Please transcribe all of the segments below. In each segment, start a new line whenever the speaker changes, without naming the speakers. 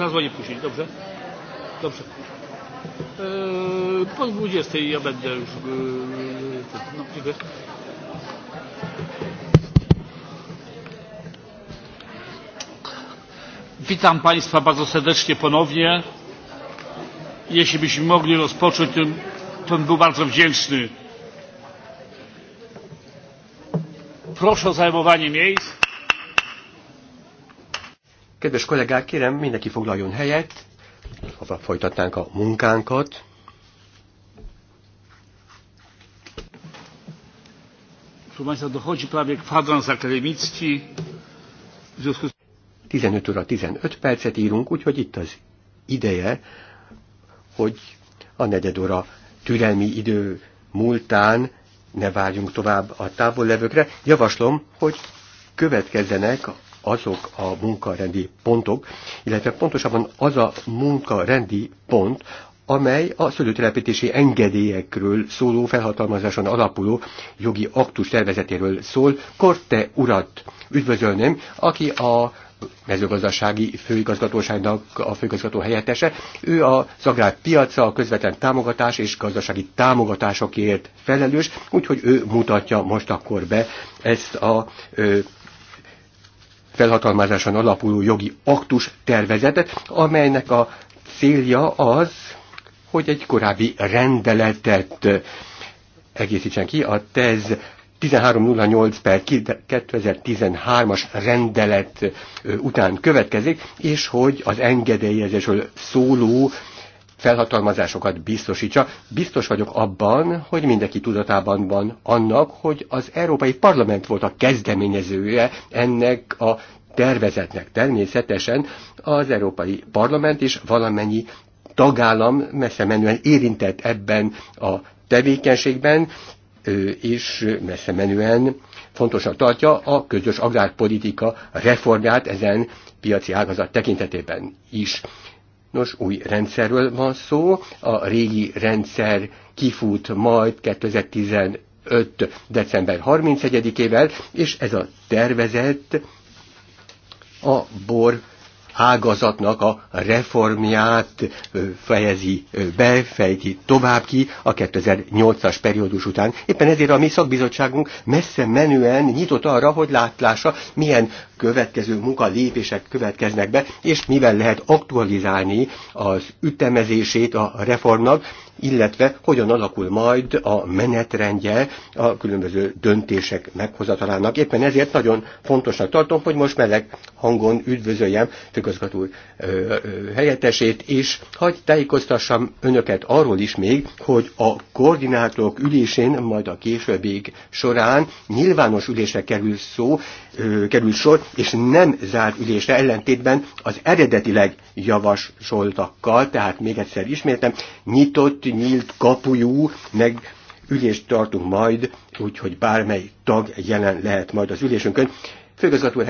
Zadzwonię później, dobrze? Dobrze. E, po 20 ja będę już. E, no, dziękuję. Witam Państwa bardzo serdecznie ponownie. Jeśli byśmy mogli rozpocząć, to bym był
bardzo wdzięczny.
Proszę o zajmowanie miejsc.
Kedves kollégák, kérem, mindenki foglaljon helyet, ha folytatnánk a munkánkat.
Szóval dochodzi prawie kwadrans akademicki.
15 óra 15 percet írunk, úgyhogy itt az ideje, hogy a negyed óra türelmi idő múltán ne várjunk tovább a távollevőkre. levőkre. Javaslom, hogy következzenek azok a munkarendi pontok, illetve pontosabban az a munkarendi pont, amely a szülőtelepítési engedélyekről szóló felhatalmazáson alapuló jogi aktus tervezetéről szól. Korte urat üdvözölném, aki a mezőgazdasági főigazgatóságnak a főigazgató helyettese. Ő a piaca, a közvetlen támogatás és gazdasági támogatásokért felelős, úgyhogy ő mutatja most akkor be ezt a ö, felhatalmazáson alapuló jogi aktus tervezetet, amelynek a célja az, hogy egy korábbi rendeletet egészítsen ki, a TEZ 1308 per 2013-as rendelet után következik, és hogy az engedélyezésről szóló felhatalmazásokat biztosítsa. Biztos vagyok abban, hogy mindenki tudatában van annak, hogy az Európai Parlament volt a kezdeményezője ennek a tervezetnek. Természetesen az Európai Parlament is valamennyi tagállam messze menően érintett ebben a tevékenységben, és messze menően fontosan tartja a közös agrárpolitika reformját ezen piaci ágazat tekintetében is. Nos, új rendszerről van szó, a régi rendszer kifut majd 2015. december 31-ével, és ez a tervezet a bor ágazatnak a reformját fejezi be, fejti tovább ki a 2008-as periódus után. Éppen ezért a mi szakbizottságunk messze menően nyitott arra, hogy látlása, milyen következő munka lépések következnek be, és mivel lehet aktualizálni az ütemezését a reformnak, illetve hogyan alakul majd a menetrendje a különböző döntések meghozatalának. Éppen ezért nagyon fontosnak tartom, hogy most meleg hangon üdvözöljem főközgató helyettesét, és hagy tájékoztassam önöket arról is még, hogy a koordinátorok ülésén, majd a későbbi során nyilvános ülésre kerül szó, ö, kerül sor, és nem zárt ülésre ellentétben az eredetileg javasoltakkal, tehát még egyszer ismétlem, nyitott nyílt kapujú, meg ülést tartunk majd, úgyhogy bármely tag jelen lehet majd az ülésünkön. Főgazgató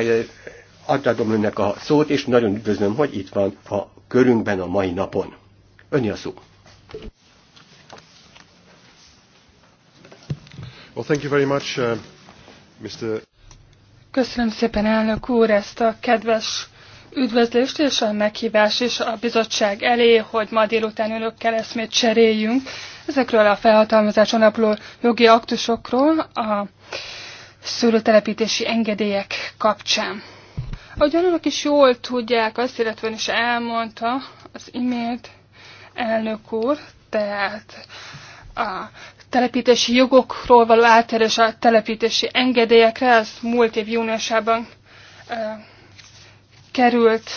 adtadom önnek a szót, és nagyon üdvözlöm, hogy itt van a körünkben a mai napon. Önni a szó. Well, thank you very much, uh, Mr.
Köszönöm szépen, elnök úr, ezt a kedves üdvözlést és a meghívás is a bizottság elé, hogy ma délután önökkel eszmét cseréljünk ezekről a felhatalmazáson alapuló jogi aktusokról a szőlőtelepítési engedélyek kapcsán. Ahogy önök is jól tudják, azt illetve is elmondta az imént elnök úr, tehát a telepítési jogokról való átérés a telepítési engedélyekre, az múlt év júniusában került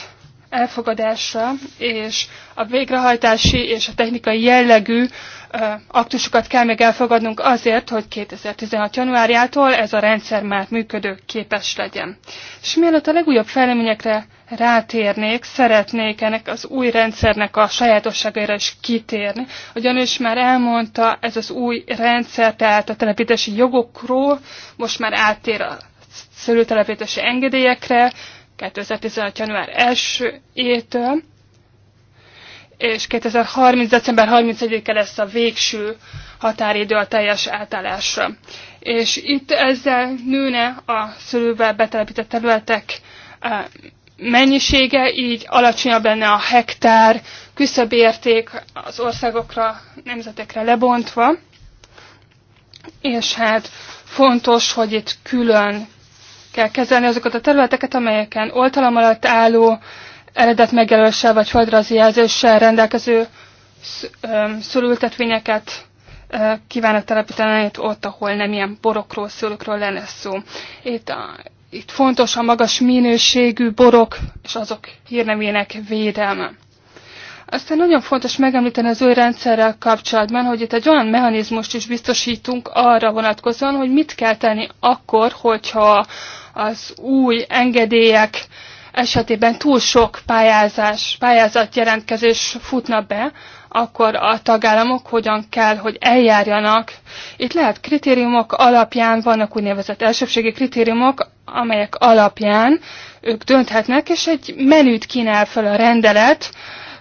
elfogadásra, és a végrehajtási és a technikai jellegű aktusokat kell még elfogadnunk azért, hogy 2016. januárjától ez a rendszer már működő képes legyen. És mielőtt a legújabb fejleményekre rátérnék, szeretnék ennek az új rendszernek a sajátosságaira is kitérni. Ugyanis már elmondta ez az új rendszer, tehát a telepítési jogokról, most már áttér a szőlőtelepítési engedélyekre, 2016. január 1-től, és 2030. december 31-e lesz a végső határidő a teljes átállásra. És itt ezzel nőne a szülővel betelepített területek mennyisége, így alacsonyabb lenne a hektár érték az országokra, nemzetekre lebontva. És hát fontos, hogy itt külön kell kezelni azokat a területeket, amelyeken oltalom alatt álló eredet megjelöléssel vagy földrajzi jelzéssel rendelkező szülültetvényeket kívánnak telepíteni ott, ahol nem ilyen borokról, szülőkről lenne szó. Itt, a, itt fontos a magas minőségű borok és azok hírnevének védelme. Aztán nagyon fontos megemlíteni az új rendszerrel kapcsolatban, hogy itt egy olyan mechanizmust is biztosítunk arra vonatkozóan, hogy mit kell tenni akkor, hogyha az új engedélyek esetében túl sok pályázás, pályázat jelentkezés futna be, akkor a tagállamok hogyan kell, hogy eljárjanak. Itt lehet kritériumok alapján, vannak úgynevezett elsőbségi kritériumok, amelyek alapján ők dönthetnek, és egy menüt kínál fel a rendelet,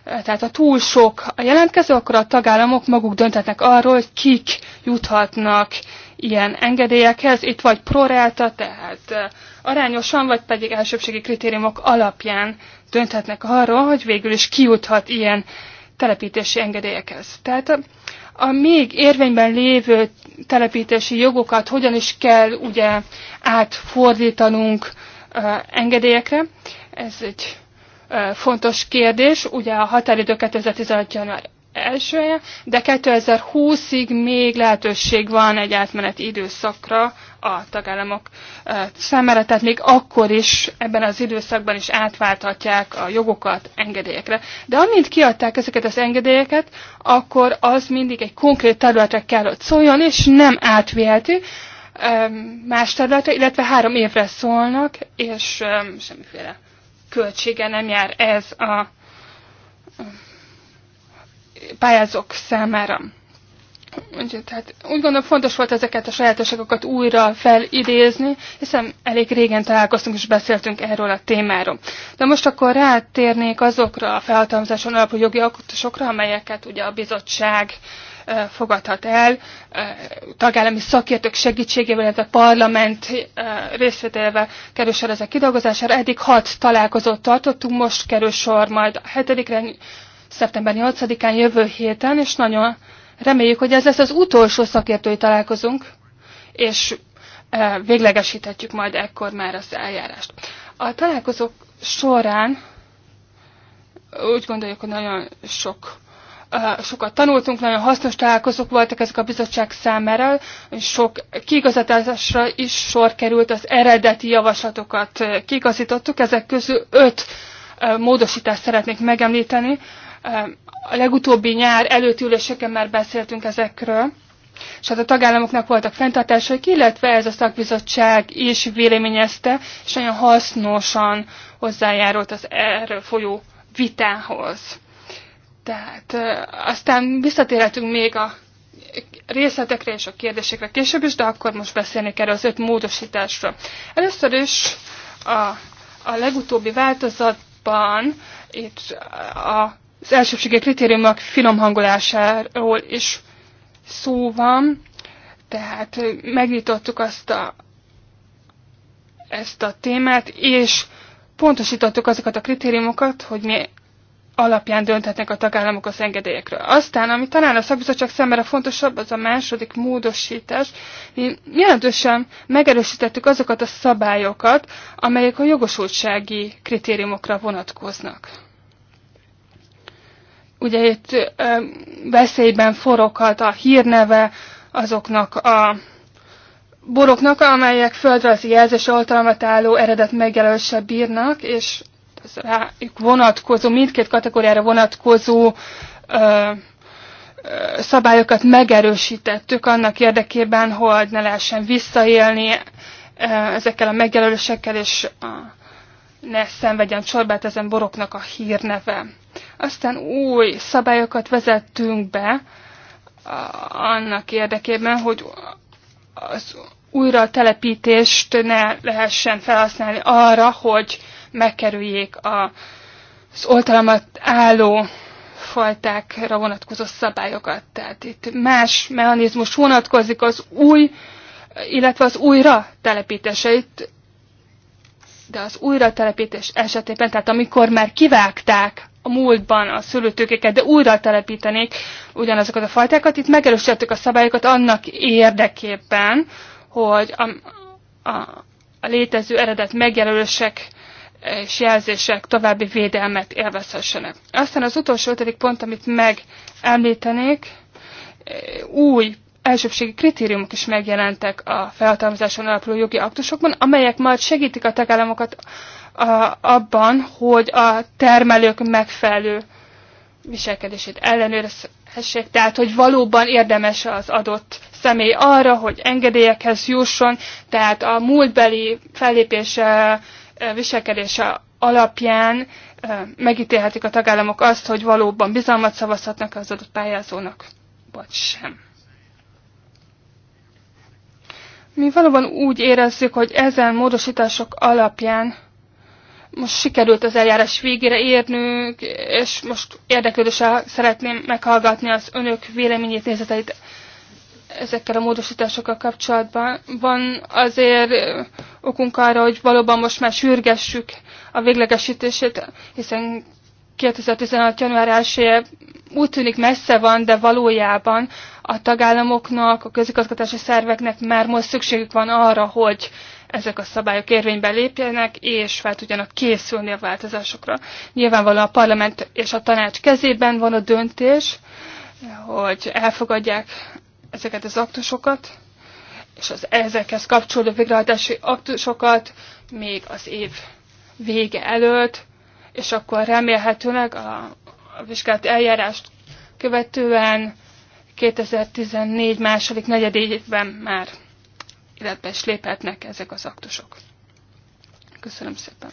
tehát ha túl sok a jelentkező, akkor a tagállamok maguk döntetnek arról, hogy kik juthatnak ilyen engedélyekhez. Itt vagy prorelta, tehát arányosan, vagy pedig elsőbségi kritériumok alapján dönthetnek arról, hogy végül is ki juthat ilyen telepítési engedélyekhez. Tehát a, a még érvényben lévő telepítési jogokat hogyan is kell ugye átfordítanunk uh, engedélyekre. Ez egy fontos kérdés, ugye a határidő 2016. január elsője, de 2020-ig még lehetőség van egy átmeneti időszakra a tagállamok számára, tehát még akkor is ebben az időszakban is átválthatják a jogokat engedélyekre. De amint kiadták ezeket az engedélyeket, akkor az mindig egy konkrét területre kell, hogy szóljon, és nem átviheti más területre, illetve három évre szólnak, és semmiféle költsége nem jár ez a pályázók számára. Úgy, tehát úgy gondolom fontos volt ezeket a sajátosságokat újra felidézni, hiszen elég régen találkoztunk és beszéltünk erről a témáról. De most akkor rátérnék azokra a felhatalmazáson alapú jogi alkotásokra, amelyeket ugye a bizottság uh, fogadhat el tagállami szakértők segítségével, illetve a parlament részvételével kerül sor ezek kidolgozására. Eddig hat találkozót tartottunk, most kerül sor majd a hetedikre, szeptember 8-án jövő héten, és nagyon reméljük, hogy ez lesz az utolsó szakértői találkozunk, és véglegesíthetjük majd ekkor már az eljárást. A találkozók során úgy gondoljuk, hogy nagyon sok sokat tanultunk, nagyon hasznos találkozók voltak ezek a bizottság számára, és sok kiigazításra is sor került, az eredeti javaslatokat kiigazítottuk, ezek közül öt módosítást szeretnék megemlíteni. A legutóbbi nyár előtti üléseken már beszéltünk ezekről, és hát a tagállamoknak voltak fenntartásaik, illetve ez a szakbizottság is véleményezte, és nagyon hasznosan hozzájárult az erről folyó vitához. Tehát aztán visszatérhetünk még a részletekre és a kérdésekre később is, de akkor most beszélni kell az öt módosításra. Először is a, a legutóbbi változatban itt a, az elsőbségi kritériumok finomhangolásáról is szó van, tehát megnyitottuk azt a, ezt a témát, és pontosítottuk azokat a kritériumokat, hogy mi alapján dönthetnek a tagállamok az engedélyekről. Aztán, ami talán a szakbizottság számára fontosabb, az a második módosítás. Mi jelentősen megerősítettük azokat a szabályokat, amelyek a jogosultsági kritériumokra vonatkoznak. Ugye itt ö, veszélyben foroghat a hírneve azoknak a boroknak, amelyek földrajzi jelzés oltalmat álló eredet megjelölse bírnak, és rájuk vonatkozó, mindkét kategóriára vonatkozó ö, ö, szabályokat megerősítettük annak érdekében, hogy ne lehessen visszaélni ö, ezekkel a megjelölésekkel, és a, ne szenvedjen csorbát ezen boroknak a hírneve. Aztán új szabályokat vezettünk be annak érdekében, hogy az újra telepítést ne lehessen felhasználni arra, hogy megkerüljék a, az oltalamat álló fajtákra vonatkozó szabályokat. Tehát itt más mechanizmus vonatkozik az új, illetve az újra telepítéseit, de az újra telepítés esetében, tehát amikor már kivágták a múltban a szülőtőkéket, de újra telepítenék ugyanazokat a fajtákat, itt megerősítettük a szabályokat annak érdekében, hogy a, a, a létező eredet megjelölések és jelzések további védelmet élvezhessenek. Aztán az utolsó ötödik pont, amit megemlítenék, új elsőbségi kritériumok is megjelentek a felhatalmazáson alapuló jogi aktusokban, amelyek majd segítik a tagállamokat a, abban, hogy a termelők megfelelő viselkedését ellenőrizhessék, tehát hogy valóban érdemes az adott személy arra, hogy engedélyekhez jusson, tehát a múltbeli fellépése viselkedése alapján megítélhetik a tagállamok azt, hogy valóban bizalmat szavazhatnak az adott pályázónak, vagy sem. Mi valóban úgy érezzük, hogy ezen módosítások alapján most sikerült az eljárás végére érnünk, és most érdeklődéssel szeretném meghallgatni az önök véleményét, nézeteit ezekkel a módosításokkal kapcsolatban. Van azért okunk arra, hogy valóban most már sürgessük a véglegesítését, hiszen 2016. január 1 úgy tűnik messze van, de valójában a tagállamoknak, a közigazgatási szerveknek már most szükségük van arra, hogy ezek a szabályok érvénybe lépjenek, és fel tudjanak készülni a változásokra. Nyilvánvalóan a parlament és a tanács kezében van a döntés, hogy elfogadják ezeket az aktusokat, és az ezekhez kapcsolódó végrehajtási aktusokat még az év vége előtt, és akkor remélhetőleg a, a vizsgált eljárást követően 2014 második negyedében már illetve is léphetnek ezek az aktusok.
Köszönöm szépen.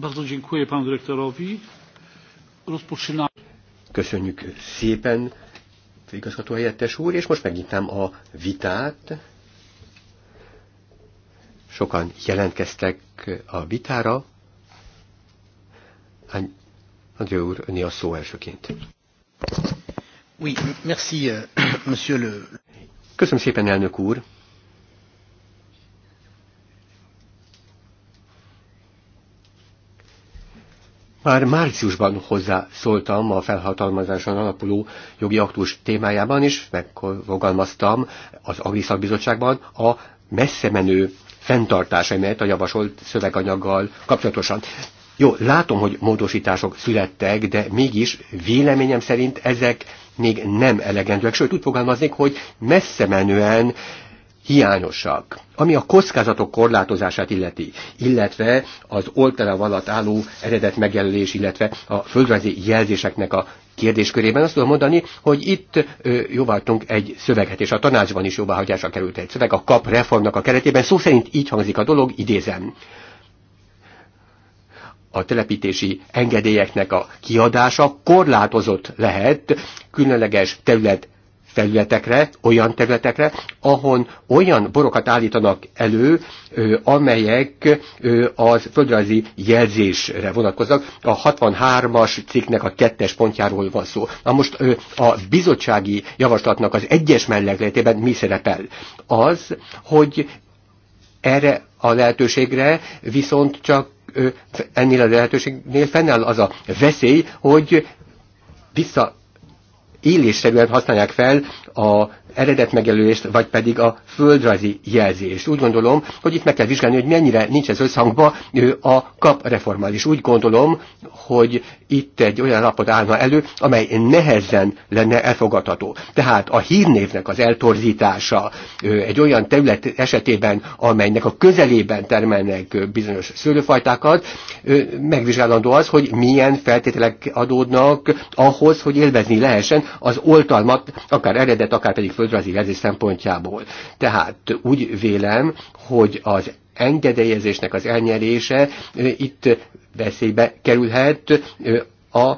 Bardzo dziękuję panu dyrektorowi. Rozpoczynamy.
Köszönjük szépen, főigazgató helyettes úr, és most megnyitnám a vitát. Sokan jelentkeztek a vitára. André úr, öné a szó elsőként.
Oui, merci, euh, monsieur le...
Köszönöm szépen, elnök úr. Már márciusban hozzászóltam a felhatalmazáson alapuló jogi aktus témájában is, megfogalmaztam az Agriszakbizottságban a messze menő fenntartásaimat a javasolt szöveganyaggal kapcsolatosan. Jó, látom, hogy módosítások születtek, de mégis véleményem szerint ezek még nem elegendőek. Sőt, úgy fogalmaznék, hogy messze menően hiányosak. Ami a kockázatok korlátozását illeti, illetve az oltalom alatt álló eredet megjelölés, illetve a földrajzi jelzéseknek a kérdéskörében azt tudom mondani, hogy itt jóváltunk egy szöveget, és a tanácsban is jóváhagyásra került egy szöveg a kap reformnak a keretében. Szó szerint így hangzik a dolog, idézem a telepítési engedélyeknek a kiadása korlátozott lehet különleges terület területekre, olyan területekre, ahon olyan borokat állítanak elő, amelyek az földrajzi jelzésre vonatkoznak. A 63-as cikknek a kettes pontjáról van szó. Na most a bizottsági javaslatnak az egyes mellékletében mi szerepel? Az, hogy erre a lehetőségre viszont csak ennél a lehetőségnél fennáll az a veszély, hogy vissza élésszerűen használják fel a eredet megjelölést, vagy pedig a földrajzi jelzést. Úgy gondolom, hogy itt meg kell vizsgálni, hogy mennyire nincs ez összhangba a kap reformális. úgy gondolom, hogy itt egy olyan lapot állna elő, amely nehezen lenne elfogadható. Tehát a hírnévnek az eltorzítása egy olyan terület esetében, amelynek a közelében termelnek bizonyos szőlőfajtákat, megvizsgálandó az, hogy milyen feltételek adódnak ahhoz, hogy élvezni lehessen az oltalmat, akár eredet, akár pedig földrajzi jelzés szempontjából. Tehát úgy vélem, hogy az engedélyezésnek az elnyerése itt veszélybe kerülhet a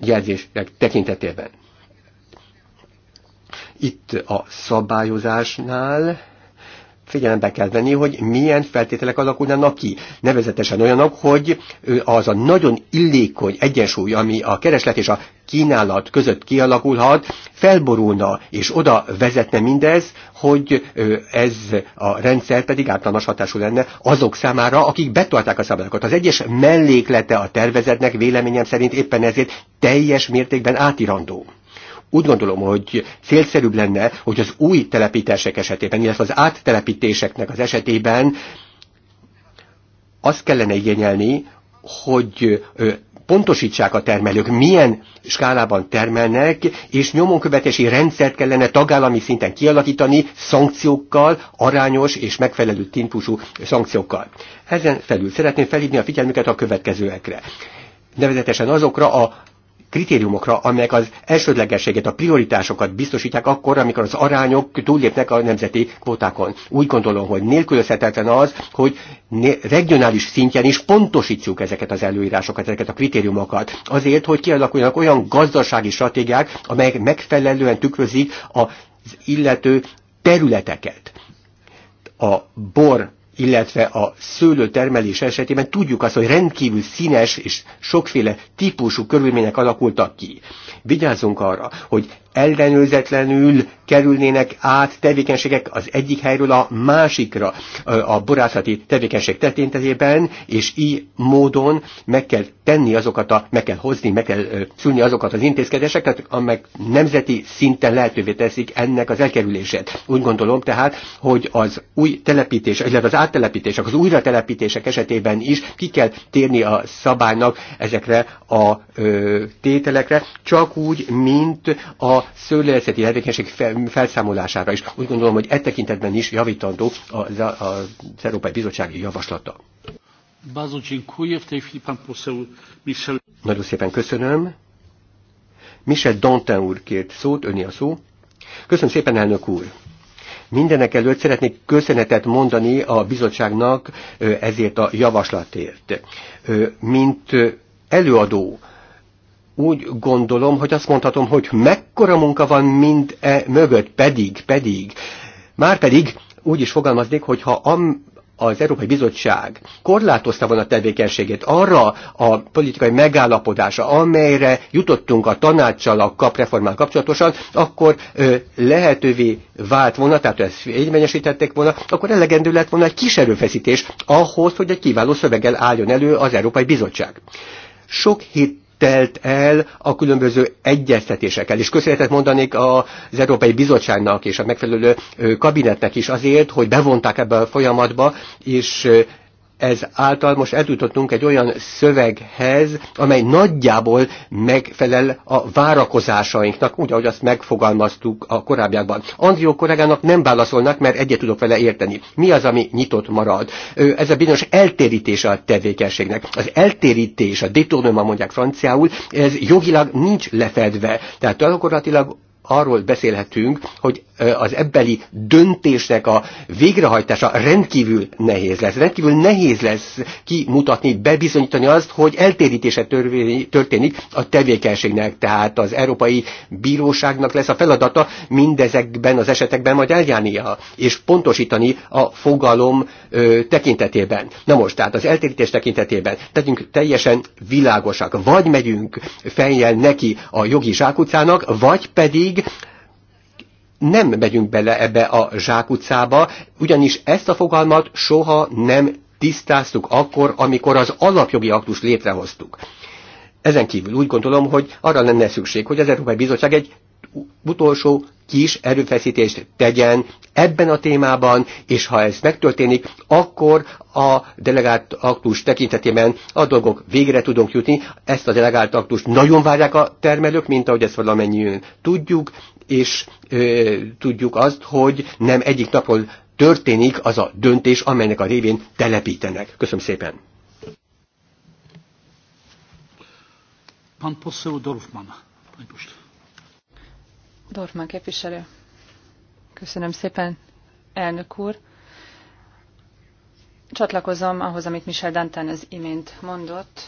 jelzések tekintetében. Itt a szabályozásnál figyelembe kell venni, hogy milyen feltételek alakulnának ki. Nevezetesen olyanok, hogy az a nagyon illékony egyensúly, ami a kereslet és a kínálat között kialakulhat, felborulna, és oda vezetne mindez, hogy ez a rendszer pedig ártalmas hatású lenne azok számára, akik betolták a szabályokat. Az egyes melléklete a tervezetnek véleményem szerint éppen ezért teljes mértékben átirandó. Úgy gondolom, hogy célszerűbb lenne, hogy az új telepítések esetében, illetve az áttelepítéseknek az esetében azt kellene igényelni, hogy pontosítsák a termelők, milyen skálában termelnek, és nyomonkövetési rendszert kellene tagállami szinten kialakítani szankciókkal, arányos és megfelelő típusú szankciókkal. Ezen felül szeretném felhívni a figyelmüket a következőekre nevezetesen azokra a kritériumokra, amelyek az elsődlegességet, a prioritásokat biztosítják akkor, amikor az arányok túllépnek a nemzeti kvótákon. Úgy gondolom, hogy nélkülözhetetlen az, hogy regionális szintjen is pontosítsuk ezeket az előírásokat, ezeket a kritériumokat, azért, hogy kialakuljanak olyan gazdasági stratégiák, amelyek megfelelően tükrözik az illető területeket. A bor illetve a szőlőtermelés esetében tudjuk azt, hogy rendkívül színes és sokféle típusú körülmények alakultak ki. Vigyázzunk arra, hogy ellenőrzetlenül kerülnének át tevékenységek az egyik helyről a másikra a borászati tevékenység teténtezében, és így módon meg kell tenni azokat a, meg kell hozni, meg kell szülni azokat az intézkedéseket, amelyek nemzeti szinten lehetővé teszik ennek az elkerülését. Úgy gondolom tehát, hogy az új telepítés, illetve az áttelepítések, az újratelepítések esetében is ki kell térni a szabálynak ezekre a ö, tételekre, csak úgy, mint a szőlészeti tevékenység felszámolására is. Úgy gondolom, hogy e tekintetben is javítandó az, az Európai Bizottsági Javaslata. Nagyon szépen köszönöm. Michel Dantin úr kért szót, öni a szó. Köszönöm szépen, elnök úr! Mindenek előtt szeretnék köszönetet mondani a bizottságnak ezért a javaslatért. Mint előadó, úgy gondolom, hogy azt mondhatom, hogy mekkora munka van mind e mögött, pedig, pedig. Márpedig úgy is fogalmaznék, hogyha am, az Európai Bizottság korlátozta volna a tevékenységét arra a politikai megállapodásra, amelyre jutottunk a tanácssal a kapreformán kapcsolatosan, akkor ö, lehetővé vált volna, tehát ezt egymenyesítették volna, akkor elegendő lett volna egy kis erőfeszítés ahhoz, hogy egy kiváló szöveggel álljon elő az Európai Bizottság. Sok hét telt el a különböző egyeztetésekkel. És köszönetet mondanék az Európai Bizottságnak és a megfelelő kabinetnek is azért, hogy bevonták ebbe a folyamatba, és ez által most eljutottunk egy olyan szöveghez, amely nagyjából megfelel a várakozásainknak, úgy, ahogy azt megfogalmaztuk a korábbiakban. Andrió kollégának nem válaszolnak, mert egyet tudok vele érteni. Mi az, ami nyitott marad? Ez a bizonyos eltérítés a tevékenységnek. Az eltérítés, a détonoma mondják franciául, ez jogilag nincs lefedve. Tehát gyakorlatilag arról beszélhetünk, hogy az ebbeli döntésnek a végrehajtása rendkívül nehéz lesz. Rendkívül nehéz lesz kimutatni, bebizonyítani azt, hogy eltérítése történik a tevékenységnek. Tehát az Európai Bíróságnak lesz a feladata mindezekben az esetekben majd eljárnia, és pontosítani a fogalom tekintetében. Na most, tehát az eltérítés tekintetében tegyünk teljesen világosak. Vagy megyünk fejjel neki a jogi zsákutcának, vagy pedig nem megyünk bele ebbe a zsákutcába, ugyanis ezt a fogalmat soha nem tisztáztuk akkor, amikor az alapjogi aktust létrehoztuk. Ezen kívül úgy gondolom, hogy arra lenne szükség, hogy az Európai Bizottság egy utolsó kis erőfeszítést tegyen ebben a témában, és ha ez megtörténik, akkor a delegált aktus tekintetében a dolgok végre tudunk jutni. Ezt a delegált aktust nagyon várják a termelők, mint ahogy ezt valamennyien tudjuk, és ö, tudjuk azt, hogy nem egyik napról történik az a döntés, amelynek a révén telepítenek. Köszönöm szépen!
Pan poseł Dorfman. Panie pośle.
Dorfman képviselő. Köszönöm szépen, elnök úr. Csatlakozom ahhoz, amit Michel Dantan az imént mondott.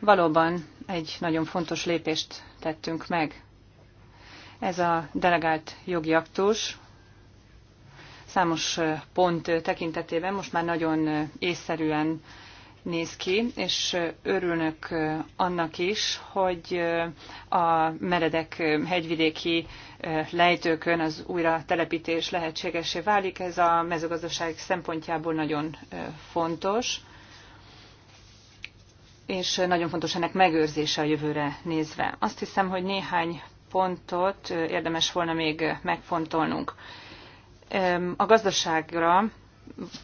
Valóban egy nagyon fontos lépést tettünk meg. Ez a delegált jogi aktus számos pont tekintetében most már nagyon észszerűen néz ki, és örülnök annak is, hogy a meredek hegyvidéki lejtőkön az újra telepítés lehetségesé válik. Ez a mezőgazdaság szempontjából nagyon fontos, és nagyon fontos ennek megőrzése a jövőre nézve. Azt hiszem, hogy néhány pontot érdemes volna még megfontolnunk. A gazdaságra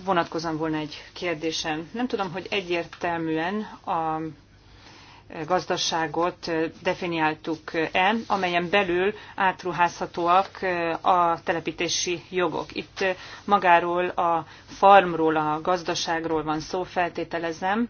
vonatkozom volna egy kérdésem. Nem tudom, hogy egyértelműen a gazdaságot definiáltuk-e, amelyen belül átruházhatóak a telepítési jogok. Itt magáról a farmról, a gazdaságról van szó, feltételezem,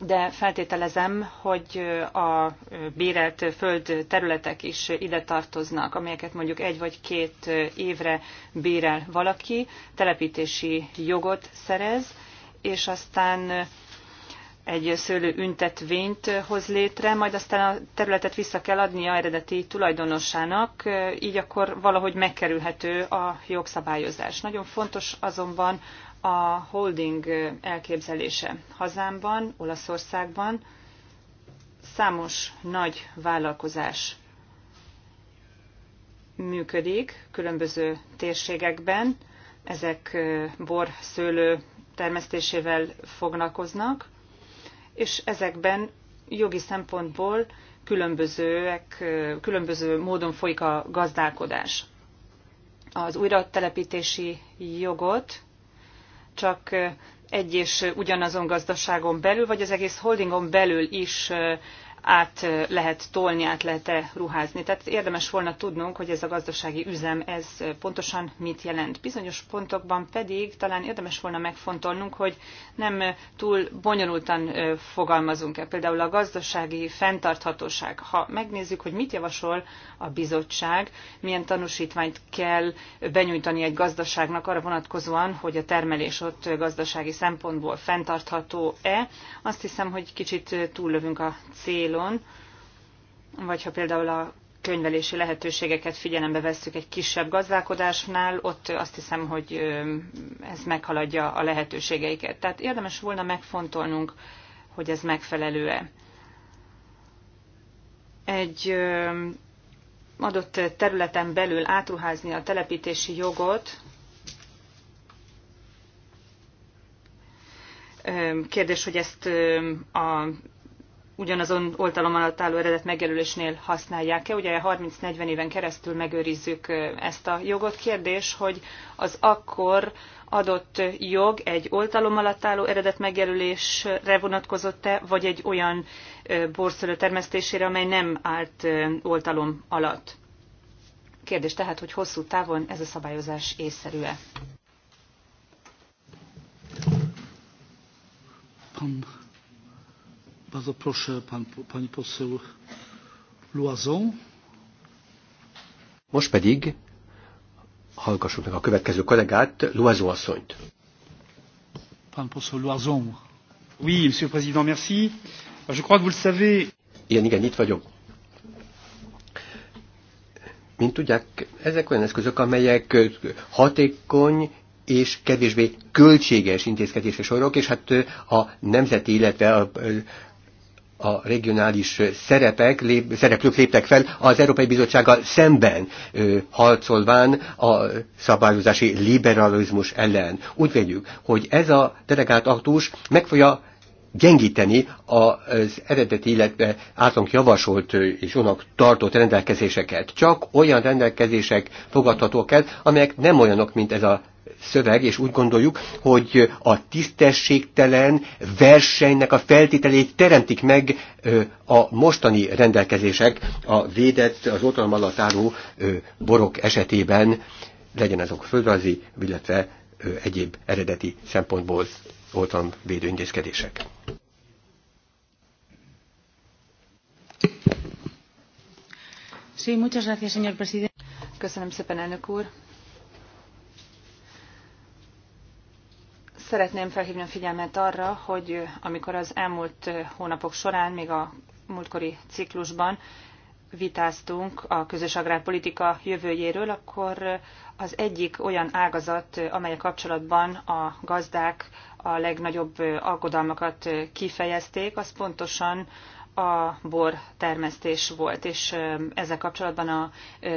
de feltételezem, hogy a bérelt föld területek is ide tartoznak, amelyeket mondjuk egy vagy két évre bérel valaki, telepítési jogot szerez, és aztán egy szőlő üntetvényt hoz létre, majd aztán a területet vissza kell adnia eredeti tulajdonosának, így akkor valahogy megkerülhető a jogszabályozás. Nagyon fontos azonban a holding elképzelése. Hazámban, Olaszországban számos nagy vállalkozás működik különböző térségekben. Ezek szőlő termesztésével foglalkoznak, és ezekben jogi szempontból különbözőek, különböző módon folyik a gazdálkodás. Az újratelepítési jogot csak egy és ugyanazon gazdaságon belül, vagy az egész holdingon belül is át lehet tolni, át lehet-e ruházni. Tehát érdemes volna tudnunk, hogy ez a gazdasági üzem, ez pontosan mit jelent. Bizonyos pontokban pedig talán érdemes volna megfontolnunk, hogy nem túl bonyolultan fogalmazunk-e. Például a gazdasági fenntarthatóság. Ha megnézzük, hogy mit javasol a bizottság, milyen tanúsítványt kell benyújtani egy gazdaságnak arra vonatkozóan, hogy a termelés ott gazdasági szempontból fenntartható-e, azt hiszem, hogy kicsit túllövünk a célon módon, vagy ha például a könyvelési lehetőségeket figyelembe vesszük egy kisebb gazdálkodásnál, ott azt hiszem, hogy ez meghaladja a lehetőségeiket. Tehát érdemes volna megfontolnunk, hogy ez megfelelő-e. Egy adott területen belül átruházni a telepítési jogot, kérdés, hogy ezt a ugyanazon oltalom alatt álló eredet megjelölésnél használják-e. Ugye 30-40 éven keresztül megőrizzük ezt a jogot. Kérdés, hogy az akkor adott jog egy oltalom alatt álló eredet megjelölésre vonatkozott-e, vagy egy olyan borszölő termesztésére, amely nem állt oltalom alatt. Kérdés tehát, hogy hosszú távon ez a szabályozás észszerű-e?
Bardzo proszę, pan, pani poseł Loison.
Most pedig hallgassuk meg a következő kollégát, Loison asszonyt.
Pan poseł Loison. Oui, monsieur le président,
merci. Je crois que vous le savez. Igen, igen, itt vagyok. Mint tudják, ezek olyan eszközök, amelyek hatékony és kevésbé költséges intézkedési sorok, és hát a nemzeti, illetve a a regionális szerepek, lép, szereplők léptek fel az Európai Bizottsággal szemben ö, harcolván a szabályozási liberalizmus ellen. Úgy vegyük, hogy ez a delegált aktus meg fogja gyengíteni az eredeti, illetve általunk javasolt és onnak tartott rendelkezéseket. Csak olyan rendelkezések fogadhatók el, amelyek nem olyanok, mint ez a szöveg, és úgy gondoljuk, hogy a tisztességtelen versenynek a feltételét teremtik meg a mostani rendelkezések a védett, az oltalom alatt álló borok esetében, legyen azok földrajzi, illetve egyéb eredeti szempontból oltalomvédő intézkedések.
Sí, muchas gracias, señor presidente. Köszönöm szépen, elnök úr. Szeretném felhívni a figyelmet arra, hogy amikor az elmúlt hónapok során, még a múltkori ciklusban vitáztunk a közös agrárpolitika jövőjéről, akkor az egyik olyan ágazat, amely kapcsolatban a gazdák a legnagyobb aggodalmakat kifejezték, az pontosan a bor termesztés volt, és ezzel kapcsolatban a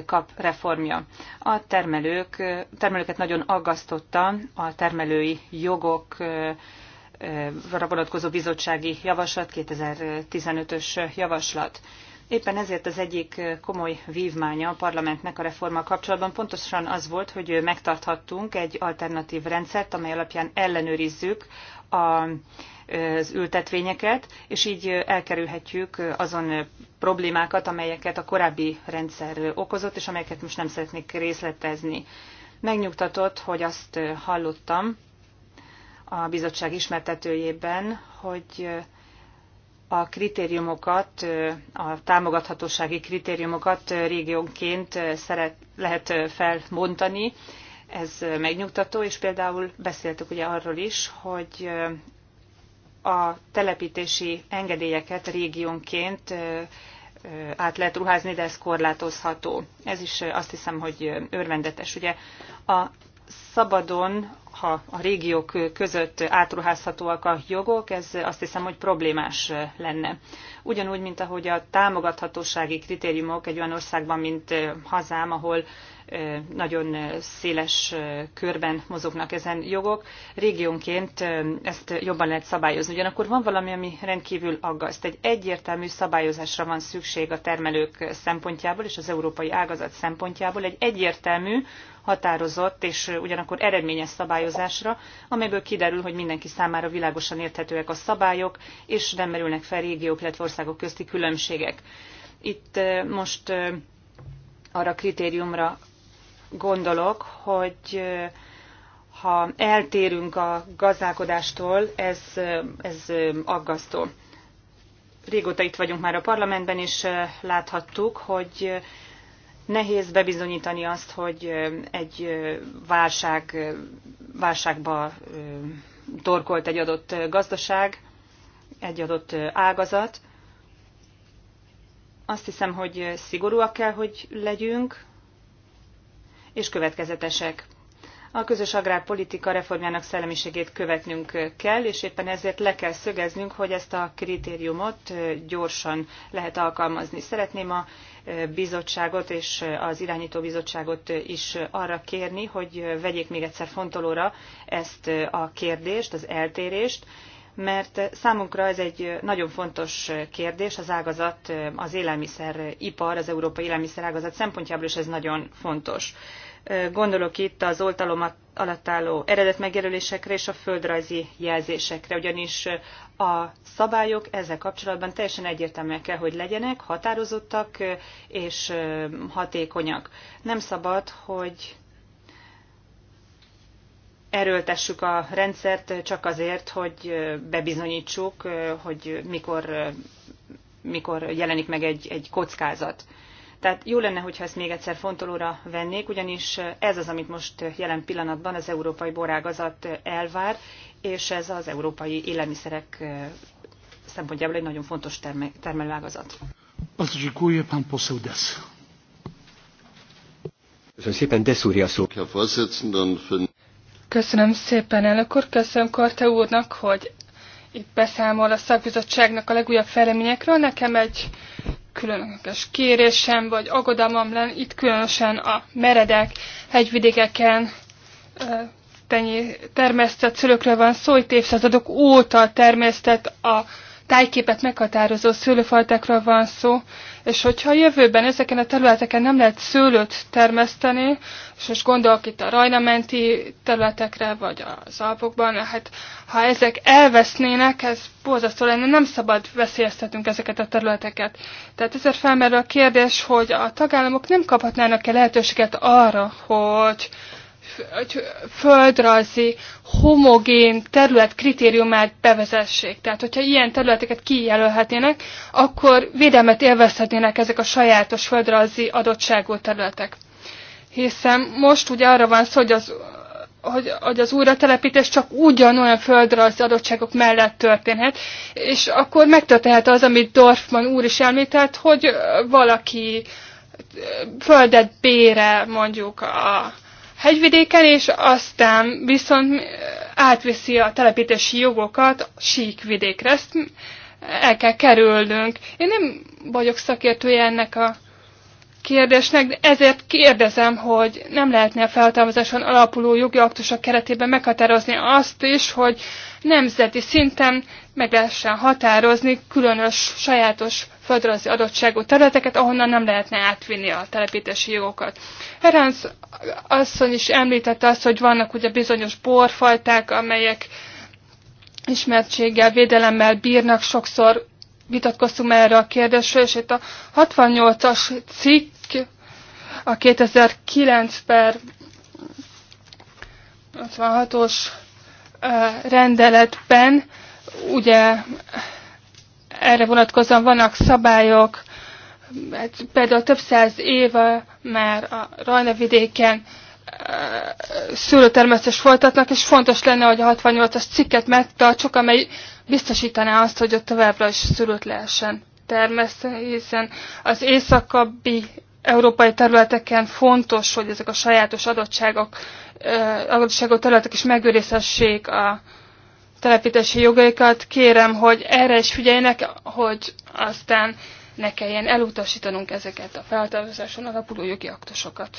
kap reformja. A termelők, termelőket nagyon aggasztotta a termelői jogok vonatkozó bizottsági javaslat, 2015-ös javaslat. Éppen ezért az egyik komoly vívmánya a parlamentnek a reformmal kapcsolatban pontosan az volt, hogy megtarthattunk egy alternatív rendszert, amely alapján ellenőrizzük a az ültetvényeket, és így elkerülhetjük azon problémákat, amelyeket a korábbi rendszer okozott, és amelyeket most nem szeretnék részletezni. Megnyugtatott, hogy azt hallottam a bizottság ismertetőjében, hogy a kritériumokat, a támogathatósági kritériumokat régiónként szeret, lehet felmondani. Ez megnyugtató, és például beszéltük ugye arról is, hogy a telepítési engedélyeket régiónként át lehet ruházni, de ez korlátozható. Ez is azt hiszem, hogy örvendetes. Ugye a szabadon, ha a régiók között átruházhatóak a jogok, ez azt hiszem, hogy problémás lenne. Ugyanúgy, mint ahogy a támogathatósági kritériumok egy olyan országban, mint hazám, ahol nagyon széles körben mozognak ezen jogok. Régiónként ezt jobban lehet szabályozni. Ugyanakkor van valami, ami rendkívül aggaszt. Egy egyértelmű szabályozásra van szükség a termelők szempontjából és az európai ágazat szempontjából. Egy egyértelmű, határozott és ugyanakkor eredményes szabályozásra, amelyből kiderül, hogy mindenki számára világosan érthetőek a szabályok, és nem merülnek fel régiók, illetve országok közti különbségek. Itt most arra a kritériumra gondolok, hogy ha eltérünk a gazdálkodástól, ez, ez aggasztó. Régóta itt vagyunk már a parlamentben, és láthattuk, hogy Nehéz bebizonyítani azt, hogy egy válság, válságba torkolt egy adott gazdaság, egy adott ágazat. Azt hiszem, hogy szigorúak kell, hogy legyünk, és következetesek a közös agrárpolitika reformjának szellemiségét követnünk kell, és éppen ezért le kell szögeznünk, hogy ezt a kritériumot gyorsan lehet alkalmazni. Szeretném a bizottságot és az irányító bizottságot is arra kérni, hogy vegyék még egyszer fontolóra ezt a kérdést, az eltérést, mert számunkra ez egy nagyon fontos kérdés, az ágazat, az élelmiszeripar, az európai élelmiszerágazat szempontjából is ez nagyon fontos. Gondolok itt az oltalom alatt álló eredetmegjelölésekre és a földrajzi jelzésekre, ugyanis a szabályok ezzel kapcsolatban teljesen egyértelműek kell, hogy legyenek, határozottak és hatékonyak. Nem szabad, hogy erőltessük a rendszert csak azért, hogy bebizonyítsuk, hogy mikor, mikor jelenik meg egy, egy kockázat. Tehát jó lenne, hogyha ezt még egyszer fontolóra vennék, ugyanis ez az, amit most jelen pillanatban az európai borágazat elvár, és ez az európai élelmiszerek szempontjából egy nagyon fontos terme- termelőágazat.
Azt dziękuję, pan poseł
Köszönöm szépen, de a szó.
Köszönöm szépen, elnök úr, köszönöm Korte úrnak, hogy itt beszámol a szakbizottságnak a legújabb fejleményekről. Nekem egy különleges kérésem vagy agodalmam len, itt különösen a meredek hegyvidékeken tenyé, termesztett szülőkről van szó, itt évszázadok óta termesztett a tájképet meghatározó szőlőfajtákról van szó, és hogyha a jövőben ezeken a területeken nem lehet szőlőt termeszteni, és most gondolok itt a rajnamenti területekre, vagy az Alpokban, hát ha ezek elvesznének, ez borzasztó lenne, nem szabad veszélyeztetünk ezeket a területeket. Tehát ezért felmerül a kérdés, hogy a tagállamok nem kaphatnának-e lehetőséget arra, hogy földrajzi, homogén terület kritériumát bevezessék. Tehát, hogyha ilyen területeket kijelölhetnének, akkor védelmet élvezhetnének ezek a sajátos földrajzi adottságú területek. Hiszen most ugye arra van szó, hogy az, hogy, hogy az újratelepítés csak ugyanolyan földrajzi adottságok mellett történhet, és akkor megtörténhet az, amit Dorfman úr is említett, hogy valaki földet bére mondjuk a, hegyvidéken, és aztán viszont átviszi a telepítési jogokat síkvidékre. Ezt el kell kerülnünk. Én nem vagyok szakértője ennek a kérdésnek, de ezért kérdezem, hogy nem lehetne a felhatalmazáson alapuló jogi aktusok keretében meghatározni azt is, hogy nemzeti szinten meg lehessen határozni különös sajátos földrajzi adottságú területeket, ahonnan nem lehetne átvinni a telepítési jogokat. Herenc asszony is említette azt, hogy vannak ugye bizonyos borfajták, amelyek ismertséggel, védelemmel bírnak, sokszor vitatkoztunk erre a kérdésről, és itt a 68-as cikk, a 2009 per 56 os rendeletben ugye erre vonatkozóan vannak szabályok, mert például több száz éve már a vidéken eh, szülőtermesztés folytatnak, és fontos lenne, hogy a 68-as cikket megtartsuk, amely biztosítaná azt, hogy ott továbbra is szülőt lehessen termeszteni, hiszen az északabbi európai területeken fontos, hogy ezek a sajátos adottságok, eh, adottságok területek is megőrizhessék a telepítési jogaikat. Kérem, hogy erre is figyeljenek, hogy aztán ne kelljen elutasítanunk ezeket a feltartozáson alapuló jogi aktusokat.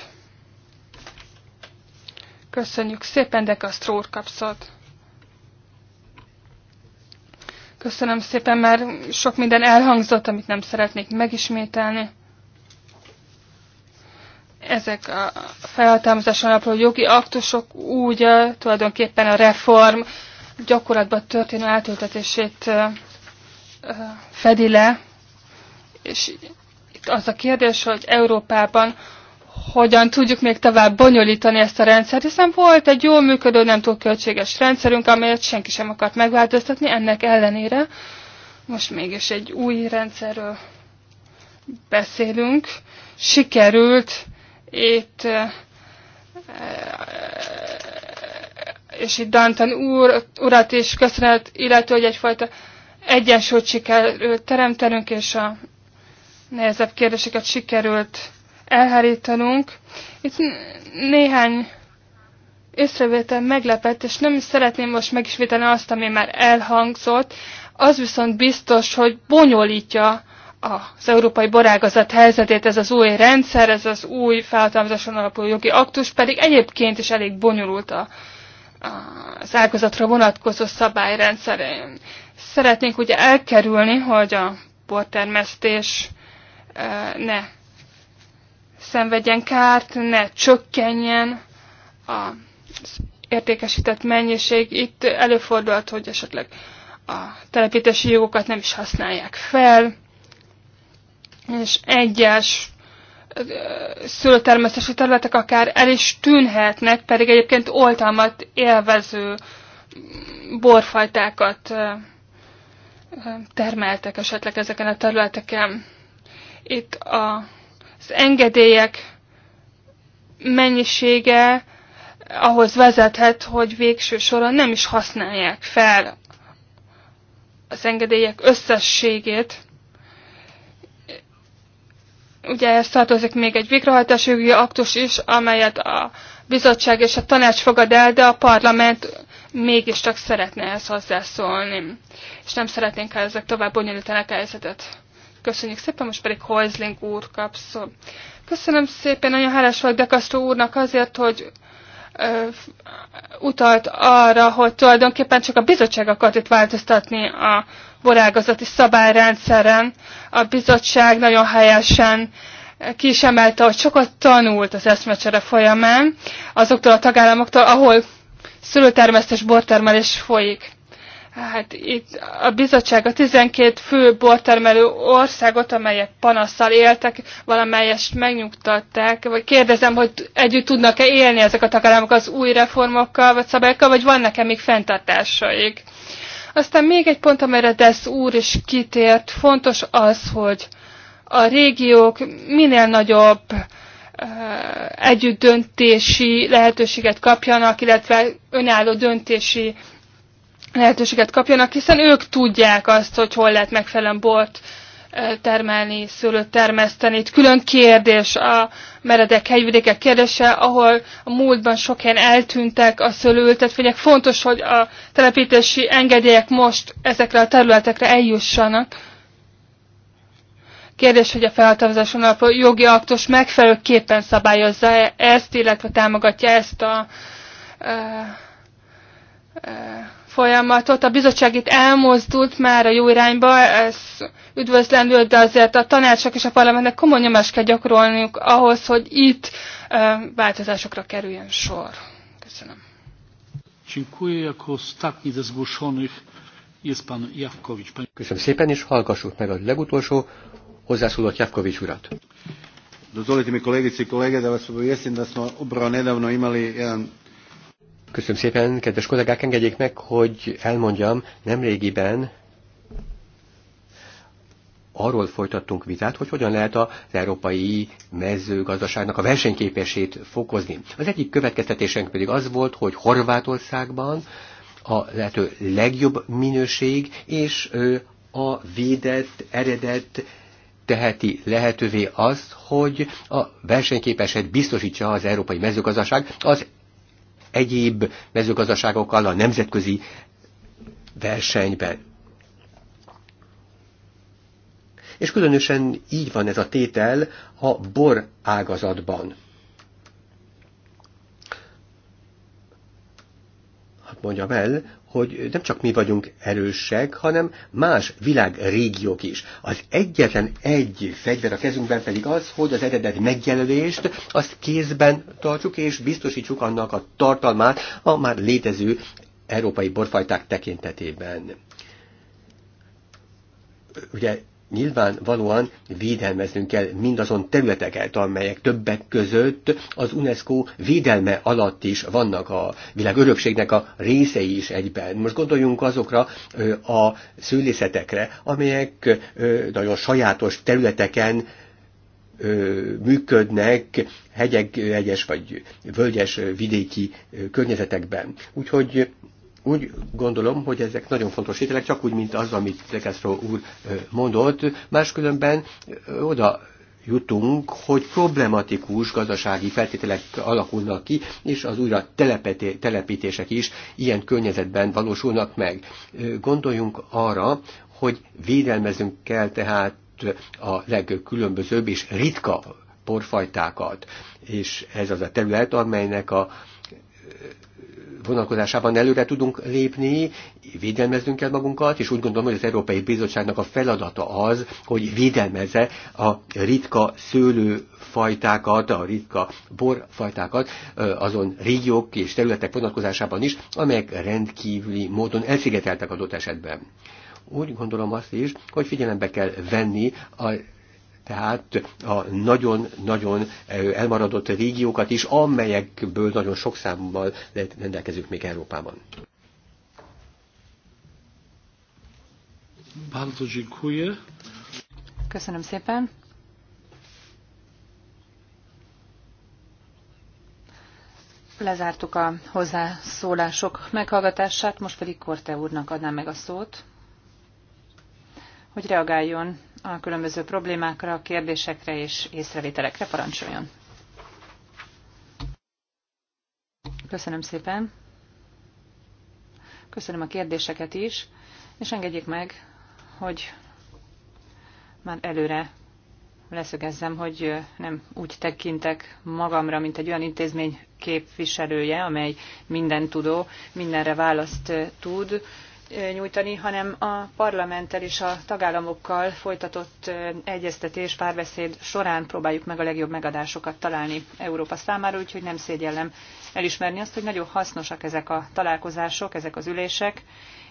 Köszönjük szépen, de a úr kapszott. Köszönöm szépen, mert sok minden elhangzott, amit nem szeretnék megismételni. Ezek a felhatalmazáson alapuló jogi aktusok úgy eh, tulajdonképpen a reform gyakorlatban történő átültetését fedi le, és itt az a kérdés, hogy Európában hogyan tudjuk még tovább bonyolítani ezt a rendszert, hiszen volt egy jól működő, nem túl költséges rendszerünk, amelyet senki sem akart megváltoztatni, ennek ellenére most mégis egy új rendszerről beszélünk. Sikerült itt és itt Danton úr, urat is köszönet, illetve hogy egyfajta egyensúlyt sikerült teremtenünk, és a nehezebb kérdéseket sikerült elhárítanunk. Itt néhány észrevétel meglepett, és nem is szeretném most megismételni azt, ami már elhangzott. Az viszont biztos, hogy bonyolítja az európai borágazat helyzetét ez az új rendszer, ez az új felhatalmazáson alapuló jogi aktus, pedig egyébként is elég bonyolult a az ágazatra vonatkozó szabályrendszerén. Szeretnénk ugye elkerülni, hogy a bortermesztés ne szenvedjen kárt, ne csökkenjen az értékesített mennyiség. Itt előfordulhat, hogy esetleg a telepítési jogokat nem is használják fel, és egyes szőlőtermesztési területek akár el is tűnhetnek, pedig egyébként oltalmat élvező borfajtákat termeltek esetleg ezeken a területeken. Itt a, az engedélyek mennyisége ahhoz vezethet, hogy végső soron nem is használják fel az engedélyek összességét, ugye ez tartozik még egy végrehajtási jogi aktus is, amelyet a bizottság és a tanács fogad el, de a parlament mégiscsak szeretne ezt hozzászólni. És nem szeretnénk, ha ezek tovább bonyolítanak a helyzetet. Köszönjük szépen, most pedig Heusling úr kap szó. Köszönöm szépen, nagyon hálás vagyok Dekasztó úrnak azért, hogy ö, utalt arra, hogy tulajdonképpen csak a bizottság akart itt változtatni a borágazati szabályrendszeren. A bizottság nagyon helyesen ki is emelte, hogy sokat tanult az eszmecsere folyamán azoktól a tagállamoktól, ahol szülőtermesztés bortermelés folyik. Hát itt a bizottság a 12 fő bortermelő országot, amelyek panasszal éltek, valamelyest megnyugtatták, vagy kérdezem, hogy együtt tudnak-e élni ezek a tagállamok az új reformokkal, vagy szabályokkal, vagy vannak-e még fenntartásaik? Aztán még egy pont, amelyre Desz úr is kitért, fontos az, hogy a régiók minél nagyobb együttdöntési lehetőséget kapjanak, illetve önálló döntési lehetőséget kapjanak, hiszen ők tudják azt, hogy hol lehet megfelelően bort termelni, szőlőt termeszteni. Itt külön kérdés a meredek hegyvidékek kérdése, ahol a múltban sok helyen eltűntek a szőlőültetvények. Fontos, hogy a telepítési engedélyek most ezekre a területekre eljussanak. Kérdés, hogy a felhatalmazáson alapú jogi aktus megfelelőképpen szabályozza -e ezt, illetve támogatja ezt a e, e, folyamatot. A bizottság itt elmozdult már a jó irányba, ez üdvözlendő, de azért a tanácsok és a parlamentnek komoly nyomást kell gyakorolniuk ahhoz, hogy itt változásokra kerüljön sor. Köszönöm.
Dziękuję. Jako ostatni ze zgłoszonych jest pan Jawkowicz.
Köszönöm szépen, és hallgassuk meg a legutolsó hozzászólott Jawkowicz urat. Dozvolite mi kolegici i kolege da vas obavijestim da smo upravo nedavno imali jedan Köszönöm szépen, kedves kollégák, engedjék meg, hogy elmondjam, nemrégiben arról folytattunk vitát, hogy hogyan lehet az európai mezőgazdaságnak a versenyképesét fokozni. Az egyik következtetésünk pedig az volt, hogy Horvátországban a lehető legjobb minőség és a védett, eredett teheti lehetővé azt, hogy a versenyképeset biztosítsa az európai mezőgazdaság az egyéb mezőgazdaságokkal a nemzetközi versenyben. És különösen így van ez a tétel a bor ágazatban. Hát mondjam el, hogy nem csak mi vagyunk erősek, hanem más világrégiók is. Az egyetlen egy fegyver a kezünkben pedig az, hogy az eredet megjelölést azt kézben tartsuk, és biztosítsuk annak a tartalmát a már létező európai borfajták tekintetében. Ugye nyilvánvalóan védelmeznünk kell mindazon területeket, amelyek többek között az UNESCO védelme alatt is vannak a világ örökségnek a részei is egyben. Most gondoljunk azokra a szőlészetekre, amelyek nagyon sajátos területeken működnek hegyek, egyes vagy völgyes vidéki környezetekben. Úgyhogy úgy gondolom, hogy ezek nagyon fontos ételek, csak úgy, mint az, amit Dekesztró úr mondott. Máskülönben oda jutunk, hogy problematikus gazdasági feltételek alakulnak ki, és az újra telepítések is ilyen környezetben valósulnak meg. Gondoljunk arra, hogy védelmezünk kell tehát a legkülönbözőbb és ritka porfajtákat, és ez az a terület, amelynek a vonalkozásában előre tudunk lépni, védelmeznünk kell magunkat, és úgy gondolom, hogy az Európai Bizottságnak a feladata az, hogy védelmezze a ritka szőlőfajtákat, a ritka borfajtákat azon régiók és területek vonatkozásában is, amelyek rendkívüli módon elszigeteltek adott esetben. Úgy gondolom azt is, hogy figyelembe kell venni a tehát a nagyon-nagyon elmaradott régiókat is, amelyekből nagyon sok számmal rendelkezünk még Európában.
Bardzo
dziękuję. Köszönöm szépen. Lezártuk a hozzászólások meghallgatását, most pedig Korte úrnak adnám meg a szót hogy reagáljon a különböző problémákra, kérdésekre és észrevételekre. Parancsoljon! Köszönöm szépen! Köszönöm a kérdéseket is, és engedjék meg, hogy már előre leszögezzem, hogy nem úgy tekintek magamra, mint egy olyan intézmény képviselője, amely minden tudó, mindenre választ tud, nyújtani, hanem a parlamenttel és a tagállamokkal folytatott egyeztetés, párbeszéd során próbáljuk meg a legjobb megadásokat találni Európa számára, úgyhogy nem szégyellem elismerni azt, hogy nagyon hasznosak ezek a találkozások, ezek az ülések,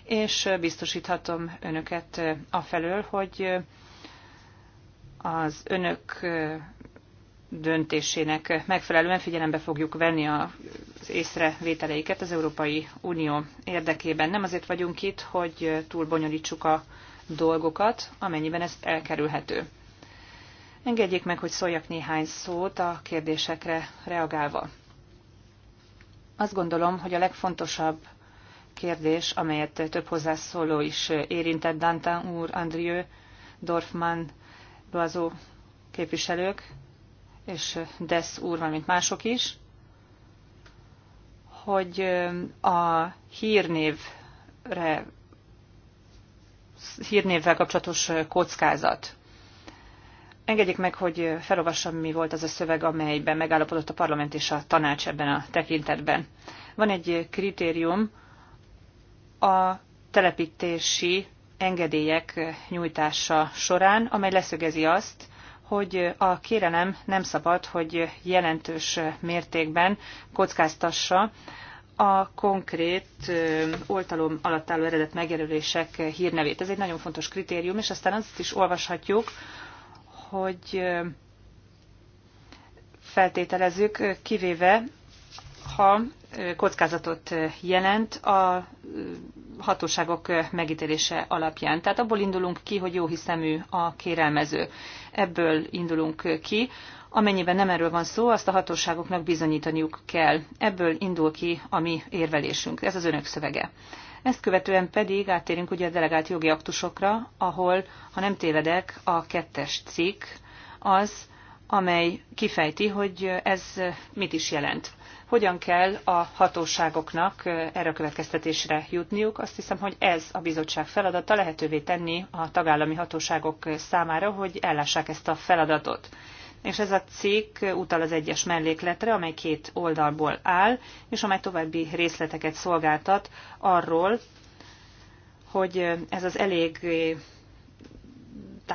és biztosíthatom önöket afelől, hogy az önök döntésének megfelelően figyelembe fogjuk venni az észrevételeiket az Európai Unió érdekében. Nem azért vagyunk itt, hogy túl bonyolítsuk a dolgokat, amennyiben ez elkerülhető. Engedjék meg, hogy szóljak néhány szót a kérdésekre reagálva. Azt gondolom, hogy a legfontosabb kérdés, amelyet több hozzászóló is érintett, Dantan úr, Andrieu, Dorfman, Loazó képviselők, és Desz úr, valamint mások is, hogy a hírnévre, hírnévvel kapcsolatos kockázat. Engedjék meg, hogy felolvassam, mi volt az a szöveg, amelyben megállapodott a parlament és a tanács ebben a tekintetben. Van egy kritérium a telepítési engedélyek nyújtása során, amely leszögezi azt, hogy a kérelem nem szabad, hogy jelentős mértékben kockáztassa a konkrét oltalom alatt álló eredet megjelölések hírnevét. Ez egy nagyon fontos kritérium, és aztán azt is olvashatjuk, hogy feltételezzük, kivéve ha kockázatot jelent a hatóságok megítélése alapján. Tehát abból indulunk ki, hogy jó hiszemű a kérelmező. Ebből indulunk ki. Amennyiben nem erről van szó, azt a hatóságoknak bizonyítaniuk kell. Ebből indul ki a mi érvelésünk. Ez az önök szövege. Ezt követően pedig áttérünk ugye a delegált jogi aktusokra, ahol, ha nem tévedek, a kettes cikk az, amely kifejti, hogy ez mit is jelent hogyan kell a hatóságoknak erre a következtetésre jutniuk. Azt hiszem, hogy ez a bizottság feladata lehetővé tenni a tagállami hatóságok számára, hogy ellássák ezt a feladatot. És ez a cikk utal az egyes mellékletre, amely két oldalból áll, és amely további részleteket szolgáltat arról, hogy ez az elég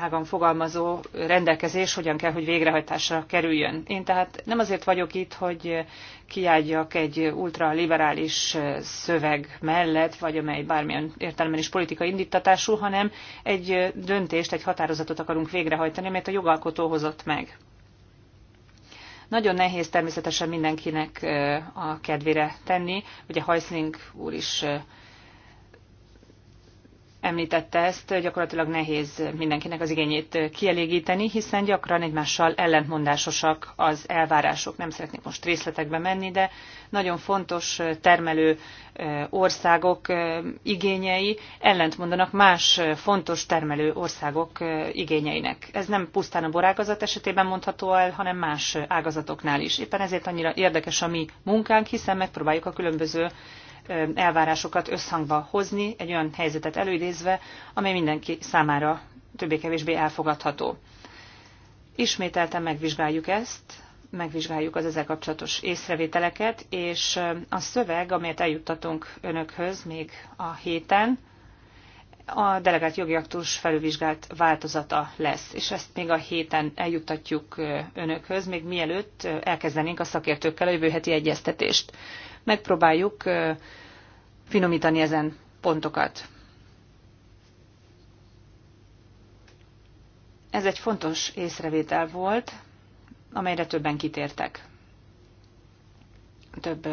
tágan fogalmazó rendelkezés hogyan kell, hogy végrehajtásra kerüljön. Én tehát nem azért vagyok itt, hogy kiálljak egy ultraliberális szöveg mellett, vagy amely bármilyen értelemben is politika indítatású, hanem egy döntést, egy határozatot akarunk végrehajtani, amelyet a jogalkotó hozott meg. Nagyon nehéz természetesen mindenkinek a kedvére tenni. Ugye Hajszling úr is említette ezt, gyakorlatilag nehéz mindenkinek az igényét kielégíteni, hiszen gyakran egymással ellentmondásosak az elvárások. Nem szeretnék most részletekbe menni, de nagyon fontos termelő országok igényei ellentmondanak más fontos termelő országok igényeinek. Ez nem pusztán a borágazat esetében mondható el, hanem más ágazatoknál is. Éppen ezért annyira érdekes a mi munkánk, hiszen megpróbáljuk a különböző elvárásokat összhangba hozni, egy olyan helyzetet előidézve, amely mindenki számára többé-kevésbé elfogadható. Ismételten megvizsgáljuk ezt, megvizsgáljuk az ezzel kapcsolatos észrevételeket, és a szöveg, amelyet eljuttatunk önökhöz még a héten, a delegált jogi aktus felülvizsgált változata lesz, és ezt még a héten eljuttatjuk önökhöz, még mielőtt elkezdenénk a szakértőkkel a jövő heti egyeztetést megpróbáljuk finomítani ezen pontokat. Ez egy fontos észrevétel volt, amelyre többen kitértek. Több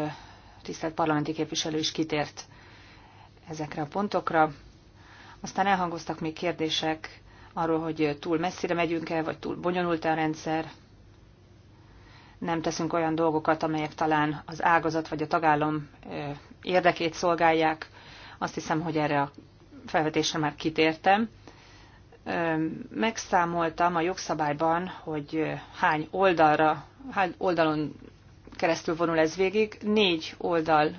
tisztelt parlamenti képviselő is kitért ezekre a pontokra. Aztán elhangoztak még kérdések arról, hogy túl messzire megyünk-e, vagy túl bonyolult-e a rendszer, nem teszünk olyan dolgokat, amelyek talán az ágazat vagy a tagállam érdekét szolgálják. Azt hiszem, hogy erre a felvetésre már kitértem. Megszámoltam a jogszabályban, hogy hány oldalra, hány oldalon keresztül vonul ez végig. Négy oldal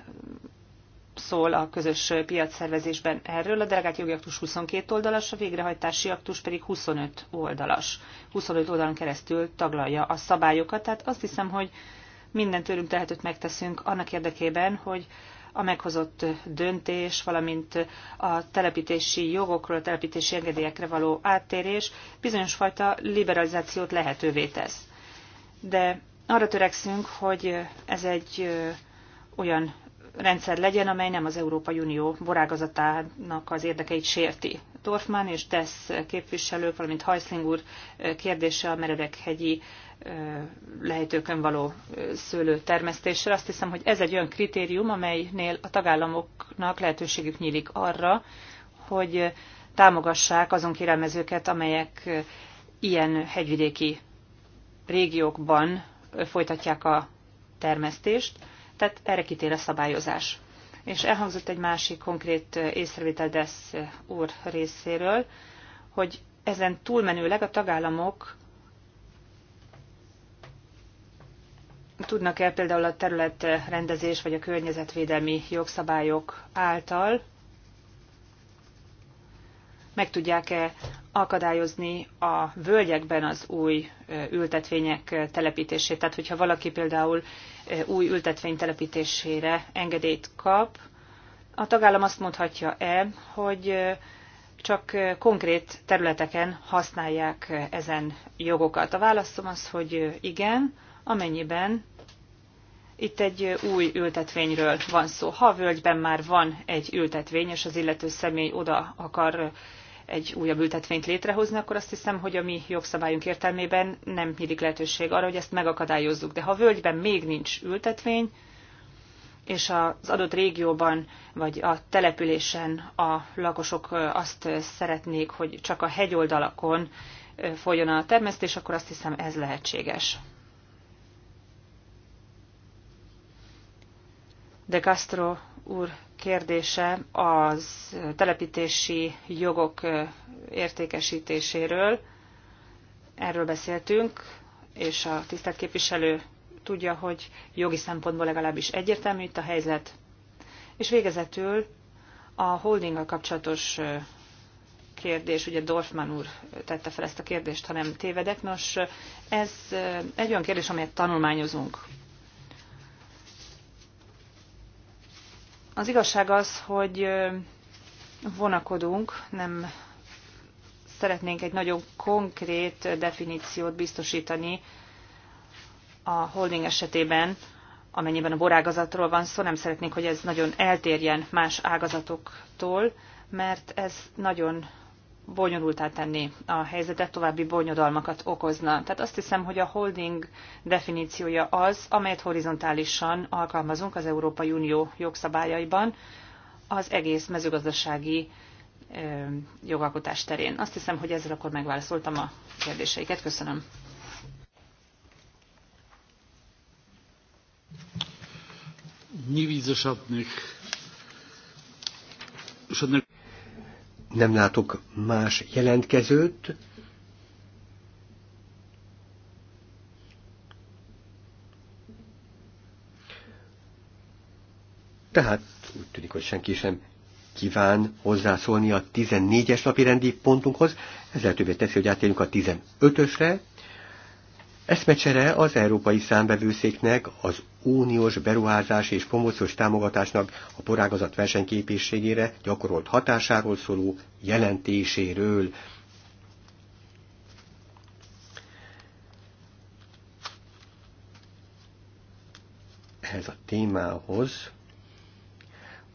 szól a közös piacszervezésben erről, a delegált jogi aktus 22 oldalas, a végrehajtási aktus pedig 25 oldalas. 25 oldalon keresztül taglalja a szabályokat, tehát azt hiszem, hogy minden tőlünk tehetőt megteszünk annak érdekében, hogy a meghozott döntés, valamint a telepítési jogokról, a telepítési engedélyekre való áttérés bizonyos fajta liberalizációt lehetővé tesz. De arra törekszünk, hogy ez egy olyan rendszer legyen, amely nem az Európai Unió borágazatának az érdekeit sérti. Dorfman és Dess képviselők, valamint Hajszling úr kérdése a meredekhegyi lehetőkön való szőlő termesztésre. Azt hiszem, hogy ez egy olyan kritérium, amelynél a tagállamoknak lehetőségük nyílik arra, hogy támogassák azon kérelmezőket, amelyek ilyen hegyvidéki régiókban folytatják a termesztést tehát erre kitér a szabályozás. És elhangzott egy másik konkrét észrevétel Desz úr részéről, hogy ezen túlmenőleg a tagállamok tudnak-e például a területrendezés vagy a környezetvédelmi jogszabályok által meg tudják-e akadályozni a völgyekben az új ültetvények telepítését. Tehát, hogyha valaki például új ültetvény telepítésére engedélyt kap, a tagállam azt mondhatja-e, hogy csak konkrét területeken használják ezen jogokat. A válaszom az, hogy igen, amennyiben itt egy új ültetvényről van szó. Ha a völgyben már van egy ültetvény, és az illető személy oda akar egy újabb ültetvényt létrehozni, akkor azt hiszem, hogy a mi jogszabályunk értelmében nem nyílik lehetőség arra, hogy ezt megakadályozzuk. De ha a völgyben még nincs ültetvény, és az adott régióban vagy a településen a lakosok azt szeretnék, hogy csak a hegyoldalakon folyjon a termesztés, akkor azt hiszem ez lehetséges. De Castro úr kérdése az telepítési jogok értékesítéséről. Erről beszéltünk, és a tisztelt képviselő tudja, hogy jogi szempontból legalábbis egyértelmű itt a helyzet. És végezetül a holdinggal kapcsolatos kérdés, ugye Dorfman úr tette fel ezt a kérdést, ha nem tévedek. Nos, ez egy olyan kérdés, amelyet tanulmányozunk. Az igazság az, hogy vonakodunk, nem szeretnénk egy nagyon konkrét definíciót biztosítani a holding esetében, amennyiben a borágazatról van szó, nem szeretnénk, hogy ez nagyon eltérjen más ágazatoktól, mert ez nagyon bonyolultá tenni a helyzetet, további bonyodalmakat okozna. Tehát azt hiszem, hogy a holding definíciója az, amelyet horizontálisan alkalmazunk az Európai Unió jogszabályaiban az egész mezőgazdasági jogalkotás terén. Azt hiszem, hogy ezzel akkor megválaszoltam a kérdéseiket. Köszönöm.
Nie widzę żadnych,
nem látok más jelentkezőt. Tehát úgy tűnik, hogy senki sem kíván hozzászólni a 14-es napi rendi pontunkhoz. Ez lehetővé teszi, hogy átérjünk a 15-ösre, Eszmecsere az Európai Számbevőszéknek, az uniós beruházás és promóciós támogatásnak a porágazat versenyképességére gyakorolt hatásáról szóló jelentéséről. Ehhez a témához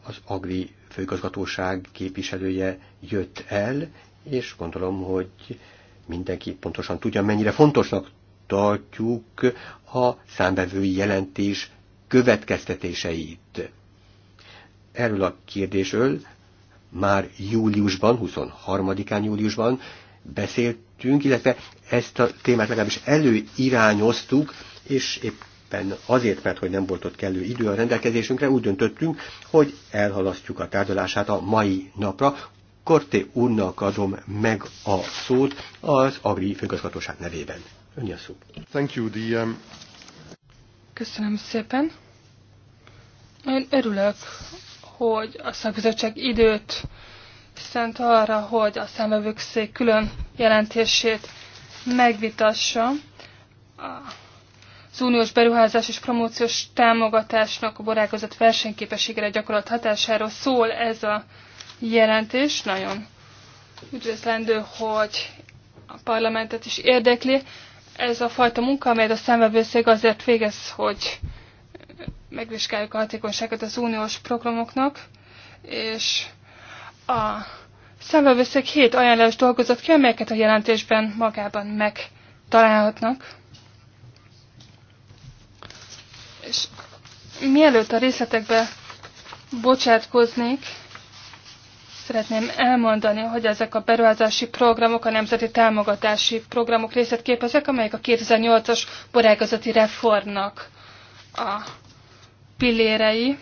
az Agri főgazgatóság képviselője jött el, és gondolom, hogy mindenki pontosan tudja, mennyire fontosnak tartjuk a számbevői jelentés következtetéseit. Erről a kérdésről már júliusban, 23-án júliusban beszéltünk, illetve ezt a témát legalábbis előirányoztuk, és éppen azért, mert hogy nem volt ott kellő idő a rendelkezésünkre, úgy döntöttünk, hogy elhalasztjuk a tárgyalását a mai napra. Korté úrnak adom meg a szót az Agri Főgazgatóság nevében. Önje szó. Thank you, the, um...
Köszönöm szépen. Én örülök, hogy a szakbizottság időt szent arra, hogy a szék külön jelentését megvitassa az uniós beruházás és promóciós támogatásnak a borágazat versenyképességére gyakorolt hatásáról szól ez a jelentés. Nagyon üdvözlendő, hogy a parlamentet is érdekli ez a fajta munka, amelyet a szemvevőszék azért végez, hogy megvizsgáljuk a hatékonyságot az uniós programoknak, és a szemvevőszék hét ajánlást dolgozott ki, amelyeket a jelentésben magában megtalálhatnak. És mielőtt a részletekbe bocsátkoznék, Szeretném elmondani, hogy ezek a beruházási programok a nemzeti támogatási programok részét képezek, amelyek a 2008-as borágazati reformnak a pillérei.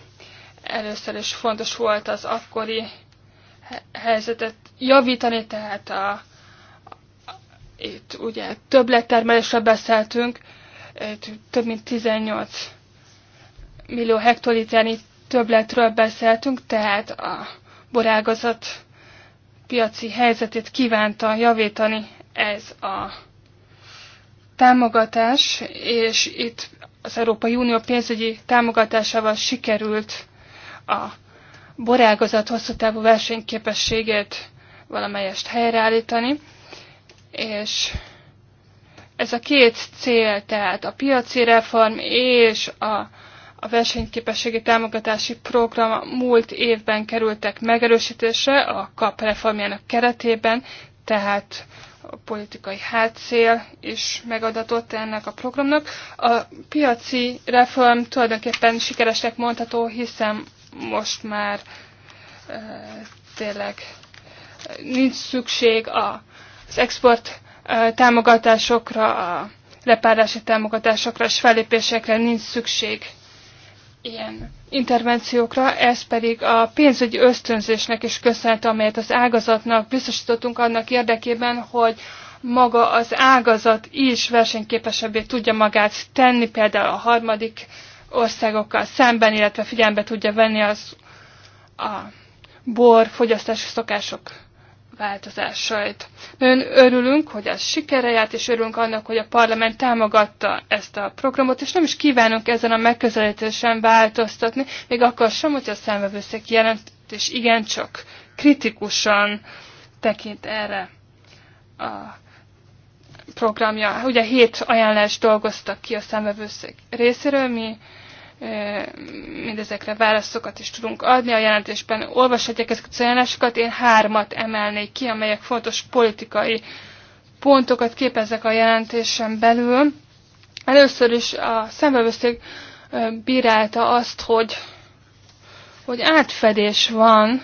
Először is fontos volt az akkori helyzetet javítani, tehát a, itt ugye többlettermelésre beszéltünk, több mint 18 millió hektoliternyi többletről beszéltünk, tehát a borágazat piaci helyzetét kívánta javítani ez a támogatás, és itt az Európai Unió pénzügyi támogatásával sikerült a borágazat hosszú távú versenyképességét valamelyest helyreállítani, és ez a két cél, tehát a piaci reform és a a versenyképességi támogatási program múlt évben kerültek megerősítésre a KAP reformjának keretében, tehát a politikai hátszél is megadatott ennek a programnak. A piaci reform tulajdonképpen sikeresnek mondható, hiszen most már e, tényleg nincs szükség a, az export e, támogatásokra, a repárási támogatásokra és fellépésekre nincs szükség ilyen intervenciókra, ez pedig a pénzügyi ösztönzésnek is köszönhető, amelyet az ágazatnak biztosítottunk annak érdekében, hogy maga az ágazat is versenyképesebbé tudja magát tenni, például a harmadik országokkal szemben, illetve figyelembe tudja venni az a bor fogyasztási szokások változásait. Nagyon örülünk, hogy ez sikere járt, és örülünk annak, hogy a parlament támogatta ezt a programot, és nem is kívánunk ezen a megközelítésen változtatni, még akkor sem, hogy a számvevőszék jelentés igencsak kritikusan tekint erre a programja. Ugye hét ajánlást dolgoztak ki a számvevőszék részéről, mi mindezekre válaszokat is tudunk adni. A jelentésben olvashatják ezeket az jelenteseket, Én hármat emelnék ki, amelyek fontos politikai pontokat képeznek a jelentésen belül. Először is a szembevőszék bírálta azt, hogy, hogy átfedés van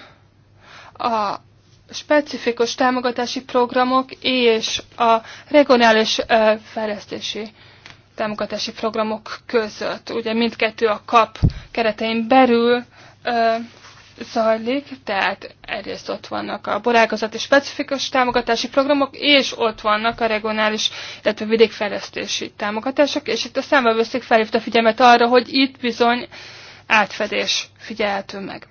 a specifikus támogatási programok és a regionális fejlesztési támogatási programok között. Ugye mindkettő a kap keretein belül ö, zajlik, tehát egyrészt ott vannak a borágazati specifikus támogatási programok, és ott vannak a regionális, illetve vidékfejlesztési támogatások, és itt a számbevőszék felhívta figyelmet arra, hogy itt bizony átfedés figyelhető meg.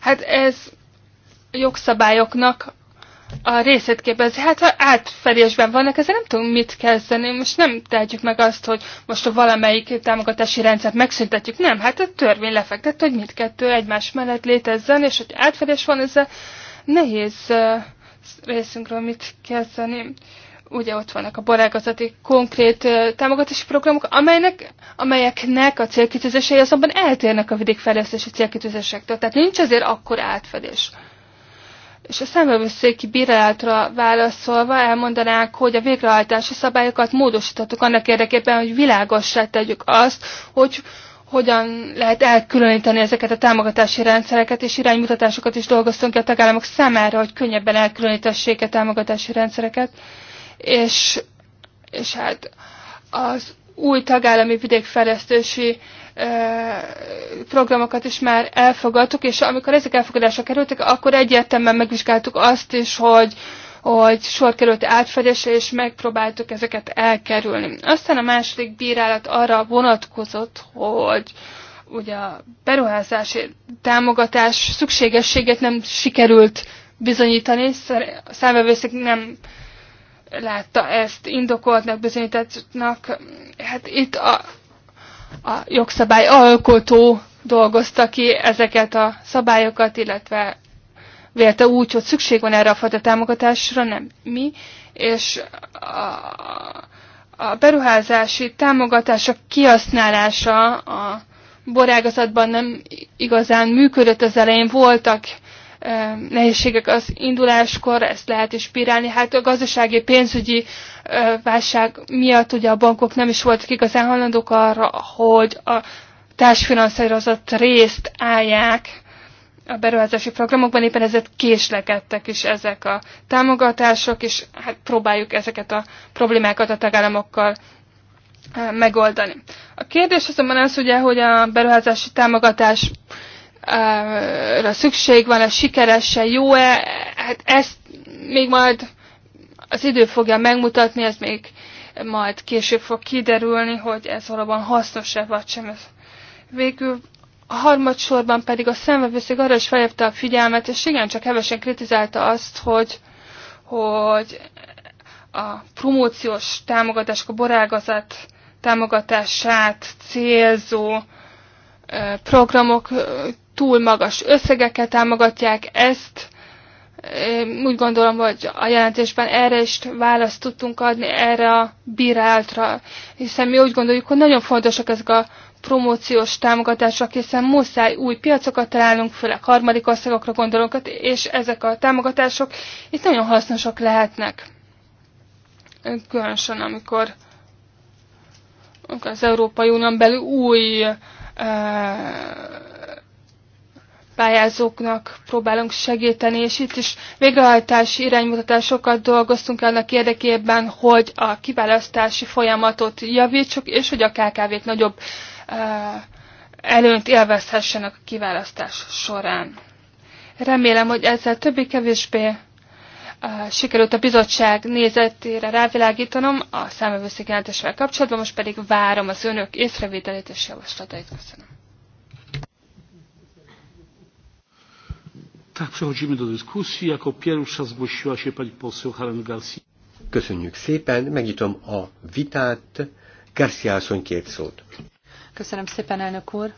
Hát ez jogszabályoknak a részét Hát ha átfedésben vannak, ezzel nem tudom mit kezdeni. Most nem tehetjük meg azt, hogy most a valamelyik támogatási rendszert megszüntetjük. Nem, hát a törvény lefektet, hogy mindkettő egymás mellett létezzen, és hogy átfedés van, ezzel nehéz részünkről mit kezdeni. Ugye ott vannak a borágazati konkrét támogatási programok, amelynek, amelyeknek a célkitűzései azonban eltérnek a vidékfejlesztési célkitűzésektől. Tehát nincs azért akkor átfedés. És a számövőszéki bírálatra válaszolva elmondanák, hogy a végrehajtási szabályokat módosítottuk annak érdekében, hogy világossá tegyük azt, hogy hogyan lehet elkülöníteni ezeket a támogatási rendszereket, és iránymutatásokat is dolgoztunk ki a tagállamok számára, hogy könnyebben elkülönítessék a támogatási rendszereket. És, és hát az új tagállami vidékfejlesztési programokat is már elfogadtuk, és amikor ezek elfogadásra kerültek, akkor egyértelműen megvizsgáltuk azt is, hogy, hogy sor került átfedésre, és megpróbáltuk ezeket elkerülni. Aztán a második bírálat arra vonatkozott, hogy ugye a beruházási támogatás szükségességet nem sikerült bizonyítani, a számvevőszék nem látta ezt indokoltnak, bizonyítatnak. Hát itt a, a jogszabály alkotó dolgozta ki ezeket a szabályokat, illetve vélte úgy, hogy szükség van erre a fajta támogatásra, nem mi, és a, a beruházási támogatások kihasználása a borágazatban nem igazán működött az elején, voltak nehézségek az induláskor, ezt lehet is bírálni. Hát a gazdasági pénzügyi válság miatt ugye a bankok nem is voltak igazán hajlandók arra, hogy a társfinanszírozott részt állják a beruházási programokban, éppen ezért késlekedtek is ezek a támogatások, és hát próbáljuk ezeket a problémákat a tagállamokkal megoldani. A kérdés azonban az ugye, hogy a beruházási támogatás a szükség van a sikeresen jó-e, hát ezt még majd az idő fogja megmutatni, ez még majd később fog kiderülni, hogy ez valóban hasznos-e vagy sem. Végül a harmadsorban pedig a szemvevőszék arra is felhívta a figyelmet, és igen, csak hevesen kritizálta azt, hogy, hogy a promóciós támogatások, a borágazat támogatását célzó programok túl magas összegeket támogatják ezt. Úgy gondolom, hogy a jelentésben erre is választ tudtunk adni, erre a bíráltra, hiszen mi úgy gondoljuk, hogy nagyon fontosak ezek a promóciós támogatások, hiszen muszáj új piacokat találnunk, főleg harmadik országokra gondolunk, és ezek a támogatások itt nagyon hasznosak lehetnek. Különösen, amikor, amikor az Európai Unión belül új uh, pályázóknak próbálunk segíteni, és itt is végrehajtási iránymutatásokat dolgoztunk annak érdekében, hogy a kiválasztási folyamatot javítsuk, és hogy a KKV-k nagyobb eh, előnyt élvezhessenek a kiválasztás során. Remélem, hogy ezzel többi-kevésbé eh, sikerült a bizottság nézetére rávilágítanom a számövőszik jelentésvel kapcsolatban, most pedig várom az önök észrevételét és javaslatait. Köszönöm.
Tak, przechodzimy do dyskusji. Jako pierwsza zgłosiła się pani poseł Helen Garcia. Köszönjük szépen, megnyitom a vitát. Garcia asszony két szót.
Köszönöm szépen, elnök úr.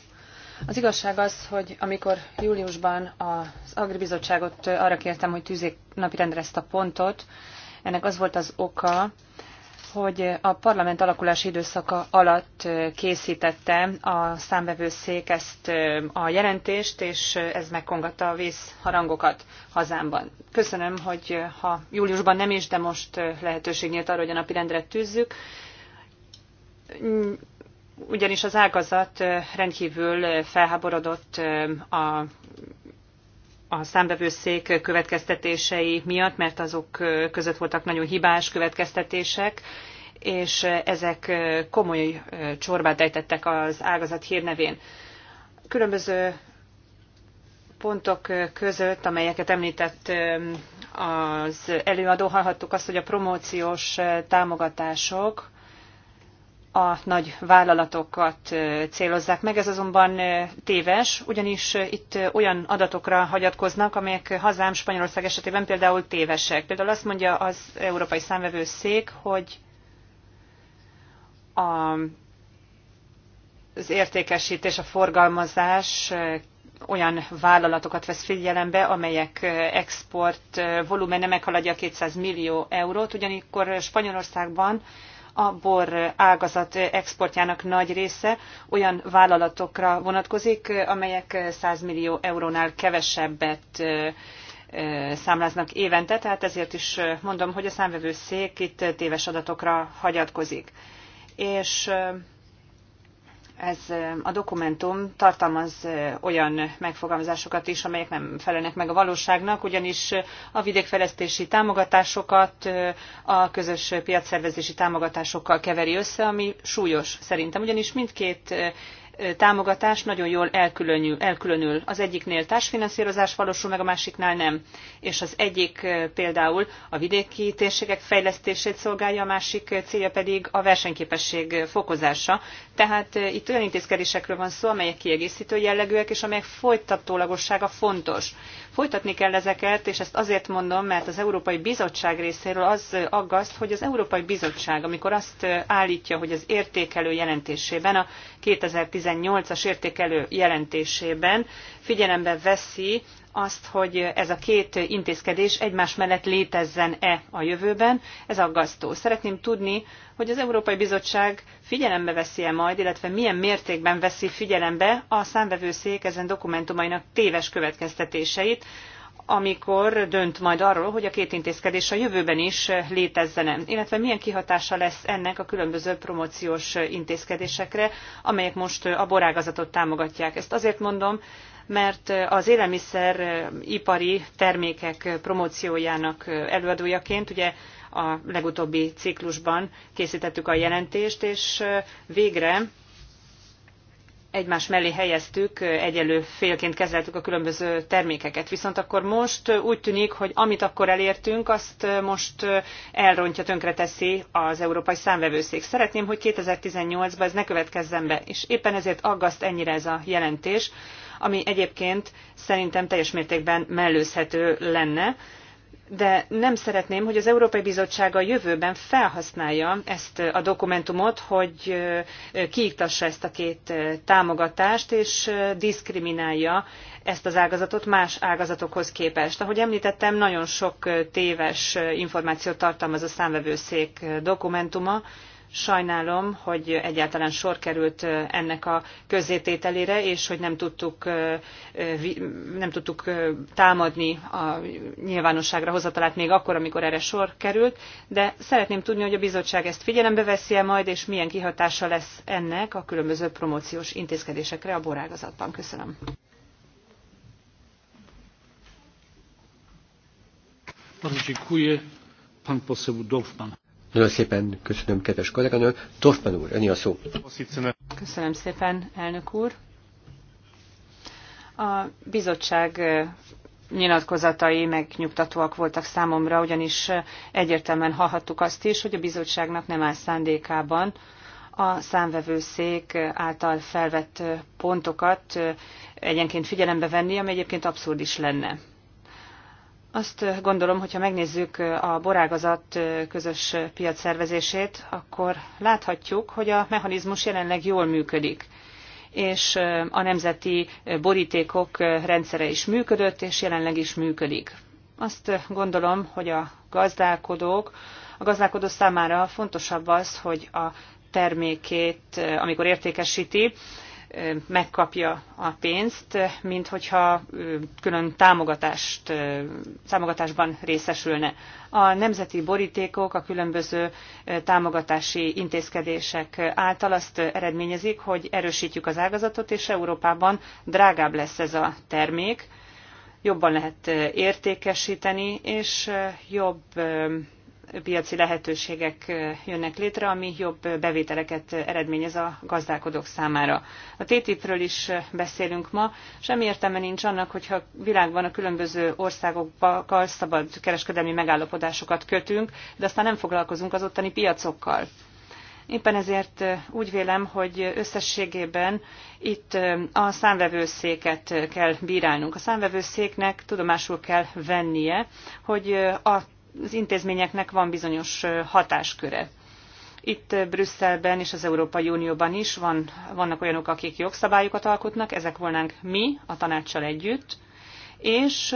Az igazság az, hogy amikor júliusban az Agribizottságot arra kértem, hogy tűzék napirendre ezt a pontot, ennek az volt az oka, hogy a parlament alakulási időszaka alatt készítette a számvevőszék ezt a jelentést, és ez megkongatta a vészharangokat hazámban. Köszönöm, hogy ha júliusban nem is, de most lehetőség nyílt arra, hogy a napirendre tűzzük hm, ugyanis az ágazat rendkívül felháborodott a a számbevőszék következtetései miatt, mert azok között voltak nagyon hibás következtetések, és ezek komoly csorbát ejtettek az ágazat hírnevén. Különböző pontok között, amelyeket említett az előadó, hallhattuk azt, hogy a promóciós támogatások a nagy vállalatokat célozzák meg. Ez azonban téves, ugyanis itt olyan adatokra hagyatkoznak, amelyek hazám Spanyolország esetében például tévesek. Például azt mondja az Európai Számvevőszék, hogy a, az értékesítés, a forgalmazás olyan vállalatokat vesz figyelembe, amelyek export volumene meghaladja 200 millió eurót, ugyanakkor Spanyolországban a bor ágazat exportjának nagy része olyan vállalatokra vonatkozik, amelyek 100 millió eurónál kevesebbet számláznak évente, tehát ezért is mondom, hogy a számvevőszék itt téves adatokra hagyatkozik. És ez a dokumentum tartalmaz olyan megfogalmazásokat is, amelyek nem felelnek meg a valóságnak, ugyanis a vidékfejlesztési támogatásokat a közös piacszervezési támogatásokkal keveri össze, ami súlyos szerintem, ugyanis mindkét támogatás nagyon jól elkülönül. elkülönül. Az egyiknél társfinanszírozás valósul meg, a másiknál nem. És az egyik például a vidéki térségek fejlesztését szolgálja, a másik célja pedig a versenyképesség fokozása. Tehát itt olyan intézkedésekről van szó, amelyek kiegészítő jellegűek, és amelyek folytatólagossága fontos. Folytatni kell ezeket, és ezt azért mondom, mert az Európai Bizottság részéről az aggaszt, hogy az Európai Bizottság, amikor azt állítja, hogy az értékelő jelentésében, a 2018-as értékelő jelentésében figyelembe veszi azt, hogy ez a két intézkedés egymás mellett létezzen-e a jövőben. Ez aggasztó. Szeretném tudni, hogy az Európai Bizottság figyelembe veszi-e majd, illetve milyen mértékben veszi figyelembe a számvevőszék ezen dokumentumainak téves következtetéseit, amikor dönt majd arról, hogy a két intézkedés a jövőben is -e, illetve milyen kihatása lesz ennek a különböző promóciós intézkedésekre, amelyek most a borágazatot támogatják. Ezt azért mondom, mert az élelmiszeripari eh, termékek promóciójának eh, előadójaként ugye a legutóbbi ciklusban készítettük a jelentést, és eh, végre egymás mellé helyeztük, egyelő félként kezeltük a különböző termékeket. Viszont akkor most úgy tűnik, hogy amit akkor elértünk, azt most elrontja, tönkreteszi az Európai Számvevőszék. Szeretném, hogy 2018-ban ez ne következzen be, és éppen ezért aggaszt ennyire ez a jelentés, ami egyébként szerintem teljes mértékben mellőzhető lenne, de nem szeretném, hogy az Európai Bizottság a jövőben felhasználja ezt a dokumentumot, hogy kiiktassa ezt a két támogatást, és diszkriminálja ezt az ágazatot más ágazatokhoz képest. Ahogy említettem, nagyon sok téves információt tartalmaz a számvevőszék dokumentuma, Sajnálom, hogy egyáltalán sor került ennek a közzétételére, és hogy nem tudtuk, nem tudtuk támadni a nyilvánosságra hozatalát még akkor, amikor erre sor került, de szeretném tudni, hogy a bizottság ezt figyelembe veszi-e majd, és milyen kihatása lesz ennek a különböző promóciós intézkedésekre a borágazatban. Köszönöm.
Bardzo Pan poseł Dorfman.
Nagyon szépen köszönöm, kedves kolléganő. Dorfman úr, ennyi a szó. Köszönöm
szépen, elnök úr. A bizottság nyilatkozatai megnyugtatóak voltak számomra, ugyanis egyértelműen hallhattuk azt is, hogy a bizottságnak nem áll szándékában a számvevőszék által felvett pontokat egyenként figyelembe venni, ami egyébként abszurd is lenne. Azt gondolom, hogyha megnézzük a borágazat közös piacszervezését, akkor láthatjuk, hogy a mechanizmus jelenleg jól működik és a nemzeti borítékok rendszere is működött, és jelenleg is működik. Azt gondolom, hogy a gazdálkodók, a gazdálkodó számára fontosabb az, hogy a termékét, amikor értékesíti, megkapja a pénzt, mint hogyha külön támogatást, támogatásban részesülne. A nemzeti borítékok a különböző támogatási intézkedések által azt eredményezik, hogy erősítjük az ágazatot, és Európában drágább lesz ez a termék, jobban lehet értékesíteni, és jobb piaci lehetőségek jönnek létre, ami jobb bevételeket eredményez a gazdálkodók számára. A TTIP-ről is beszélünk ma. Semmi értelme nincs annak, hogyha világban a különböző országokkal szabad kereskedelmi megállapodásokat kötünk, de aztán nem foglalkozunk az ottani piacokkal. Éppen ezért úgy vélem, hogy összességében itt a számvevőszéket kell bírálnunk. A számvevőszéknek tudomásul kell vennie, hogy a az intézményeknek van bizonyos hatásköre. Itt Brüsszelben és az Európai Unióban is van, vannak olyanok, akik jogszabályokat alkotnak, ezek volnánk mi a tanácssal együtt, és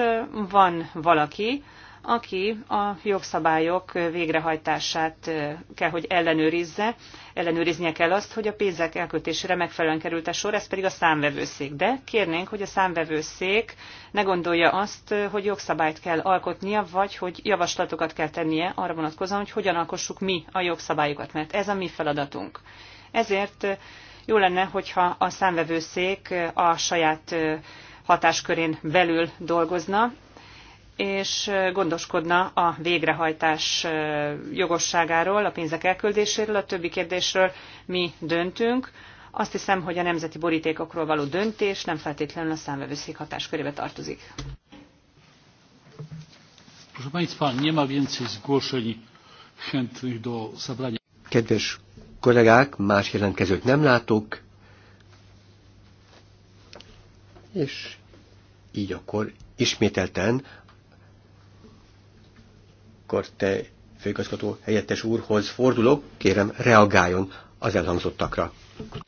van valaki, aki a jogszabályok végrehajtását kell, hogy ellenőrizze, ellenőriznie kell azt, hogy a pénzek elköltésére megfelelően került a sor, ez pedig a számvevőszék. De kérnénk, hogy a számvevőszék ne gondolja azt, hogy jogszabályt kell alkotnia, vagy hogy javaslatokat kell tennie arra vonatkozóan, hogy hogyan alkossuk mi a jogszabályokat, mert ez a mi feladatunk. Ezért jó lenne, hogyha a számvevőszék a saját hatáskörén belül dolgozna, és gondoskodna a végrehajtás jogosságáról, a pénzek elküldéséről, a többi kérdésről mi döntünk. Azt hiszem, hogy a nemzeti borítékokról való döntés nem feltétlenül a számvevőszék hatáskörébe tartozik.
Proszę Państwa, nie ma więcej do
Kedves kollégák, más jelentkezőt nem látok, és így akkor ismételten akkor te főigazgató helyettes úrhoz fordulok, kérem reagáljon az elhangzottakra.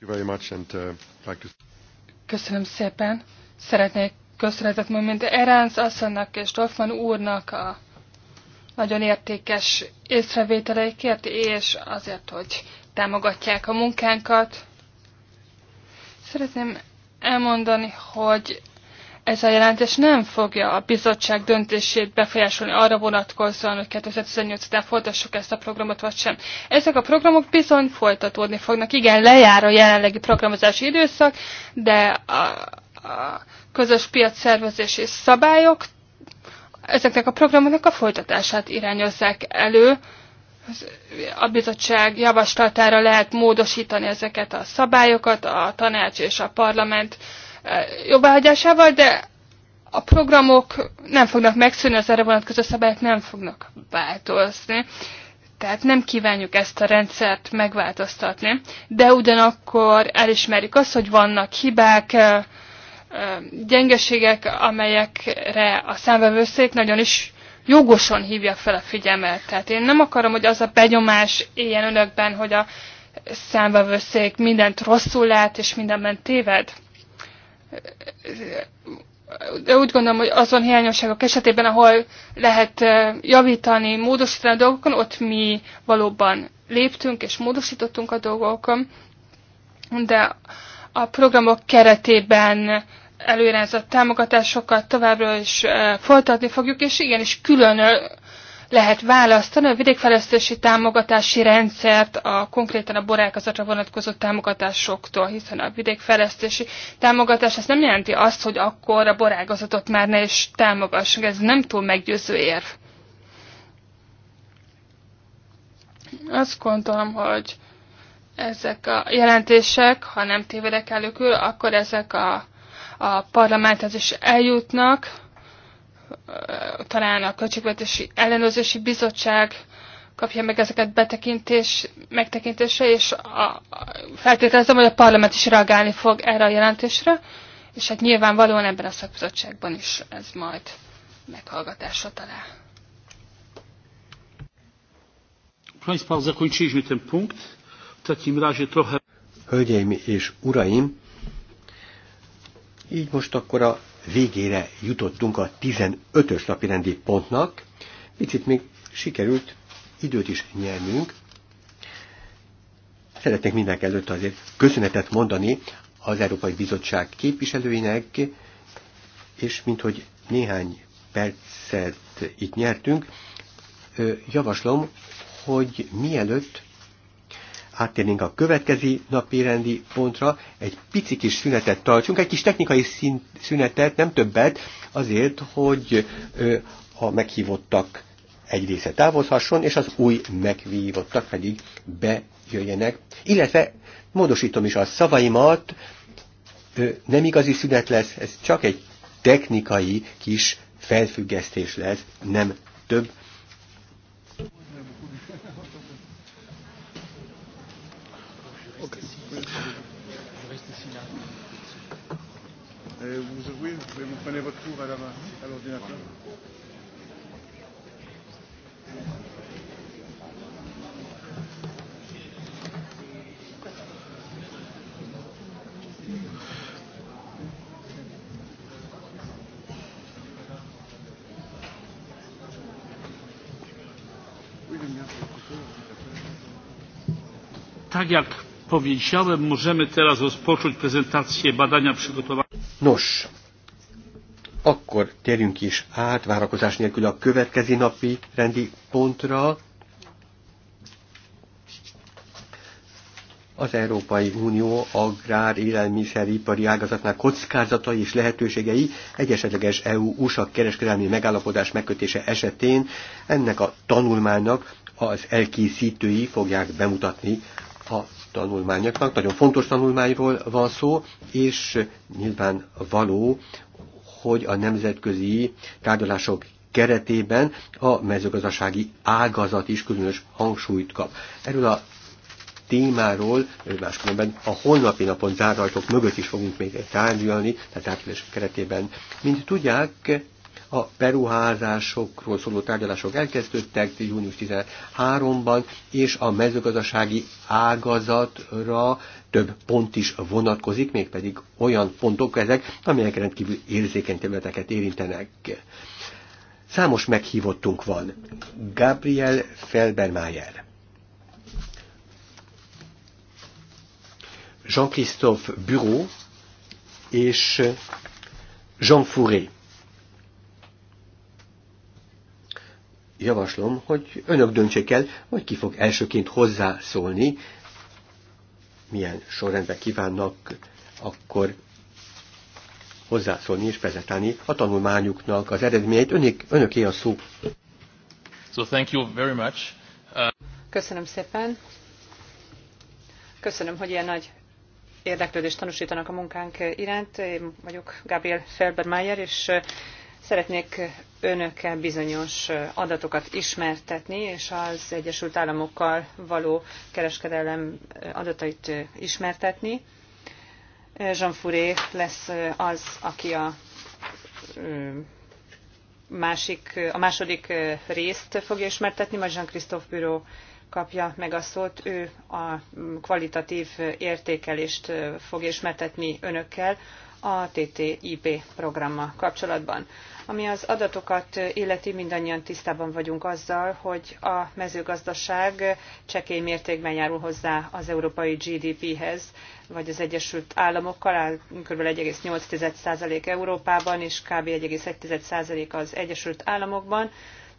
Uh,
Köszönöm szépen. Szeretnék köszönetet mondani, mint Eránc asszonynak és Dolfman úrnak a nagyon értékes észrevételeikért, és azért, hogy támogatják a munkánkat. Szeretném elmondani, hogy ez a jelentés nem fogja a bizottság döntését befolyásolni arra vonatkozóan, hogy 2018 után folytassuk ezt a programot, vagy sem. Ezek a programok bizony folytatódni fognak. Igen, lejár a jelenlegi programozási időszak, de a, a közös piacszervezési szabályok ezeknek a programoknak a folytatását irányozzák elő. A bizottság javaslatára lehet módosítani ezeket a szabályokat, a tanács és a parlament jobbáhagyásával, de a programok nem fognak megszűnni, az erre vonatkozó szabályok nem fognak változni. Tehát nem kívánjuk ezt a rendszert megváltoztatni, de ugyanakkor elismerjük azt, hogy vannak hibák, gyengeségek, amelyekre a számvevőszék nagyon is jogosan hívja fel a figyelmet. Tehát én nem akarom, hogy az a benyomás éljen önökben, hogy a számvevőszék mindent rosszul lát és mindenben téved de úgy gondolom, hogy azon hiányosságok esetében, ahol lehet javítani, módosítani a dolgokon, ott mi valóban léptünk és módosítottunk a dolgokon, de a programok keretében előrehozott támogatásokat továbbra is folytatni fogjuk, és igenis külön lehet választani a vidékfejlesztési támogatási rendszert a konkrétan a borákazatra vonatkozó támogatásoktól, hiszen a vidékfejlesztési támogatás ez nem jelenti azt, hogy akkor a borágazatot már ne is támogassunk, ez nem túl meggyőző érv. Azt gondolom, hogy ezek a jelentések, ha nem tévedek előkül, akkor ezek a, a parlamenthez is eljutnak, talán a Költségvetési Ellenőrzési Bizottság kapja meg ezeket betekintés, megtekintésre, és a, a, feltételezem, hogy a parlament is reagálni fog erre a jelentésre, és hát nyilvánvalóan ebben a szakbizottságban is ez majd meghallgatásra talál.
Hölgyeim és uraim, így most akkor a végére jutottunk a 15-ös napi rendi pontnak. Picit még sikerült időt is nyernünk. Szeretnék mindenek előtt azért köszönetet mondani az Európai Bizottság képviselőinek, és minthogy néhány percet itt nyertünk, javaslom, hogy mielőtt áttérnénk a következő napi rendi pontra, egy pici kis szünetet tartsunk, egy kis technikai szint, szünetet, nem többet, azért, hogy a meghívottak egy része távozhasson, és az új meghívottak pedig bejöjjenek. Illetve módosítom is a szavaimat, nem igazi szünet lesz, ez csak egy technikai kis felfüggesztés lesz, nem több.
prenez votre tour madame, à l'ordinateur. Tak jak powiedziałem, możemy teraz rozpocząć prezentację badania przygotowania.
Nóż, akkor térjünk is át, várakozás nélkül a következő napi rendi pontra. Az Európai Unió agrár élelmiszeripari ágazatnál kockázatai és lehetőségei egy esetleges EU-USA kereskedelmi megállapodás megkötése esetén ennek a tanulmánynak az elkészítői fogják bemutatni a tanulmányoknak. Nagyon fontos tanulmányról van szó, és nyilván való, hogy a nemzetközi tárgyalások keretében a mezőgazdasági ágazat is különös hangsúlyt kap. Erről a témáról, máskülönben a holnapi napon zárajtok mögött is fogunk még tárgyalni, tehát április keretében. Mint tudják, a beruházásokról szóló tárgyalások elkezdődtek június 13-ban, és a mezőgazdasági ágazatra több pont is vonatkozik, mégpedig olyan pontok ezek, amelyek rendkívül érzékeny területeket érintenek. Számos meghívottunk van. Gabriel Felbermayer. Jean-Christophe Bureau és Jean Fouré. javaslom, hogy önök döntsék el, hogy ki fog elsőként hozzászólni, milyen sorrendben kívánnak akkor hozzászólni és prezentálni a tanulmányuknak az eredményeit. Önök, önöké a szó.
So thank you very much. Uh...
Köszönöm szépen. Köszönöm, hogy ilyen nagy érdeklődést tanúsítanak a munkánk iránt. Én vagyok Gabriel Felbermeyer, és Szeretnék önökkel bizonyos adatokat ismertetni, és az Egyesült Államokkal való kereskedelem adatait ismertetni. Jean Fouré lesz az, aki a másik, a második részt fogja ismertetni, majd Jean-Christophe Bureau kapja meg a szót, ő a kvalitatív értékelést fogja ismertetni önökkel a TTIP programmal kapcsolatban. Ami az adatokat illeti, mindannyian tisztában vagyunk azzal, hogy a mezőgazdaság csekély mértékben járul hozzá az európai GDP-hez, vagy az Egyesült Államokkal, áll kb. 1,8% Európában, és kb. 1,1% az Egyesült Államokban.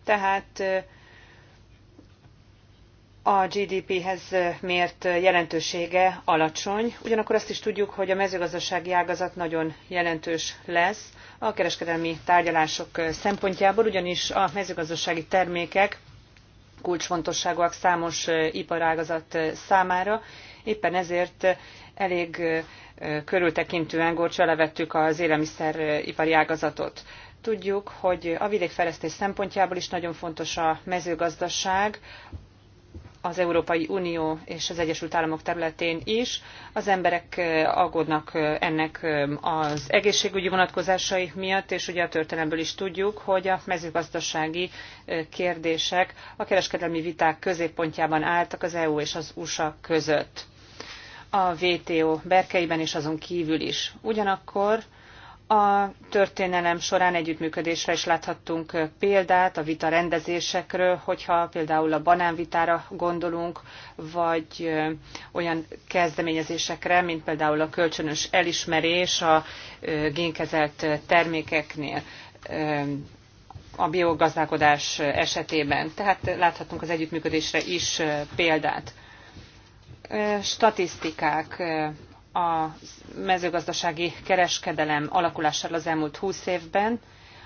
Tehát a GDP-hez mért jelentősége alacsony, ugyanakkor azt is tudjuk, hogy a mezőgazdasági ágazat nagyon jelentős lesz a kereskedelmi tárgyalások szempontjából, ugyanis a mezőgazdasági termékek kulcsfontosságúak számos iparágazat számára, éppen ezért elég körültekintően górcsa levettük az élelmiszeripari ágazatot. Tudjuk, hogy a vidékfejlesztés szempontjából is nagyon fontos a mezőgazdaság, az Európai Unió és az Egyesült Államok területén is. Az emberek aggódnak ennek az egészségügyi vonatkozásai miatt, és ugye a történelemből is tudjuk, hogy a mezőgazdasági kérdések a kereskedelmi viták középpontjában álltak az EU és az USA között a WTO berkeiben és azon kívül is. Ugyanakkor a történelem során együttműködésre is láthattunk példát a vita rendezésekről, hogyha például a banánvitára gondolunk, vagy olyan kezdeményezésekre, mint például a kölcsönös elismerés a génkezelt termékeknél a biogazdálkodás esetében. Tehát láthatunk az együttműködésre is példát. Statisztikák a mezőgazdasági kereskedelem alakulással az elmúlt húsz évben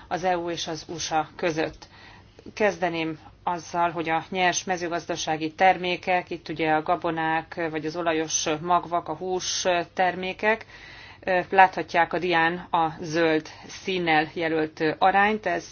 az EU és az USA között. Kezdeném azzal, hogy a nyers mezőgazdasági termékek, itt ugye a gabonák, vagy az olajos magvak, a hús termékek, Láthatják a dián a zöld színnel jelölt arányt, ez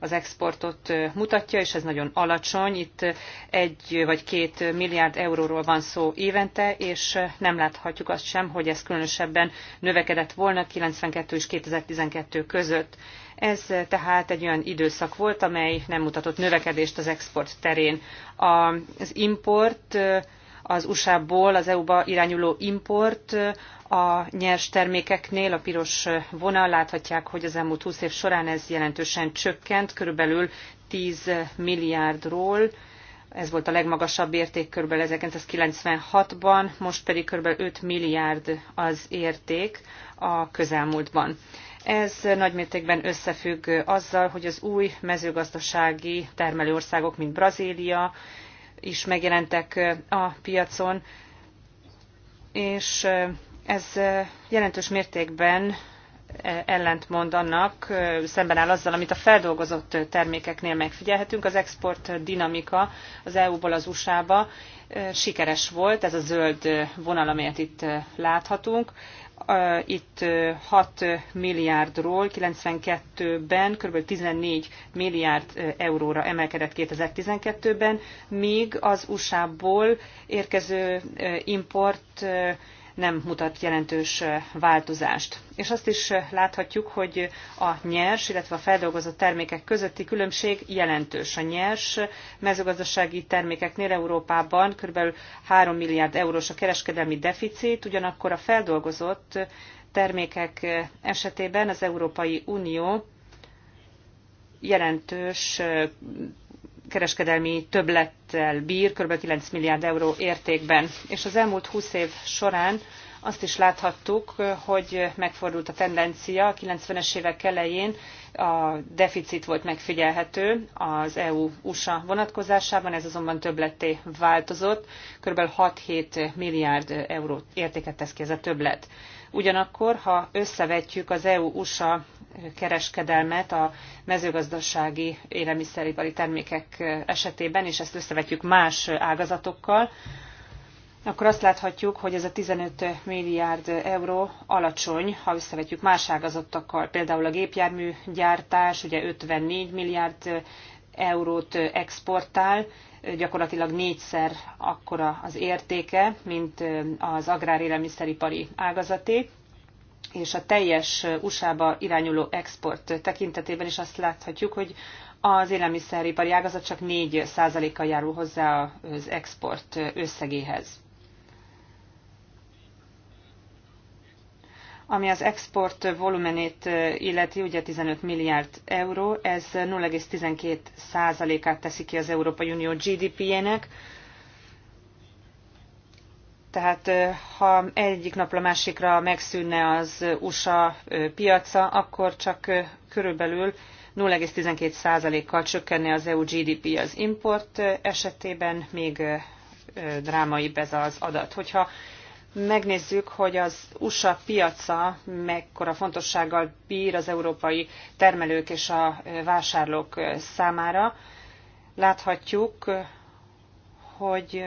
az exportot mutatja, és ez nagyon alacsony. Itt egy vagy két milliárd euróról van szó évente, és nem láthatjuk azt sem, hogy ez különösebben növekedett volna 92 és 2012 között. Ez tehát egy olyan időszak volt, amely nem mutatott növekedést az export terén. Az import az USA-ból az EU-ba irányuló import a nyers termékeknél, a piros vonal, láthatják, hogy az elmúlt 20 év során ez jelentősen csökkent, körülbelül 10 milliárdról, ez volt a legmagasabb érték kb. 1996-ban, most pedig kb. 5 milliárd az érték a közelmúltban. Ez nagymértékben összefügg azzal, hogy az új mezőgazdasági termelőországok, mint Brazília is megjelentek a piacon, és ez jelentős mértékben ellentmond annak, szemben áll azzal, amit a feldolgozott termékeknél megfigyelhetünk. Az export dinamika az EU-ból az USA-ba sikeres volt, ez a zöld vonal, amelyet itt láthatunk itt 6 milliárdról 92-ben kb. 14 milliárd euróra emelkedett 2012-ben, míg az USA-ból érkező import nem mutat jelentős változást. És azt is láthatjuk, hogy a nyers, illetve a feldolgozott termékek közötti különbség jelentős. A nyers mezőgazdasági termékeknél Európában kb. 3 milliárd eurós a kereskedelmi deficit, ugyanakkor a feldolgozott termékek esetében az Európai Unió jelentős kereskedelmi többlettel bír, kb. 9 milliárd euró értékben. És az elmúlt 20 év során azt is láthattuk, hogy megfordult a tendencia. A 90-es évek elején a deficit volt megfigyelhető az EU-USA vonatkozásában, ez azonban többletté változott, kb. 6-7 milliárd euró értéket tesz ki ez a többlet. Ugyanakkor, ha összevetjük az EU-USA kereskedelmet a mezőgazdasági élelmiszeripari termékek esetében, és ezt összevetjük más ágazatokkal, akkor azt láthatjuk, hogy ez a 15 milliárd euró alacsony, ha összevetjük más ágazatokkal, például a gépjármű gyártás, ugye 54 milliárd eurót exportál, gyakorlatilag négyszer akkora az értéke, mint az agrárélelmiszeripari ágazaté és a teljes USA-ba irányuló export tekintetében is azt láthatjuk, hogy az élelmiszeripari ágazat csak 4%-kal járul hozzá az export összegéhez. Ami az export volumenét illeti, ugye 15 milliárd euró, ez 0,12%-át teszi ki az Európai Unió GDP-jének, tehát ha egyik napra másikra megszűnne az USA piaca, akkor csak körülbelül 0,12%-kal csökkenne az EU GDP az import esetében, még drámaibb ez az adat. Hogyha megnézzük, hogy az USA piaca mekkora fontossággal bír az európai termelők és a vásárlók számára, láthatjuk, hogy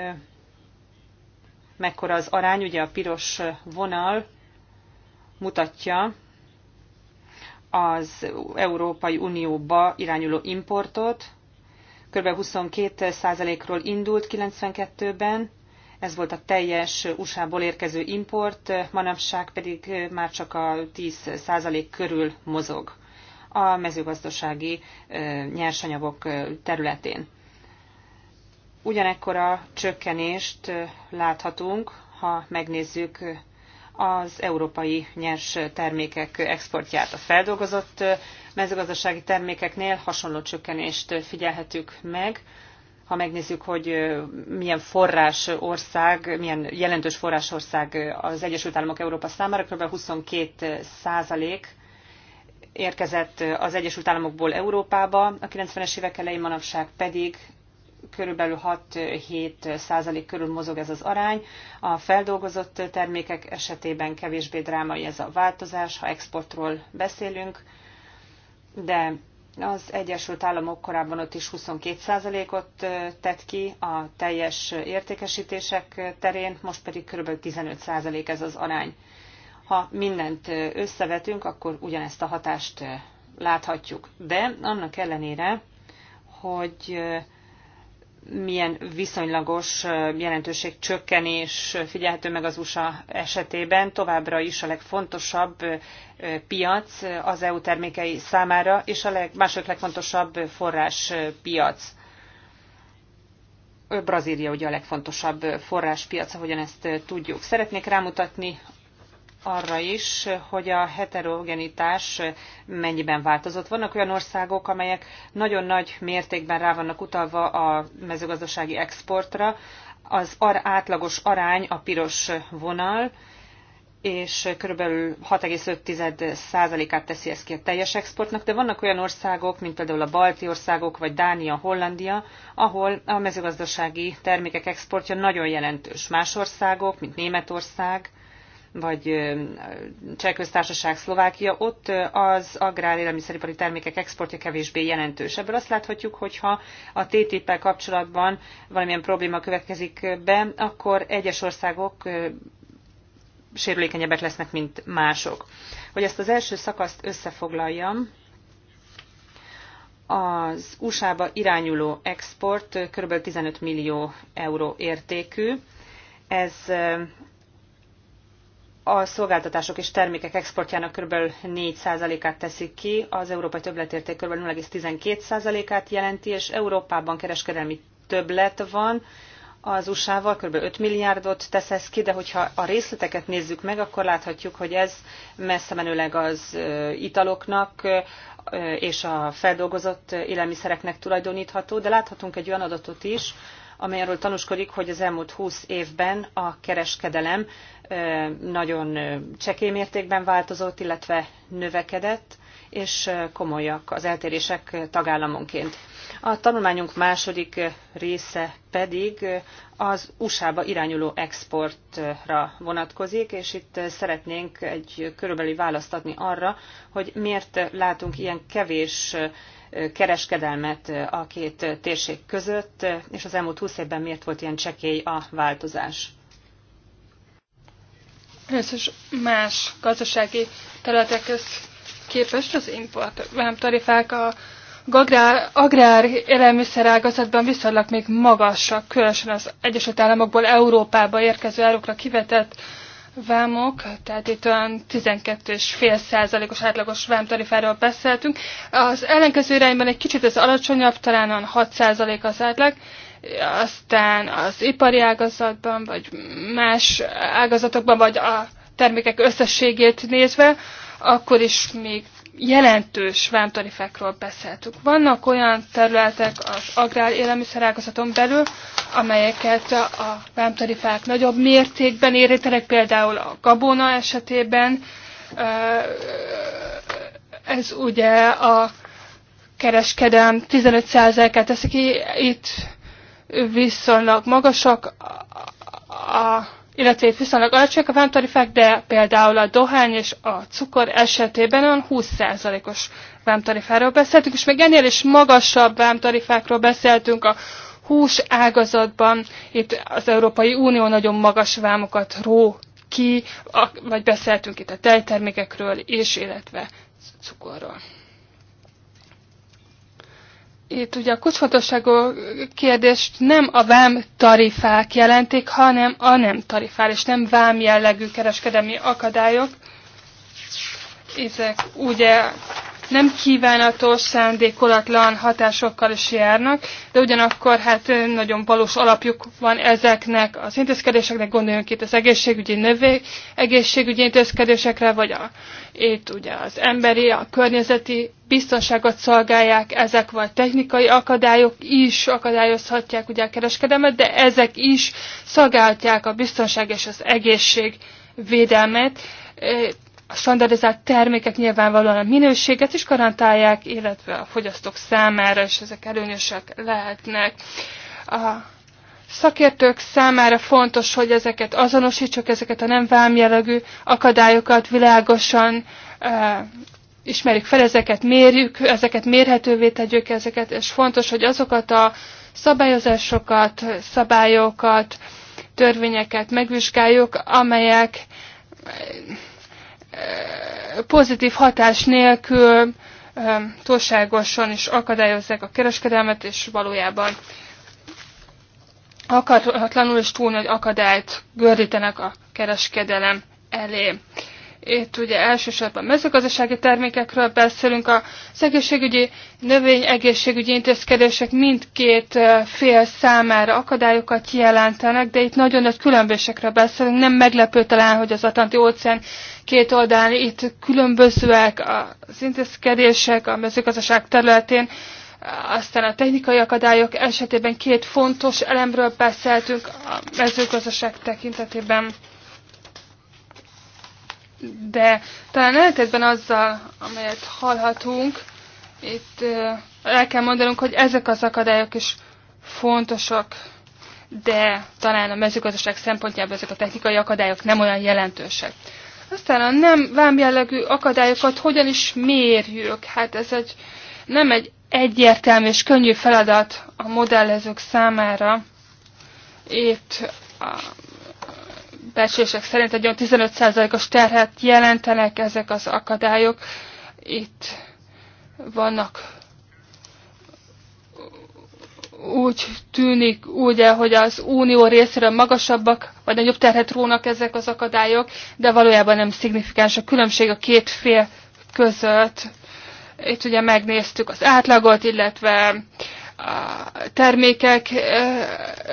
mekkora az arány, ugye a piros vonal mutatja az Európai Unióba irányuló importot. Kb. 22%-ról indult 92-ben, ez volt a teljes USA-ból érkező import, manapság pedig már csak a 10% körül mozog a mezőgazdasági nyersanyagok területén. Ugyanekkora csökkenést láthatunk, ha megnézzük az európai nyers termékek exportját. A feldolgozott mezőgazdasági termékeknél hasonló csökkenést figyelhetünk meg, ha megnézzük, hogy milyen forrás ország, milyen jelentős forrásország az Egyesült Államok Európa számára, kb. 22 százalék érkezett az Egyesült Államokból Európába, a 90-es évek elején manapság pedig körülbelül 6-7 százalék körül mozog ez az arány. A feldolgozott termékek esetében kevésbé drámai ez a változás, ha exportról beszélünk, de az Egyesült Államok korábban ott is 22%-ot tett ki a teljes értékesítések terén, most pedig kb. 15% ez az arány. Ha mindent összevetünk, akkor ugyanezt a hatást láthatjuk. De annak ellenére, hogy milyen viszonylagos jelentőség csökkenés figyelhető meg az USA esetében. Továbbra is a legfontosabb piac az EU termékei számára, és a leg, második legfontosabb piac. Brazília ugye a legfontosabb forráspiac, ahogyan ezt tudjuk. Szeretnék rámutatni arra is, hogy a heterogenitás mennyiben változott. Vannak olyan országok, amelyek nagyon nagy mértékben rá vannak utalva a mezőgazdasági exportra. Az ar átlagos arány a piros vonal, és körülbelül 6,5%-át teszi ez ki a teljes exportnak, de vannak olyan országok, mint például a balti országok, vagy Dánia, Hollandia, ahol a mezőgazdasági termékek exportja nagyon jelentős. Más országok, mint Németország, vagy Csehköztársaság, Szlovákia, ott az agrár élelmiszeripari termékek exportja kevésbé jelentős. Ebből azt láthatjuk, hogyha a TTIP-el kapcsolatban valamilyen probléma következik be, akkor egyes országok sérülékenyebbek lesznek, mint mások. Hogy ezt az első szakaszt összefoglaljam, az USA-ba irányuló export kb. 15 millió euró értékű. Ez a szolgáltatások és termékek exportjának kb. 4%-át teszik ki, az európai többletérték kb. 0,12%-át jelenti, és Európában kereskedelmi többlet van, az USA-val kb. 5 milliárdot tesz ez ki, de hogyha a részleteket nézzük meg, akkor láthatjuk, hogy ez messze menőleg az italoknak és a feldolgozott élelmiszereknek tulajdonítható, de láthatunk egy olyan adatot is, amely arról tanúskodik, hogy az elmúlt 20 évben a kereskedelem nagyon csekély mértékben változott, illetve növekedett, és komolyak az eltérések tagállamonként. A tanulmányunk második része pedig az USA-ba irányuló exportra vonatkozik, és itt szeretnénk egy körülbeli választ adni arra, hogy miért látunk ilyen kevés kereskedelmet a két térség között, és az elmúlt 20 évben miért volt ilyen csekély a változás.
Először más gazdasági területekhez képest az import vámtarifák a agrár, agrár élelmiszer ágazatban viszonylag még magasak, különösen az Egyesült Államokból Európába érkező árukra kivetett vámok, tehát itt olyan 12,5 os átlagos vámtarifáról beszéltünk. Az ellenkező irányban egy kicsit ez alacsonyabb, talán 6 az átlag, aztán az ipari ágazatban, vagy más ágazatokban, vagy a termékek összességét nézve, akkor is még jelentős vámtarifákról beszéltük. Vannak olyan területek az agrár élelmiszerágazaton belül, amelyeket a vámtarifák nagyobb mértékben érintenek, például a gabona esetében. Ez ugye a kereskedelm 15%-át teszik ki, itt viszonylag magasak a, a illetve itt viszonylag alacsonyak a vámtarifák, de például a dohány és a cukor esetében olyan 20%-os vámtarifáról beszéltünk, és még ennél is magasabb vámtarifákról beszéltünk a hús ágazatban, itt az Európai Unió nagyon magas vámokat ró ki, vagy beszéltünk itt a tejtermékekről és, illetve cukorról itt ugye a kulcsfontosságú kérdést nem a vám tarifák jelentik, hanem a nem tarifár és nem vám jellegű kereskedelmi akadályok. Ezek ugye nem kívánatos, szándékolatlan hatásokkal is járnak, de ugyanakkor hát nagyon valós alapjuk van ezeknek az intézkedéseknek, gondoljunk itt az egészségügyi növé, egészségügyi intézkedésekre, vagy a, itt ugye az emberi, a környezeti biztonságot szolgálják, ezek vagy technikai akadályok is akadályozhatják ugye a kereskedelmet, de ezek is szolgálhatják a biztonság és az egészség védelmet, a standardizált termékek nyilvánvalóan a minőséget is garantálják, illetve a fogyasztók számára is ezek előnyösek lehetnek. A szakértők számára fontos, hogy ezeket azonosítsuk, ezeket a nem vámjellegű akadályokat világosan e, ismerjük fel, ezeket mérjük, ezeket mérhetővé tegyük, ezeket, és fontos, hogy azokat a szabályozásokat, szabályokat, törvényeket megvizsgáljuk, amelyek pozitív hatás nélkül túlságosan is akadályozzák a kereskedelmet, és valójában akaratlanul is túl nagy akadályt gördítenek a kereskedelem elé. Itt ugye elsősorban mezőgazdasági termékekről beszélünk, a egészségügyi, növény egészségügyi intézkedések mindkét fél számára akadályokat jelentenek, de itt nagyon nagy különbségekről beszélünk. Nem meglepő talán, hogy az Atlanti óceán két oldalán itt különbözőek az intézkedések a mezőgazdaság területén, aztán a technikai akadályok esetében két fontos elemről beszéltünk a mezőgazdaság tekintetében de talán ellentétben azzal, amelyet hallhatunk, itt el kell mondanunk, hogy ezek az akadályok is fontosak, de talán a mezőgazdaság szempontjából ezek a technikai akadályok nem olyan jelentősek. Aztán a nem vámjellegű akadályokat hogyan is mérjük? Hát ez egy, nem egy egyértelmű és könnyű feladat a modellezők számára. Itt a becsések szerint egy olyan 15%-os terhet jelentenek ezek az akadályok. Itt vannak úgy tűnik, ugye, hogy az unió részéről magasabbak, vagy nagyobb terhet rónak ezek az akadályok, de valójában nem szignifikáns a különbség a két fél között. Itt ugye megnéztük az átlagot, illetve termékek,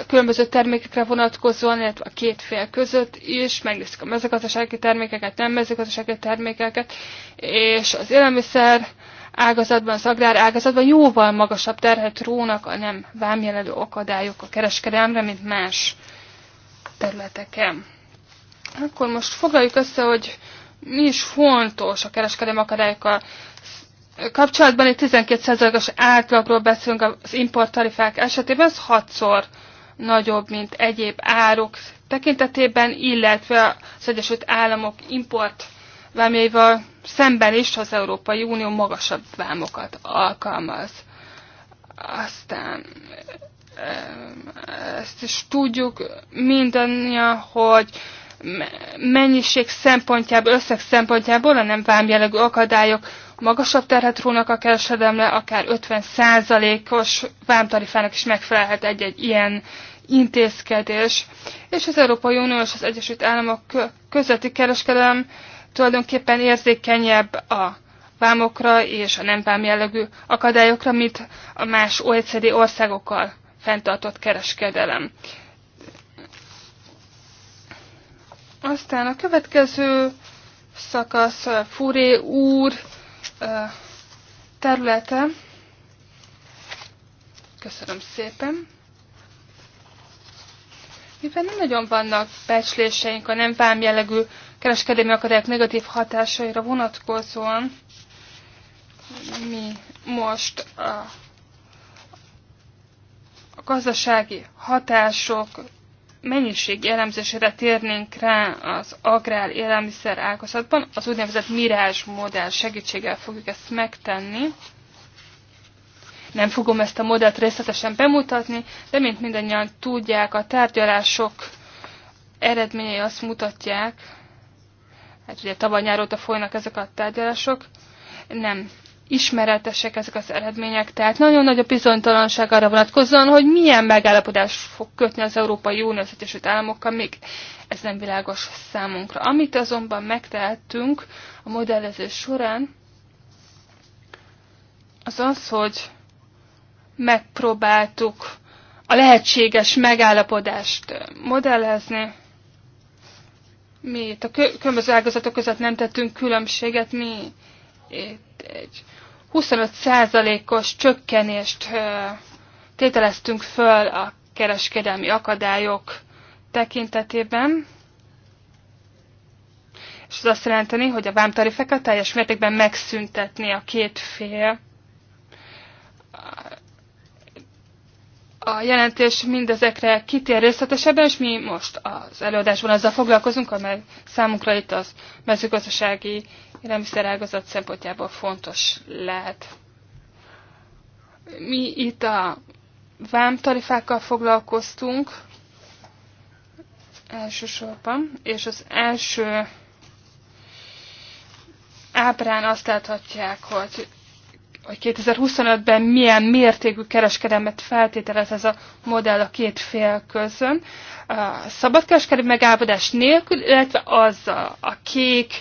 különböző termékekre vonatkozóan, illetve a két fél között is, megnézzük a mezőgazdasági termékeket, nem mezőgazdasági termékeket, és az élelmiszer ágazatban, az agrár ágazatban jóval magasabb terhet rónak a nem vámjelelő akadályok a kereskedelemre, mint más területeken. Akkor most foglaljuk össze, hogy mi is fontos a kereskedelmi akadályokkal kapcsolatban egy 12%-os átlagról beszélünk az importtarifák esetében, ez hatszor nagyobb, mint egyéb áruk tekintetében, illetve az Egyesült Államok import vámjaival szemben is az Európai Unió magasabb vámokat alkalmaz. Aztán ezt is tudjuk mindannyian, hogy mennyiség szempontjából, összeg szempontjából, nem vámjellegű akadályok magasabb terhet rónak a kereskedelemre, akár 50%-os vámtarifának is megfelelhet egy-egy ilyen intézkedés. És az Európai Unió és az Egyesült Államok közötti kereskedelem tulajdonképpen érzékenyebb a vámokra és a nem vám akadályokra, mint a más OECD országokkal fenntartott kereskedelem. Aztán a következő szakasz eh, Furé úr eh, területe. Köszönöm szépen. Mivel nem nagyon vannak becsléseink a nem vámjellegű kereskedelmi akadályok negatív hatásaira vonatkozóan, mi most a, a gazdasági hatások mennyiség jellemzésére térnénk rá az agrár élelmiszer ágazatban, az úgynevezett mirázs modell segítségével fogjuk ezt megtenni. Nem fogom ezt a modellt részletesen bemutatni, de mint mindannyian tudják, a tárgyalások eredményei azt mutatják, hát ugye tavaly nyár folynak ezek a tárgyalások, nem ismeretesek ezek az eredmények, tehát nagyon nagy a bizonytalanság arra vonatkozóan, hogy milyen megállapodást fog kötni az Európai Unió az Egyesült Államokkal, még ez nem világos számunkra. Amit azonban megtehettünk a modellezés során, az az, hogy megpróbáltuk a lehetséges megállapodást modellezni. Mi itt a különböző ágazatok között nem tettünk különbséget, mi itt egy 25%-os csökkenést tételeztünk föl a kereskedelmi akadályok tekintetében. És ez azt jelenteni, hogy a vámtarifeket teljes mértékben megszüntetni a két fél. A jelentés mindezekre kitér részletesebben, és mi most az előadásban azzal foglalkozunk, amely számunkra itt az mezőgazdasági élelmiszerágazat szempontjából fontos lehet. Mi itt a vámtarifákkal foglalkoztunk elsősorban, és az első ábrán azt láthatják, hogy hogy 2025-ben milyen mértékű kereskedelmet feltételez ez a modell a két fél közön. A szabadkereskedelmi megállapodás nélkül, illetve a, a kék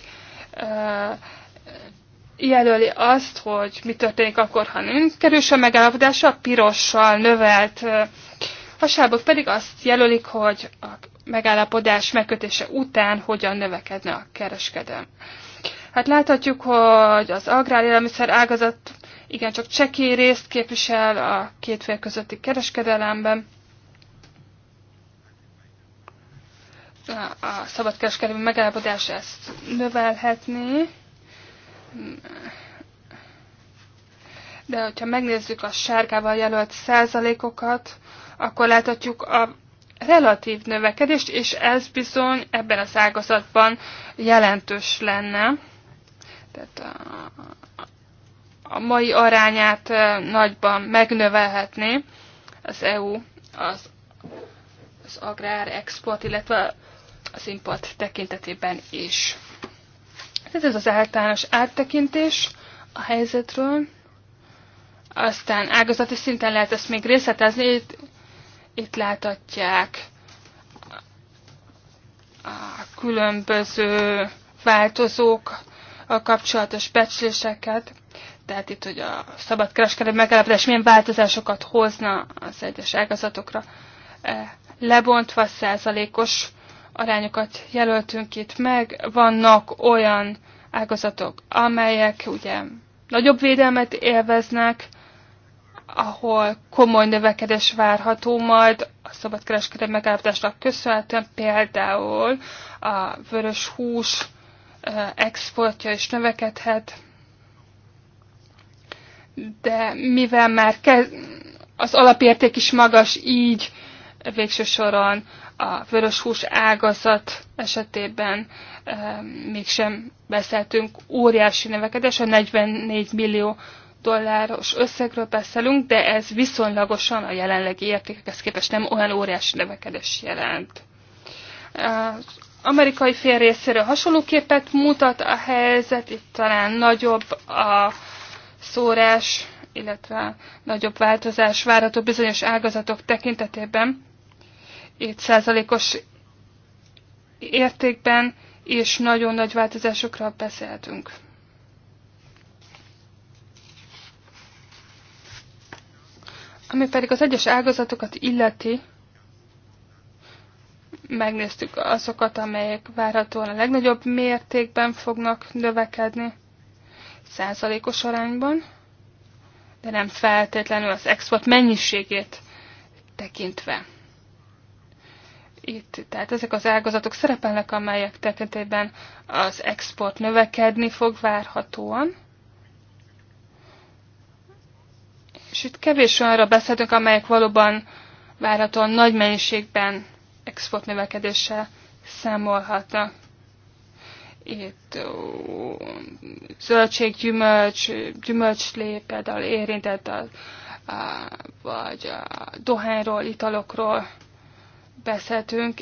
jelöli azt, hogy mi történik akkor, ha nem kerül a megállapodásra, a pirossal növelt hasábok pedig azt jelölik, hogy a megállapodás megkötése után hogyan növekedne a kereskedelem. Hát láthatjuk, hogy az agrárélelmiszer ágazat igencsak csekély részt képvisel a két fél közötti kereskedelemben. a szabadkereskedelmi megállapodás ezt növelhetné, de hogyha megnézzük a sárgával jelölt százalékokat, akkor láthatjuk a relatív növekedést, és ez bizony ebben az ágazatban jelentős lenne. Tehát a, a mai arányát e, nagyban megnövelhetné az EU az, az agrár export, illetve az import tekintetében is. Tehát ez az általános áttekintés a helyzetről. Aztán ágazati szinten lehet ezt még részletezni. Itt, itt láthatják a különböző változók a kapcsolatos becsléseket. Tehát itt, hogy a szabadkereskedelmi megállapodás milyen változásokat hozna az egyes ágazatokra, eh, lebontva százalékos arányokat jelöltünk itt meg. Vannak olyan ágazatok, amelyek ugye nagyobb védelmet élveznek, ahol komoly növekedés várható majd a szabadkereskedelmi megállapodásnak köszönhetően, például a vörös hús exportja is növekedhet, de mivel már kez, az alapérték is magas, így végső soron a vörös hús ágazat esetében e, mégsem beszéltünk óriási növekedés, a 44 millió dolláros összegről beszélünk, de ez viszonylagosan a jelenlegi értékekhez képest nem olyan óriási növekedés jelent. Az amerikai fél részéről hasonló képet mutat a helyzet, itt talán nagyobb a szórás, illetve nagyobb változás várható bizonyos ágazatok tekintetében, 7%-os értékben, és nagyon nagy változásokra beszéltünk. Ami pedig az egyes ágazatokat illeti, megnéztük azokat, amelyek várhatóan a legnagyobb mértékben fognak növekedni, százalékos arányban, de nem feltétlenül az export mennyiségét tekintve itt, tehát ezek az ágazatok szerepelnek, amelyek tekintetében az export növekedni fog várhatóan. És itt kevés olyanra beszélünk, amelyek valóban várhatóan nagy mennyiségben export növekedéssel számolhatnak. Itt zöldség, gyümölcs, gyümölcslé például érintett, a, a, vagy a dohányról, italokról, beszéltünk,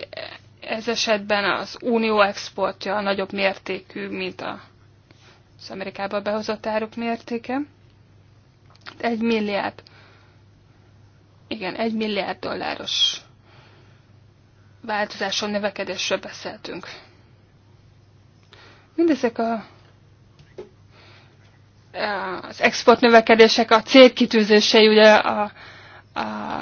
ez esetben az unió exportja nagyobb mértékű, mint a, az Amerikába behozott áruk mértéke. Egy milliárd, igen, egy milliárd dolláros változáson, növekedésről beszéltünk. Mindezek a az export növekedések, a célkitűzései ugye a, a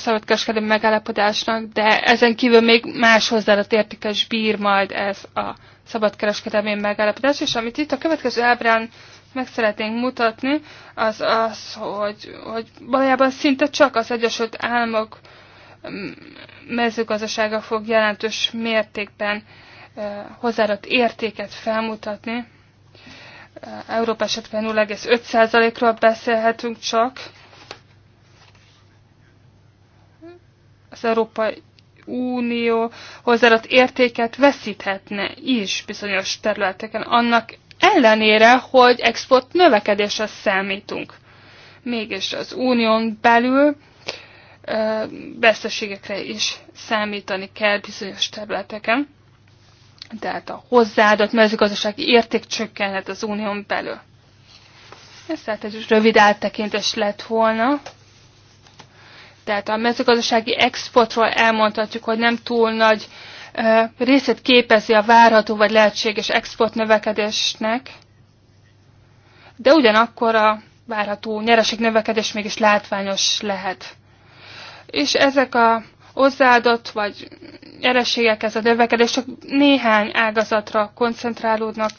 szabadkereskedelmi megállapodásnak, de ezen kívül még más hozzáadott értékes bír majd ez a szabadkereskedelmi megállapodás, és amit itt a következő ábrán meg szeretnénk mutatni, az az, hogy, hogy valójában szinte csak az Egyesült Államok mm, mezőgazdasága fog jelentős mértékben hozzáadott értéket felmutatni. Európa esetben 0,5%-ról beszélhetünk csak, az Európai Unió hozzáadott értéket veszíthetne is bizonyos területeken, annak ellenére, hogy export növekedésre számítunk. Mégis az unión belül veszteségekre is számítani kell bizonyos területeken. Tehát a hozzáadott mezőgazdasági érték csökkenhet az unión belül. Ez tehát egy rövid áttekintés lett volna tehát a mezőgazdasági exportról elmondhatjuk, hogy nem túl nagy részét képezi a várható vagy lehetséges export növekedésnek, de ugyanakkor a várható nyereség növekedés mégis látványos lehet. És ezek a hozzáadott vagy nyerességek, ez a növekedés csak néhány ágazatra koncentrálódnak,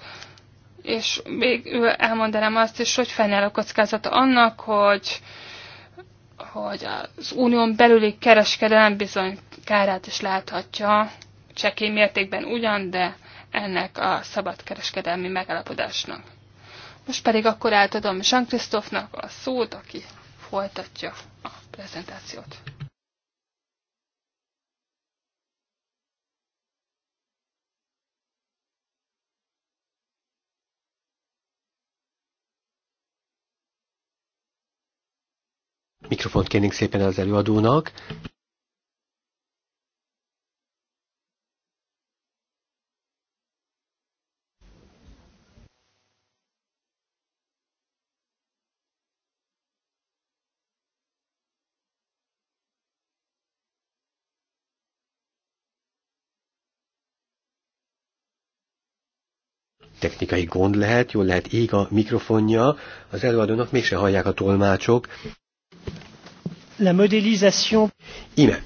és még elmondanám azt is, hogy fennáll a kockázata annak, hogy hogy az unión belüli kereskedelem bizony kárát is láthatja, csekély mértékben ugyan, de ennek a szabadkereskedelmi megállapodásnak. Most pedig akkor átadom Jean-Christophe-nak a szót, aki folytatja a prezentációt.
Mikrofont kérnénk szépen az előadónak. technikai gond lehet, jól lehet ég a mikrofonja, az előadónak mégse hallják a tolmácsok. La modélisation. Ime.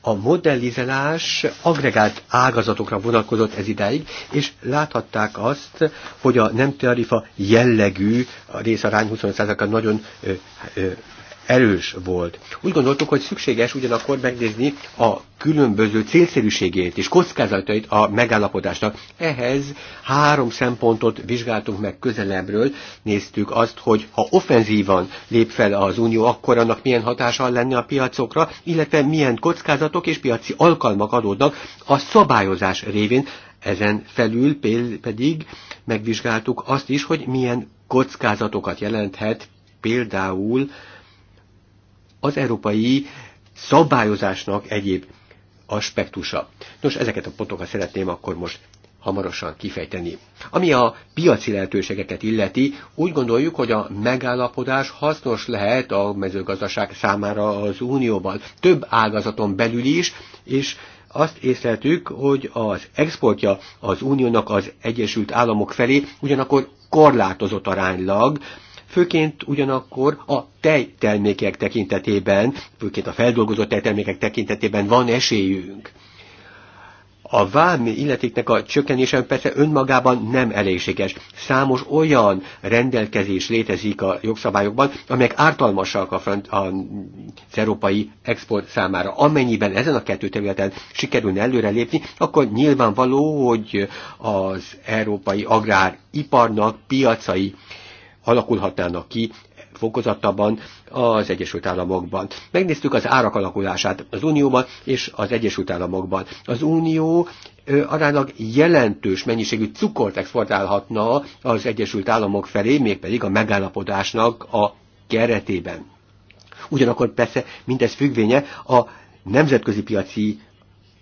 A modellizálás agregált ágazatokra vonatkozott ez ideig, és láthatták azt, hogy a nem tarifa jellegű a részarány 25%-a nagyon ö, ö, erős volt. Úgy gondoltuk, hogy szükséges ugyanakkor megnézni a különböző célszerűségét és kockázatait a megállapodásnak. Ehhez három szempontot vizsgáltunk meg közelebbről, néztük azt, hogy ha offenzívan lép fel az Unió, akkor annak milyen hatása lenne a piacokra, illetve milyen kockázatok és piaci alkalmak adódnak a szabályozás révén, ezen felül pedig megvizsgáltuk azt is, hogy milyen kockázatokat jelenthet például az európai szabályozásnak egyéb aspektusa. Nos, ezeket a pontokat szeretném akkor most hamarosan kifejteni. Ami a piaci lehetőségeket illeti, úgy gondoljuk, hogy a megállapodás hasznos lehet a mezőgazdaság számára az Unióban, több ágazaton belül is, és azt észleltük, hogy az exportja az Uniónak az Egyesült Államok felé ugyanakkor korlátozott aránylag, főként ugyanakkor a tejtermékek tekintetében, főként a feldolgozott tejtermékek tekintetében van esélyünk. A vámi illetéknek a csökkenése persze önmagában nem elégséges. Számos olyan rendelkezés létezik a jogszabályokban, amelyek ártalmasak a, front, a, az európai export számára. Amennyiben ezen a kettő területen sikerülne előrelépni, akkor nyilvánvaló, hogy az európai agráriparnak piacai alakulhatnának ki fokozatában az Egyesült Államokban. Megnéztük az árak alakulását az Unióban és az Egyesült Államokban. Az Unió aránylag jelentős mennyiségű cukort exportálhatna az Egyesült Államok felé, mégpedig a megállapodásnak a keretében. Ugyanakkor persze mindez függvénye a nemzetközi piaci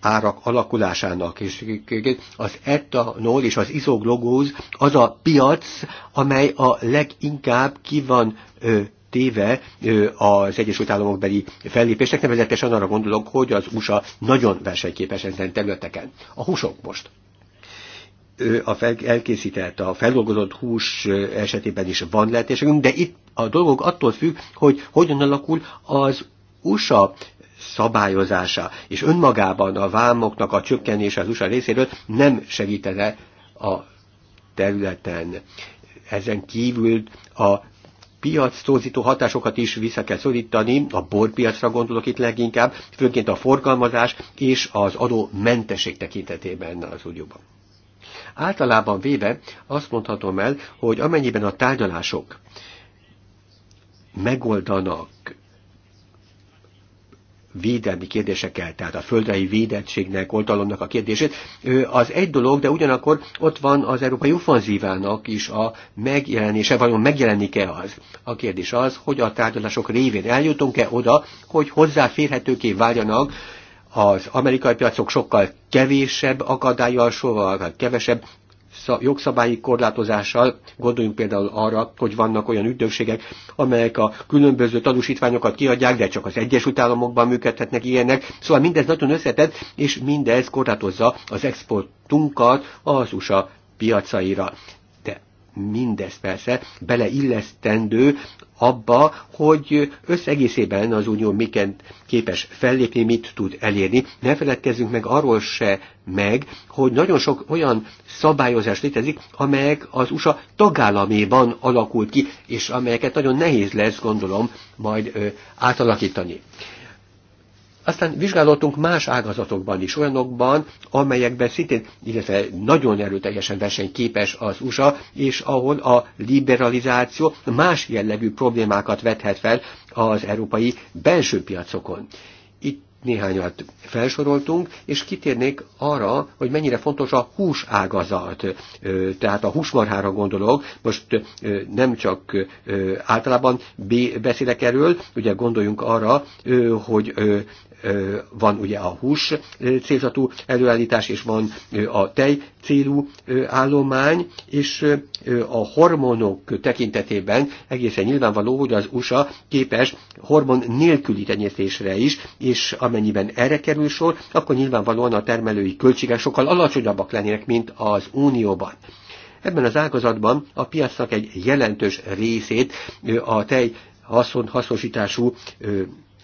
árak alakulásának. És az etanol és az izoglogóz az a piac, amely a leginkább ki van téve az Egyesült Államok beli fellépésnek, nevezetesen arra gondolok, hogy az USA nagyon versenyképes ezen területeken. A húsok most a fel, elkészített, a feldolgozott hús esetében is van lehetőségünk, de itt a dolgok attól függ, hogy hogyan alakul az USA szabályozása és önmagában a vámoknak a csökkenése az USA részéről nem segítene a területen. Ezen kívül a piac torzító hatásokat is vissza kell szorítani, a borpiacra gondolok itt leginkább, főként a forgalmazás és az adó mentesség tekintetében az unióban. Általában véve azt mondhatom el, hogy amennyiben a tárgyalások megoldanak védelmi kérdésekkel, tehát a földrajzi védettségnek, oltalomnak a kérdését, az egy dolog, de ugyanakkor ott van az európai offenzívának is a megjelenése, vajon megjelenik-e az? A kérdés az, hogy a tárgyalások révén eljutunk-e oda, hogy hozzáférhetőké váljanak az amerikai piacok sokkal kevésebb akadályal, sokkal kevesebb jogszabályi korlátozással, gondoljunk például arra, hogy vannak olyan ügynökségek, amelyek a különböző tanúsítványokat kiadják, de csak az Egyesült Államokban működhetnek ilyenek. Szóval mindez nagyon összetett, és mindez korlátozza az exportunkat az USA piacaira mindez persze beleillesztendő abba, hogy összegészében az Unió miként képes fellépni, mit tud elérni. Ne feledkezzünk meg arról se meg, hogy nagyon sok olyan szabályozás létezik, amelyek az USA tagállaméban alakult ki, és amelyeket nagyon nehéz lesz, gondolom, majd ö, átalakítani. Aztán vizsgálatunk más ágazatokban is, olyanokban, amelyekben szintén, illetve nagyon erőteljesen versenyképes az USA, és ahol a liberalizáció más jellegű problémákat vethet fel az európai belső piacokon. Itt néhányat felsoroltunk, és kitérnék arra, hogy mennyire fontos a hús ágazat. Tehát a húsmarhára gondolok, most nem csak általában beszélek erről, ugye gondoljunk arra, hogy van ugye a hús célzatú előállítás, és van a tej célú állomány, és a hormonok tekintetében egészen nyilvánvaló, hogy az USA képes hormon nélküli tenyésztésre is, és amennyiben erre kerül sor, akkor nyilvánvalóan a termelői költségek sokkal alacsonyabbak lennének, mint az Unióban. Ebben az ágazatban a piacnak egy jelentős részét a tej haszon, hasznosítású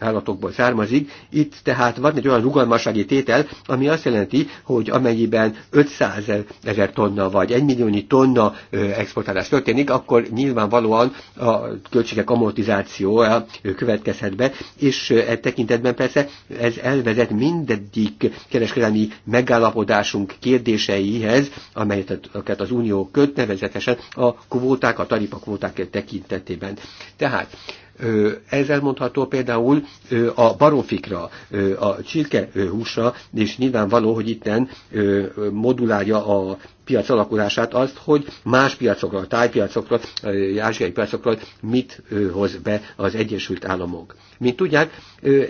állatokból származik. Itt tehát van egy olyan rugalmassági tétel, ami azt jelenti, hogy amennyiben 500 ezer tonna vagy 1 milliónyi tonna exportálás történik, akkor nyilvánvalóan a költségek amortizációja következhet be, és e tekintetben persze ez elvezet mindegyik kereskedelmi megállapodásunk kérdéseihez, amelyeket az Unió köt, nevezetesen a kvóták, a tarifakvóták tekintetében. Tehát ez elmondható például a baromfikra, a csirke húsra, és nyilvánvaló, hogy itten modulálja a piac alakulását, azt, hogy más piacokról, tájpiacokról, ázsiai piacokról mit hoz be az Egyesült Államok. Mint tudják,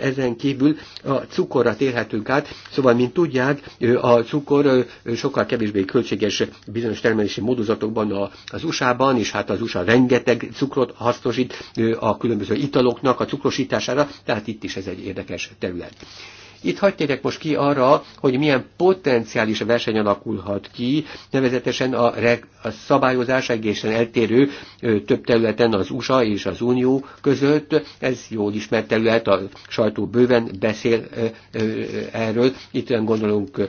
ezen kívül a cukorra térhetünk át, szóval, mint tudják, a cukor sokkal kevésbé költséges bizonyos termelési módozatokban az USA-ban, és hát az USA rengeteg cukrot hasznosít a különböző italoknak a cukrosítására, tehát itt is ez egy érdekes terület. Itt hagyj most ki arra, hogy milyen potenciális verseny alakulhat ki, nevezetesen a, reg, a szabályozás egészen eltérő több területen az USA és az Unió között. Ez jól ismert terület, a sajtó bőven beszél erről. Itt gondolunk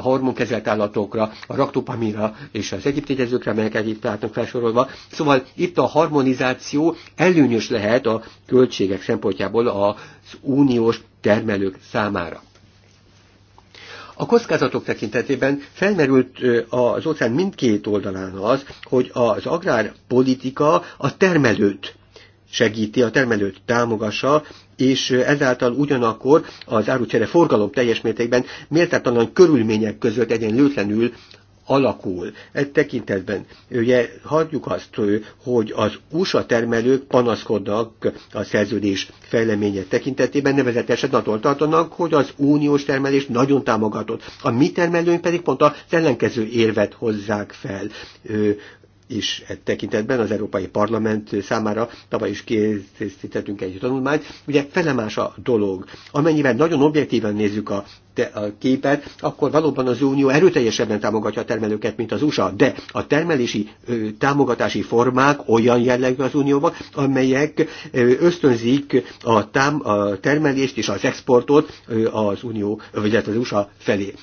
hormonkezelt állatokra, a raktopamira és az egyéb tényezőkre, amelyeket itt látnak felsorolva. Szóval itt a harmonizáció előnyös lehet a költségek szempontjából az uniós termelők számára. A kockázatok tekintetében felmerült az óceán mindkét oldalán az, hogy az agrárpolitika a termelőt segíti, a termelőt támogassa, és ezáltal ugyanakkor az árucsere forgalom teljes mértékben méltatlan körülmények között egyenlőtlenül alakul. Egy tekintetben ugye hagyjuk azt, hogy az USA termelők panaszkodnak a szerződés fejleménye tekintetében, nevezetesen attól tartanak, hogy az uniós termelés nagyon támogatott. A mi termelőink pedig pont az ellenkező érvet hozzák fel és egy tekintetben az Európai Parlament számára tavaly is készítettünk egy tanulmányt, ugye felemás a dolog. Amennyiben nagyon objektíven nézzük a te a képet, akkor valóban az Unió erőteljesebben támogatja a termelőket, mint az USA, de a termelési támogatási formák olyan jellegű az Unióban, amelyek ösztönzik a, tám, a termelést és az exportot az Unió, vagy hát az USA felé.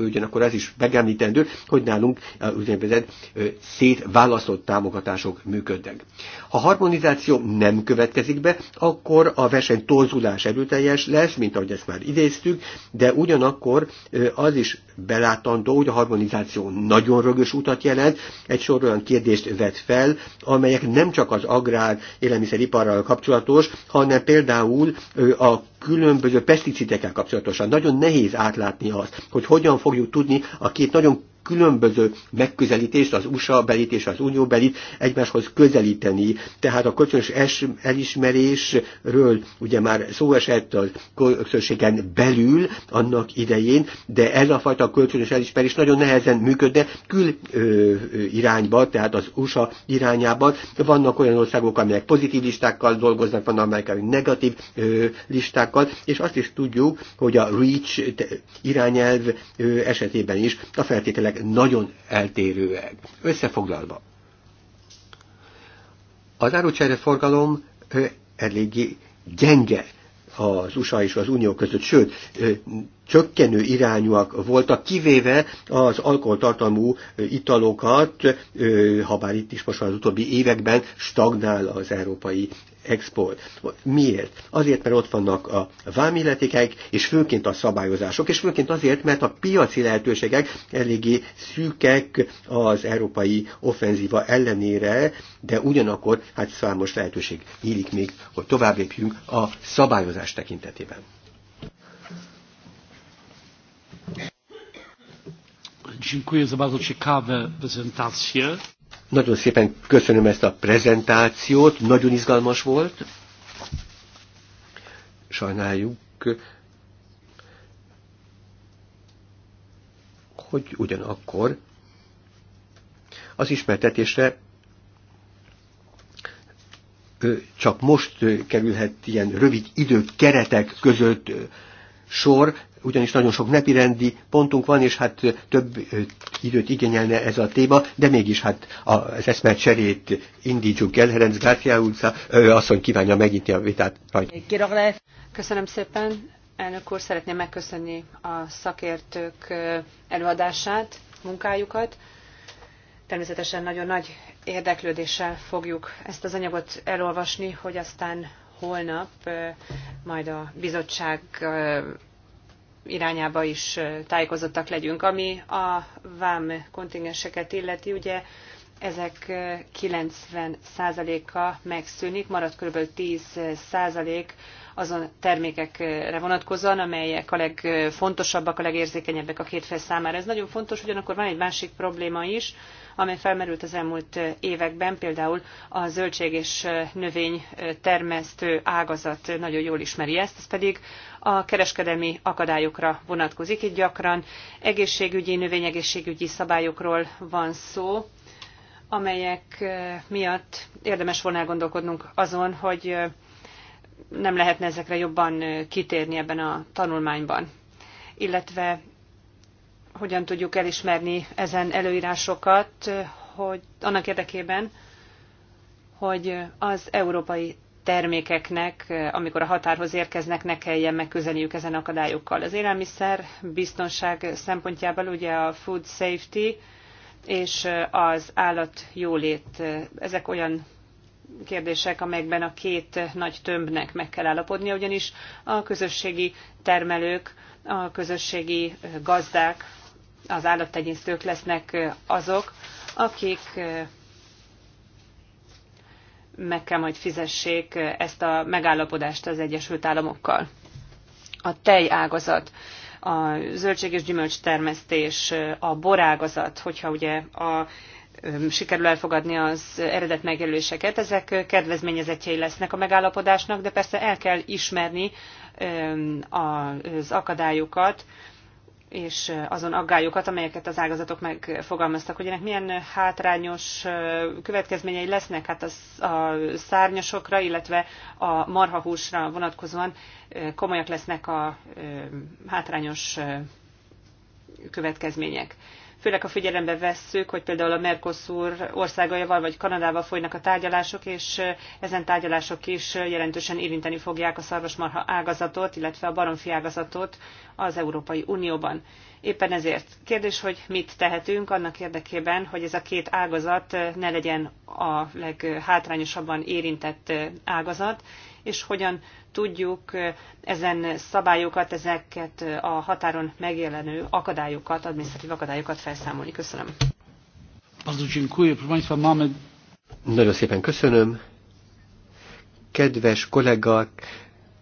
Ugyanakkor ez is megemlítendő, hogy nálunk úgynevezett szétválasztott támogatások működnek. Ha harmonizáció nem következik be, akkor a verseny torzulás erőteljes lesz, mint ahogy ezt már idéztük, de úgy ugyanakkor az is belátandó, hogy a harmonizáció nagyon rögös utat jelent, egy sor olyan kérdést vet fel, amelyek nem csak az agrár élelmiszeriparral kapcsolatos, hanem például a különböző pesticidekkel kapcsolatosan. Nagyon nehéz átlátni azt, hogy hogyan fogjuk tudni a két nagyon különböző megközelítést, az USA belit és az Unió belit egymáshoz közelíteni. Tehát a kölcsönös elismerésről ugye már szó esett a közösségen belül annak idején, de ez a fajta kölcsönös elismerés nagyon nehezen működne kül ö, irányba, tehát az USA irányában. Vannak olyan országok, amelyek pozitív listákkal dolgoznak, vannak amelyek amelyek negatív ö, listákkal, és azt is tudjuk, hogy a REACH irányelv ö, esetében is a feltételek nagyon eltérőek. Összefoglalva, az árucsere forgalom eléggé gyenge az USA és az Unió között, sőt, csökkenő irányúak voltak, kivéve az alkoholtartalmú italokat, ha bár itt is most az utóbbi években stagnál az európai export. Miért? Azért, mert ott vannak a vámilletékek, és főként a szabályozások, és főként azért, mert a piaci lehetőségek eléggé szűkek az európai offenzíva ellenére, de ugyanakkor hát számos lehetőség nyílik még, hogy tovább lépjünk a szabályozás tekintetében.
Dziękuję za bardzo ciekawe prezentacje.
Nagyon szépen köszönöm ezt a prezentációt, nagyon izgalmas volt. Sajnáljuk, hogy ugyanakkor az ismertetésre csak most kerülhet ilyen rövid keretek között sor, ugyanis nagyon sok napirendi pontunk van, és hát több időt igényelne ez a téma, de mégis hát az eszmert cserét indítsuk el. Herenc Gárfia utca asszony kívánja megnyitni a vitát rajta.
Köszönöm szépen. Elnök úr, szeretném megköszönni a szakértők előadását, munkájukat. Természetesen nagyon nagy érdeklődéssel fogjuk ezt az anyagot elolvasni, hogy aztán holnap majd a bizottság irányába is tájékozottak legyünk. Ami a vám kontingenseket illeti, ugye ezek 90%-a megszűnik, marad kb. 10% azon termékekre vonatkozóan, amelyek a legfontosabbak, a legérzékenyebbek a két fél számára. Ez nagyon fontos, ugyanakkor van egy másik probléma is, amely felmerült az elmúlt években, például a zöldség és növény termesztő ágazat nagyon jól ismeri ezt, ez pedig a kereskedelmi akadályokra vonatkozik. Itt gyakran egészségügyi, növényegészségügyi szabályokról van szó, amelyek miatt érdemes volna elgondolkodnunk azon, hogy nem lehetne ezekre jobban kitérni ebben a tanulmányban. Illetve hogyan tudjuk elismerni ezen előírásokat, hogy annak érdekében, hogy az európai termékeknek, amikor a határhoz érkeznek, ne kelljen megközelniük ezen akadályokkal. Az élelmiszer biztonság szempontjából ugye a food safety és az állat jólét, ezek olyan kérdések, amelyekben a két nagy tömbnek meg kell állapodnia, ugyanis a közösségi termelők, a közösségi gazdák az állattenyésztők lesznek azok, akik meg kell majd fizessék ezt a megállapodást az Egyesült Államokkal. A tej ágazat, a zöldség és gyümölcs termesztés, a borágazat, hogyha ugye a sikerül elfogadni az eredet megjelöléseket. Ezek kedvezményezetjei lesznek a megállapodásnak, de persze el kell ismerni az akadályokat, és azon aggályokat, amelyeket az ágazatok megfogalmaztak, hogy ennek milyen hátrányos következményei lesznek hát a, szárnyasokra, illetve a marhahúsra vonatkozóan komolyak lesznek a hátrányos következmények főleg ha figyelembe vesszük, hogy például a Mercosur országaival vagy Kanadával folynak a tárgyalások, és ezen tárgyalások is jelentősen érinteni fogják a szarvasmarha ágazatot, illetve a baromfi ágazatot az Európai Unióban. Éppen ezért kérdés, hogy mit tehetünk annak érdekében, hogy ez a két ágazat ne legyen a leghátrányosabban érintett ágazat, és hogyan tudjuk ezen szabályokat, ezeket a határon megjelenő akadályokat, adminisztratív akadályokat felszámolni. Köszönöm.
Nagyon szépen köszönöm. Kedves kollégák,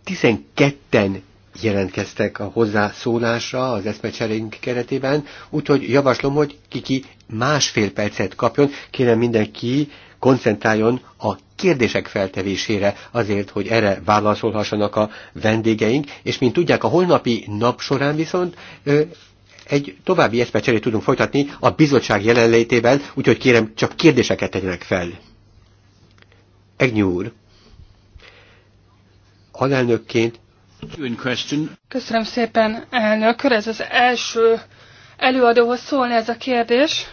12-en jelentkeztek a hozzászólásra az eszmecserénk keretében, úgyhogy javaslom, hogy kiki másfél percet kapjon. Kérem mindenki koncentráljon a kérdések feltevésére azért, hogy erre válaszolhassanak a vendégeink, és mint tudják, a holnapi nap során viszont egy további eszpecserét tudunk folytatni a bizottság jelenlétében, úgyhogy kérem, csak kérdéseket tegyenek fel. Egy úr, alelnökként.
Köszönöm szépen, elnök úr, ez az első előadóhoz szólni ez a kérdés.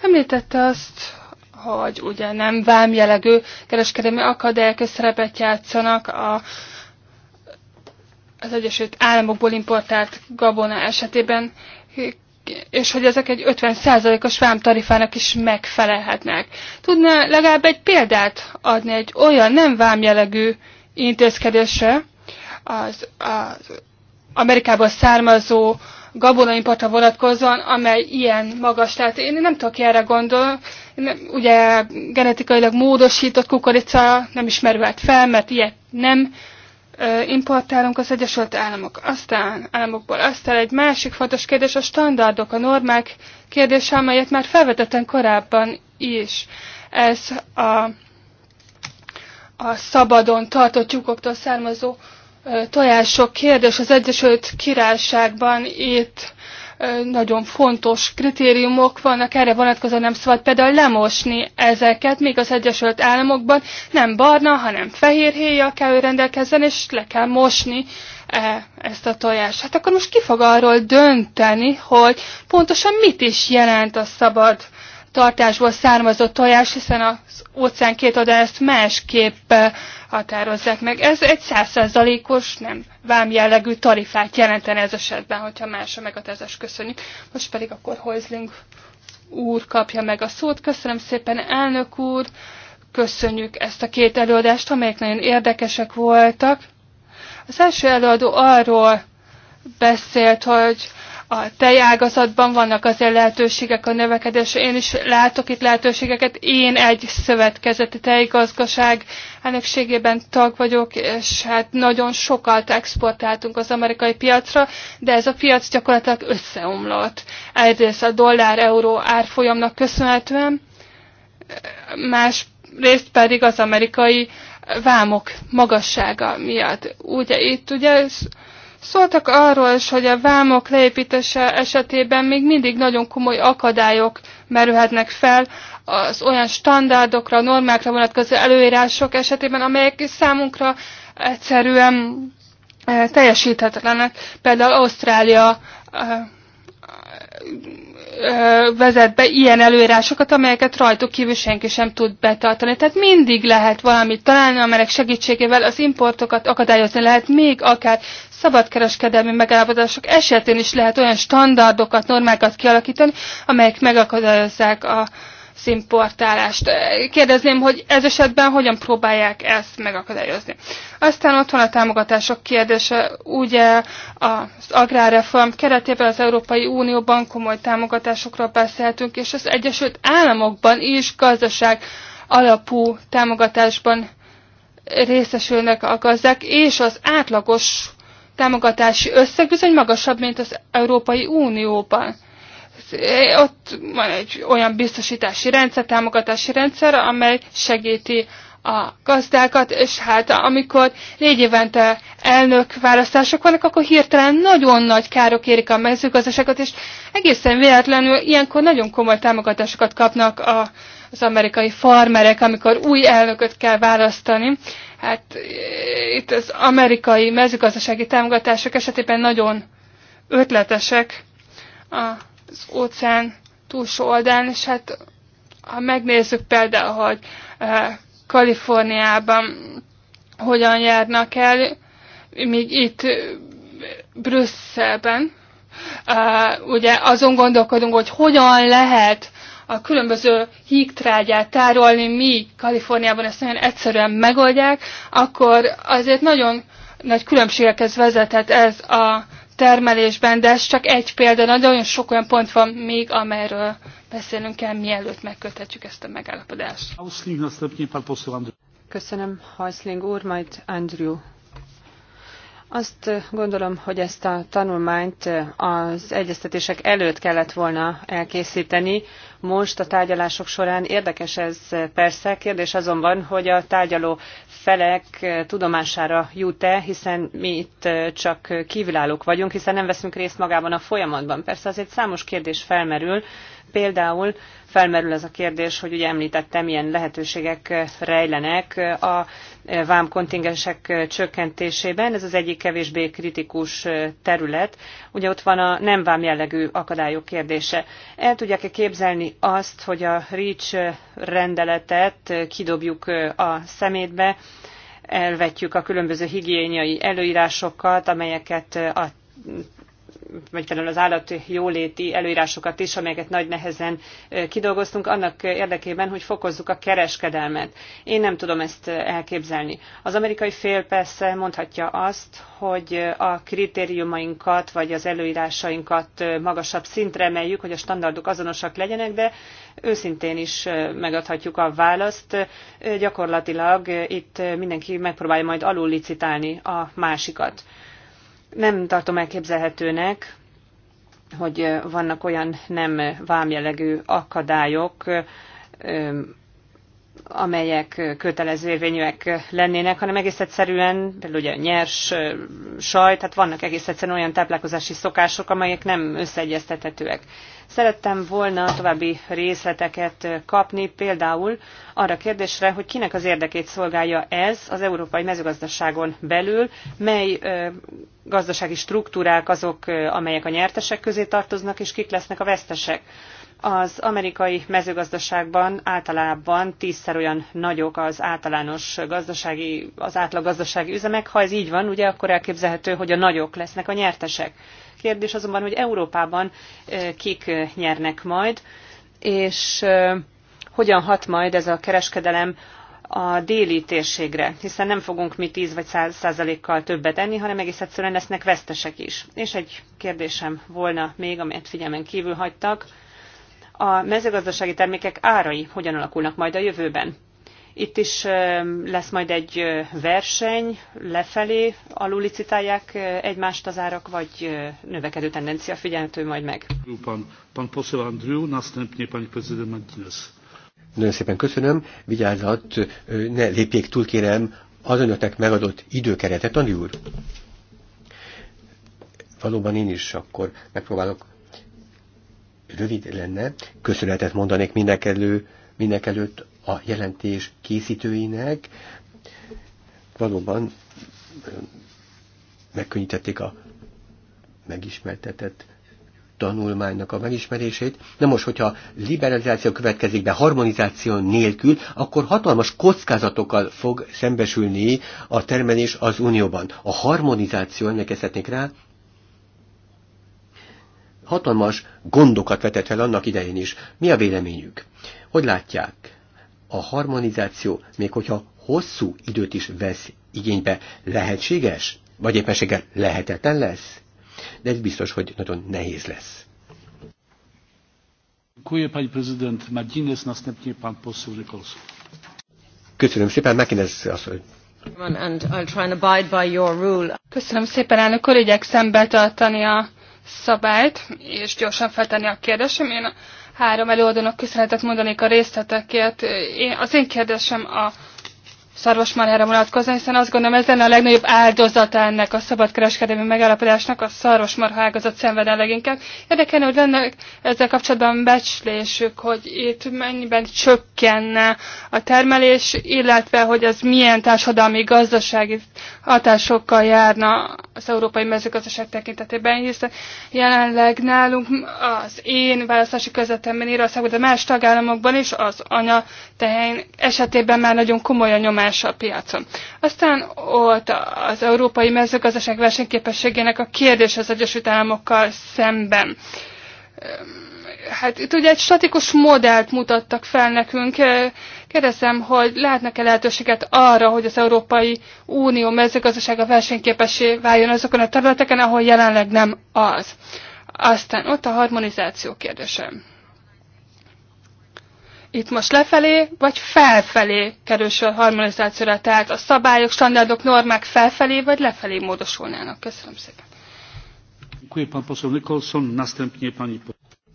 Említette azt, hogy ugye nem vámjelegű kereskedelmi akadályok szerepet játszanak a, az Egyesült Államokból importált gabona esetében, és hogy ezek egy 50%-os vámtarifának is megfelelhetnek. Tudná legalább egy példát adni egy olyan nem vámjelegű intézkedésre, az, az Amerikából származó gabonaimportra vonatkozóan, amely ilyen magas. Tehát én nem tudok erre gondolni, ugye genetikailag módosított kukorica nem ismervelt fel, mert ilyet nem importálunk az Egyesült Államok. Aztán államokból aztán egy másik fontos kérdés a standardok, a normák kérdése, amelyet már felvetettem korábban is. Ez a, a szabadon tartott tyúkoktól származó tojások kérdés az Egyesült Királyságban itt nagyon fontos kritériumok vannak erre vonatkozóan, nem szabad például lemosni ezeket, még az Egyesült Államokban nem barna, hanem fehér héja kell, hogy rendelkezzen, és le kell mosni e, ezt a tojást. Hát akkor most ki fog arról dönteni, hogy pontosan mit is jelent a szabad tartásból származott, tojás, hiszen az óceán két oda ezt másképp eh, határozzák meg. Ez egy százszerzalékos, nem vám jellegű tarifát jelentene ez esetben, hogyha más a megatázás köszönjük. Most pedig akkor Hoizling úr kapja meg a szót. Köszönöm szépen, elnök úr! Köszönjük ezt a két előadást, amelyek nagyon érdekesek voltak. Az első előadó arról beszélt, hogy a tejágazatban vannak azért lehetőségek a növekedésre. Én is látok itt lehetőségeket. Én egy szövetkezeti tejgazgaság elnökségében tag vagyok, és hát nagyon sokat exportáltunk az amerikai piacra, de ez a piac gyakorlatilag összeomlott. Egyrészt a dollár-euró árfolyamnak köszönhetően, más részt pedig az amerikai vámok magassága miatt. Ugye itt ugye Szóltak arról is, hogy a vámok leépítése esetében még mindig nagyon komoly akadályok merülhetnek fel az olyan standardokra, normákra vonatkozó előírások esetében, amelyek számunkra egyszerűen eh, teljesíthetetlenek. Például Ausztrália eh, vezet be ilyen előírásokat, amelyeket rajtuk kívül senki sem tud betartani. Tehát mindig lehet valamit találni, amelyek segítségével az importokat akadályozni lehet, még akár szabadkereskedelmi megállapodások esetén is lehet olyan standardokat, normákat kialakítani, amelyek megakadályozzák a, színportálást. Kérdezném, hogy ez esetben hogyan próbálják ezt megakadályozni. Aztán ott van a támogatások kérdése. Ugye az agrárreform keretében az Európai Unióban komoly támogatásokról beszéltünk, és az Egyesült Államokban is gazdaság alapú támogatásban részesülnek a gazdák, és az átlagos támogatási összeg bizony magasabb, mint az Európai Unióban. Eh, ott van egy olyan biztosítási rendszer, támogatási rendszer, amely segíti a gazdákat, és hát amikor négy évente elnök választások vannak, akkor hirtelen nagyon nagy károk érik a mezőgazdaságot, és egészen véletlenül ilyenkor nagyon komoly támogatásokat kapnak a, az amerikai farmerek, amikor új elnököt kell választani. Hát eh, itt az amerikai mezőgazdasági támogatások esetében nagyon ötletesek a az óceán túlsó oldalán, és hát ha megnézzük például, hogy eh, Kaliforniában hogyan járnak el, míg itt eh, Brüsszelben, eh, ugye azon gondolkodunk, hogy hogyan lehet a különböző hígtrágyát tárolni, míg Kaliforniában ezt nagyon egyszerűen megoldják, akkor azért nagyon nagy különbségekhez vezethet ez a termelésben, de ez csak egy példa, nagyon sok olyan pont van még, amelyről beszélünk kell,
mielőtt megköthetjük ezt a megállapodást. Köszönöm, Hajszling úr, majd Andrew azt gondolom, hogy ezt a tanulmányt az egyeztetések előtt kellett volna elkészíteni. Most a tárgyalások során érdekes ez persze, kérdés azonban, hogy a tárgyaló felek tudomására jut-e, hiszen mi itt csak kívülállók vagyunk, hiszen nem veszünk részt magában a folyamatban. Persze azért számos kérdés felmerül, Például felmerül ez a kérdés, hogy ugye említettem, milyen lehetőségek rejlenek a vám kontingensek csökkentésében. Ez az egyik kevésbé kritikus terület. Ugye ott van a nem vám jellegű akadályok kérdése. El tudják-e képzelni azt, hogy a REACH rendeletet kidobjuk a szemétbe, elvetjük a különböző higiéniai előírásokat, amelyeket a vagy például az állatjóléti jóléti előírásokat is, amelyeket nagy nehezen kidolgoztunk, annak érdekében, hogy fokozzuk a kereskedelmet. Én nem tudom ezt elképzelni. Az amerikai fél persze mondhatja azt, hogy a kritériumainkat, vagy az előírásainkat magasabb szintre emeljük, hogy a standardok azonosak legyenek, de őszintén is megadhatjuk a választ. Gyakorlatilag itt mindenki megpróbálja majd alul licitálni a másikat. Nem tartom elképzelhetőnek, hogy vannak olyan nem vámjellegű akadályok, amelyek kötelező érvényűek lennének, hanem egész egyszerűen, például ugye nyers sajt, tehát vannak egész egyszerűen olyan táplálkozási szokások, amelyek nem összeegyeztethetőek. Szerettem volna további részleteket kapni, például arra kérdésre, hogy kinek az érdekét szolgálja ez az európai mezőgazdaságon belül, mely gazdasági struktúrák azok, amelyek a nyertesek közé tartoznak, és kik lesznek a vesztesek az amerikai mezőgazdaságban általában tízszer olyan nagyok az általános gazdasági, az átlag gazdasági üzemek. Ha ez így van, ugye akkor elképzelhető, hogy a nagyok lesznek a nyertesek. Kérdés azonban, hogy Európában kik nyernek majd, és hogyan hat majd ez a kereskedelem a déli térségre, hiszen nem fogunk mi 10 vagy 100 százalékkal többet enni, hanem egész egyszerűen lesznek vesztesek is. És egy kérdésem volna még, amelyet figyelmen kívül hagytak a mezőgazdasági termékek árai hogyan alakulnak majd a jövőben. Itt is lesz majd egy verseny, lefelé licitálják egymást az árak, vagy növekedő tendencia figyelhető majd meg.
Nagyon szépen köszönöm. Vigyázat, ne lépjék túl, kérem, az önöknek megadott időkeretet, Andi úr. Valóban én is akkor megpróbálok rövid lenne. Köszönetet mondanék mindenkelő, mindenkelőtt előtt a jelentés készítőinek. Valóban megkönnyítették a megismertetett tanulmánynak a megismerését. Na most, hogyha liberalizáció következik be harmonizáció nélkül, akkor hatalmas kockázatokkal fog szembesülni a termelés az Unióban. A harmonizáció, emlékezhetnék rá, hatalmas gondokat vetett fel annak idején is. Mi a véleményük? Hogy látják? A harmonizáció, még hogyha hosszú időt is vesz igénybe, lehetséges? Vagy éppenséggel lehetetlen lesz? De ez biztos, hogy nagyon nehéz lesz. Köszönöm szépen, Mekinez asszony.
Köszönöm szépen, elnök úr, igyekszem betartani a szabályt, és gyorsan feltenni a kérdésem. Én a három előadónak köszönetet mondanék a részletekért. Én, az én kérdésem a szarvasmarhára vonatkozóan, hiszen azt gondolom ez lenne a legnagyobb áldozata ennek a szabadkereskedelmi megállapodásnak, a szarvasmarha ágazat szenvedne leginkább. Érdekelne, hogy lenne ezzel kapcsolatban becslésük, hogy itt mennyiben csökkenne a termelés, illetve hogy ez milyen társadalmi, gazdasági hatásokkal járna az európai mezőgazdaság tekintetében, hiszen jelenleg nálunk az én választási közvetemben Írországban, de más tagállamokban is az anya tehén esetében már nagyon komolyan nyomás más a piacon. Aztán ott az európai mezőgazdaság versenyképességének a kérdés az Egyesült Államokkal szemben. Hát itt ugye egy statikus modellt mutattak fel nekünk. Kérdezem, hogy látnak-e lehetőséget arra, hogy az Európai Unió mezőgazdasága versenyképessé váljon azokon a területeken, ahol jelenleg nem az. Aztán ott a harmonizáció kérdése itt most lefelé, vagy felfelé kerül sor harmonizációra, tehát a szabályok, standardok, normák felfelé, vagy lefelé módosulnának. Köszönöm szépen.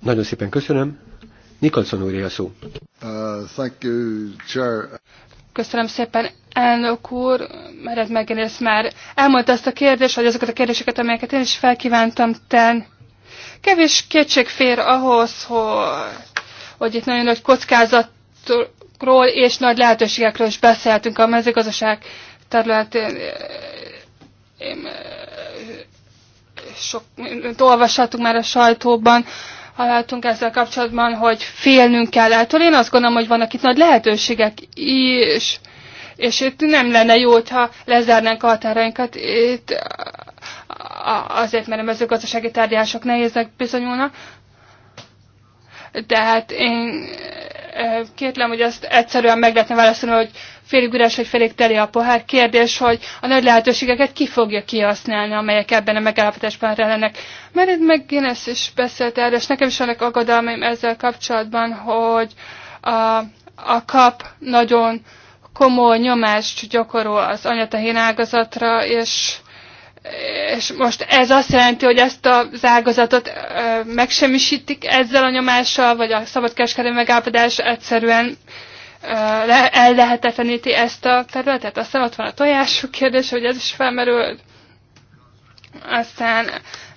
Nagyon szépen köszönöm. Nicholson úr a szó.
Uh,
köszönöm szépen, elnök úr, mert megérsz már. Elmondta ezt a kérdést, vagy azokat a kérdéseket, amelyeket én is felkívántam ten. Kevés kétség fér ahhoz, hogy hogy itt nagyon nagy kockázatról és nagy lehetőségekről is beszéltünk a mezőgazdaság területén. Én, eh, sok, olvashatunk már a sajtóban, ha látunk ezzel kapcsolatban, hogy félnünk kell ettől. Én azt gondolom, hogy vannak itt nagy lehetőségek is, és itt nem lenne jó, ha lezárnánk a határainkat. Itt azért, mert a mezőgazdasági tárgyások nehéznek bizonyulnak, tehát én kétlem, hogy azt egyszerűen meg lehetne válaszolni, hogy félig üres vagy félig teli a pohár. Kérdés, hogy a nagy lehetőségeket ki fogja kihasználni, amelyek ebben a megállapotásban relenek. Mert itt meg Guinness is beszélt erről, és nekem is vannak aggodalmaim ezzel kapcsolatban, hogy a, a kap nagyon komoly nyomást gyakorol az anyatehén ágazatra, és és most ez azt jelenti, hogy ezt az ágazatot megsemmisítik ezzel a nyomással, vagy a szabadkereskedelmi megállapodás egyszerűen le, el ezt a területet. Aztán ott van a tojások kérdés, hogy ez is felmerül. Aztán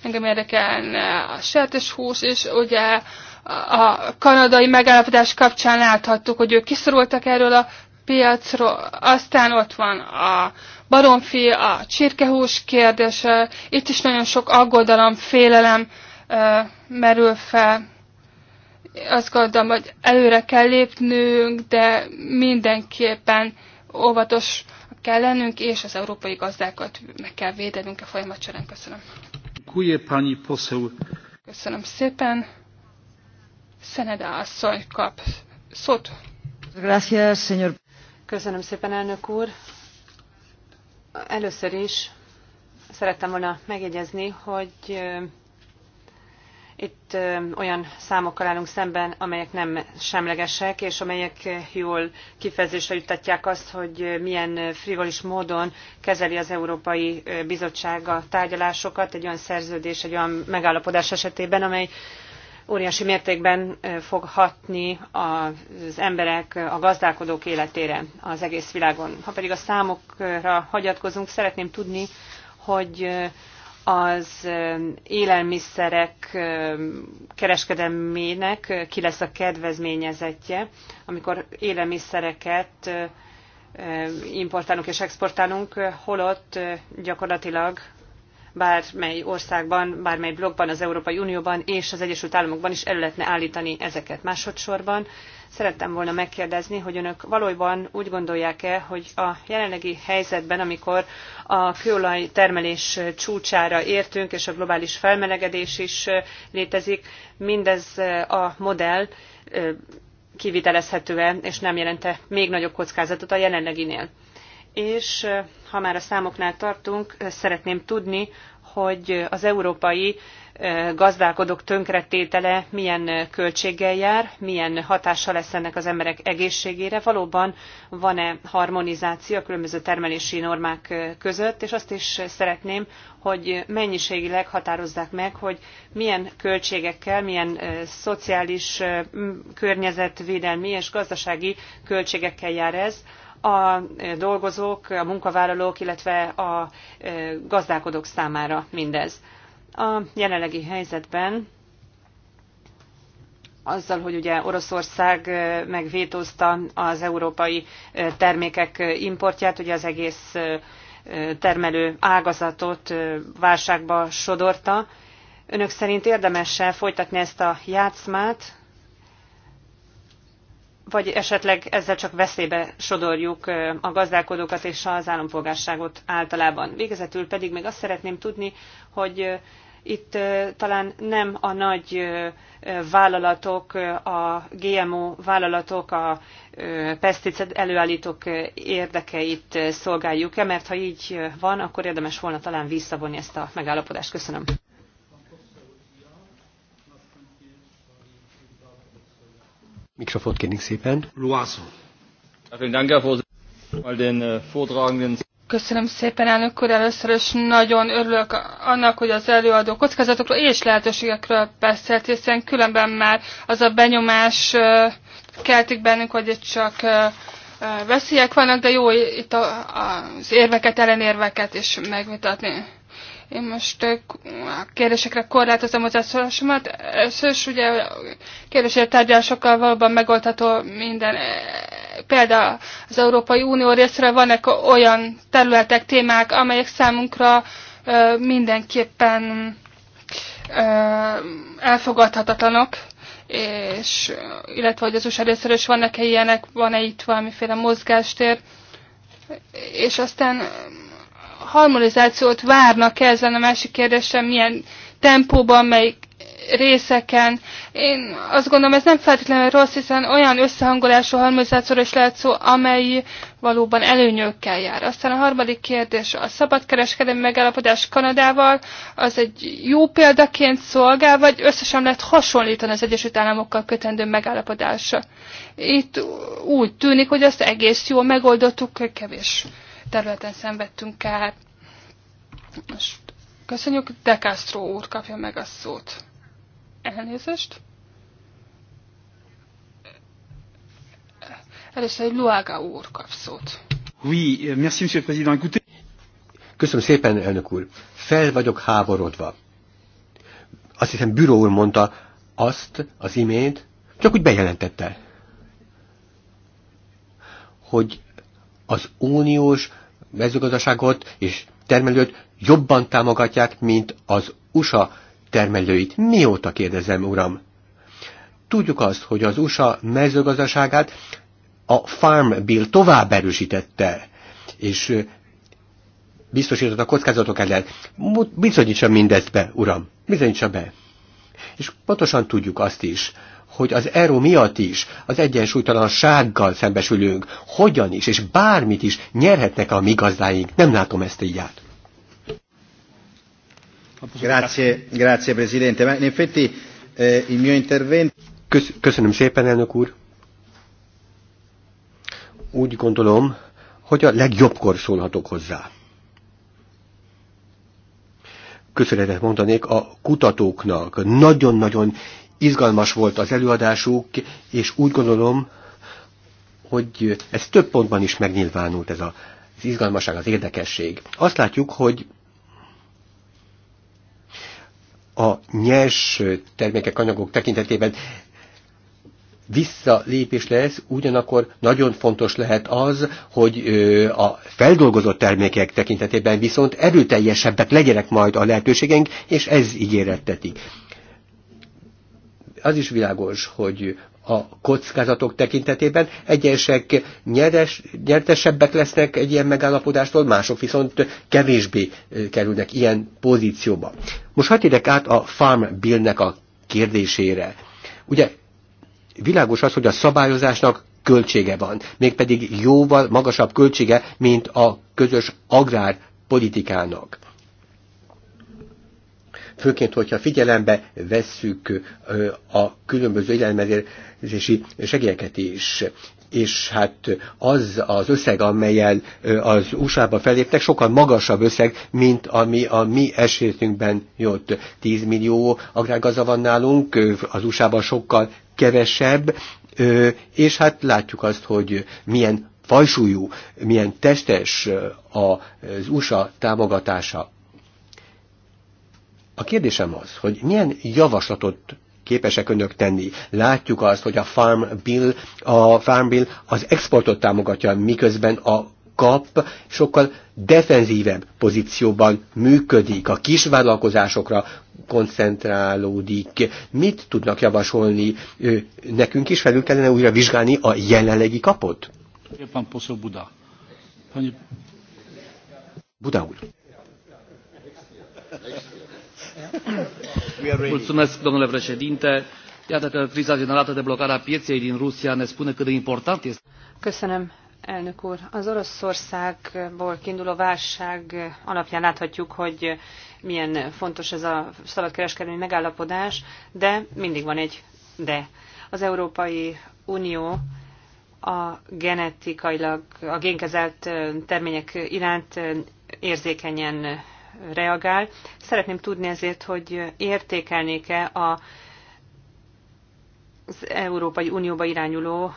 engem érdekelne a hús és ugye a kanadai megállapodás kapcsán láthattuk, hogy ők kiszorultak erről a piacról, aztán ott van a baromfi, a csirkehús kérdése, itt is nagyon sok aggodalom, félelem ö, merül fel. Azt gondolom, hogy előre kell lépnünk, de mindenképpen óvatos kell lennünk, és az európai gazdákat meg kell védenünk a folyamat során. Köszönöm. Köszönöm szépen. Szeneda asszony kap
szót. Gracias, señor.
Köszönöm szépen, elnök úr. Először is szerettem volna megjegyezni, hogy itt olyan számokkal állunk szemben, amelyek nem semlegesek, és amelyek jól kifejezésre juttatják azt, hogy milyen frivolis módon kezeli az Európai Bizottság a tárgyalásokat egy olyan szerződés, egy olyan megállapodás esetében, amely óriási mértékben fog hatni az emberek, a gazdálkodók életére az egész világon. Ha pedig a számokra hagyatkozunk, szeretném tudni, hogy az élelmiszerek kereskedelmének ki lesz a kedvezményezetje, amikor élelmiszereket importálunk és exportálunk, holott gyakorlatilag bármely országban, bármely blokkban, az Európai Unióban és az Egyesült Államokban is elő lehetne állítani ezeket másodszorban. Szerettem volna megkérdezni, hogy önök valójában úgy gondolják-e, hogy a jelenlegi helyzetben, amikor a kőolaj termelés csúcsára értünk, és a globális felmelegedés is létezik, mindez a modell kivitelezhető-e, és nem jelente még nagyobb kockázatot a jelenleginél és ha már a számoknál tartunk, szeretném tudni, hogy az európai gazdálkodók tönkretétele milyen költséggel jár, milyen hatással lesz ennek az emberek egészségére, valóban van-e harmonizáció a különböző termelési normák között, és azt is szeretném, hogy mennyiségileg határozzák meg, hogy milyen költségekkel, milyen szociális, környezetvédelmi és gazdasági költségekkel jár ez a dolgozók, a munkavállalók, illetve a e, gazdálkodók számára mindez. A jelenlegi helyzetben azzal, hogy ugye Oroszország e, megvétózta az európai e, termékek importját, ugye az egész termelő ágazatot válságba sodorta. Önök szerint érdemes-e folytatni ezt a játszmát, vagy esetleg ezzel csak veszélybe sodorjuk a gazdálkodókat és az állampolgárságot általában. Végezetül pedig még azt szeretném tudni, hogy itt talán nem a nagy vállalatok, a GMO vállalatok, a peszticid előállítók érdekeit szolgáljuk-e, mert ha így van, akkor érdemes volna talán visszavonni ezt a megállapodást. Köszönöm.
Mikrofont kérnénk szépen.
Äh, Köszönöm szépen, elnök úr. Először is nagyon örülök annak, hogy az előadó kockázatokról és lehetőségekről beszélt, hiszen különben már az a benyomás keltik bennünk, hogy itt csak veszélyek vannak, de jó itt az érveket, ellenérveket is megvitatni. Én most a kérdésekre korlátozom az Először is ugye kérdésére tárgyalásokkal valóban megoldható minden. Például az Európai Unió részre vannak olyan területek, témák, amelyek számunkra mindenképpen elfogadhatatlanok, és illetve hogy az USA részéről is vannak-e ilyenek, van-e itt valamiféle mozgástér, és aztán harmonizációt várnak -e? ezen a másik kérdésen, milyen tempóban, melyik részeken. Én azt gondolom, ez nem feltétlenül rossz, hiszen olyan összehangolású harmonizációra is lehet szó, amely valóban előnyökkel jár. Aztán a harmadik kérdés, a szabadkereskedelmi megállapodás Kanadával, az egy jó példaként szolgál, vagy összesen lehet hasonlítani az Egyesült Államokkal kötendő megállapodásra. Itt úgy tűnik, hogy ezt egész jól megoldottuk, kevés területen szenvedtünk kárt. Most köszönjük, De Castro úr kapja meg a szót. Elnézést. Először egy Luága úr kap szót.
Oui, merci, monsieur le président. Écoutez... Köszönöm szépen, elnök úr. Fel vagyok háborodva. Azt hiszem, büró úr mondta azt az imént, csak úgy bejelentette, hogy az uniós mezőgazdaságot és termelőt jobban támogatják, mint az USA termelőit. Mióta kérdezem, uram? Tudjuk azt, hogy az USA mezőgazdaságát a Farm Bill tovább erősítette, és biztosított a kockázatok ellen. Bizonyítsa mindezt be, uram. Bizonyítsa be. És pontosan tudjuk azt is, hogy az ERO miatt is az egyensúlytalansággal szembesülünk, hogyan is, és bármit is nyerhetnek a mi gazdáink. Nem látom ezt így át. Grazie, grazie Presidente. Ma in effetti eh, il mio intervento... köszönöm szépen, elnök úr. Úgy gondolom, hogy a legjobbkor szólhatok hozzá köszönetet mondanék a kutatóknak. Nagyon-nagyon izgalmas volt az előadásuk, és úgy gondolom, hogy ez több pontban is megnyilvánult ez a, az izgalmaság, az érdekesség. Azt látjuk, hogy a nyers termékek, anyagok tekintetében visszalépés lesz, ugyanakkor nagyon fontos lehet az, hogy a feldolgozott termékek tekintetében viszont erőteljesebbek legyenek majd a lehetőségeink, és ez ígérettetik. Az is világos, hogy a kockázatok tekintetében. Egyesek nyeres, nyertesebbek lesznek egy ilyen megállapodástól, mások viszont kevésbé kerülnek ilyen pozícióba. Most hadd át a Farm Billnek a kérdésére. Ugye Világos az, hogy a szabályozásnak költsége van, mégpedig jóval magasabb költsége, mint a közös agrárpolitikának. Főként, hogyha figyelembe vesszük a különböző élelmezési segélyeket is és hát az az összeg, amelyel az USA-ba feléptek, sokkal magasabb összeg, mint ami a mi esetünkben jött. 10 millió agrárgaza van nálunk, az USA-ban sokkal kevesebb, és hát látjuk azt, hogy milyen fajsúlyú, milyen testes az USA támogatása. A kérdésem az, hogy milyen javaslatot képesek önök tenni. Látjuk azt, hogy a Farm Bill, a Farm Bill az exportot támogatja, miközben a kap sokkal defenzívebb pozícióban működik, a kisvállalkozásokra koncentrálódik. Mit tudnak javasolni? Nekünk is felül kellene újra vizsgálni a jelenlegi kapot? Buda úr
domnule președinte. Iată că criza generată de blocarea pieței din Rusia ne spune cât de important este.
Köszönöm, elnök úr. Az Oroszországból kiinduló válság alapján láthatjuk, hogy milyen fontos ez a szabadkereskedelmi megállapodás, de mindig van egy de. Az Európai Unió a genetikailag, a génkezelt termények iránt érzékenyen reagál. Szeretném tudni ezért, hogy értékelnék-e a az Európai Unióba irányuló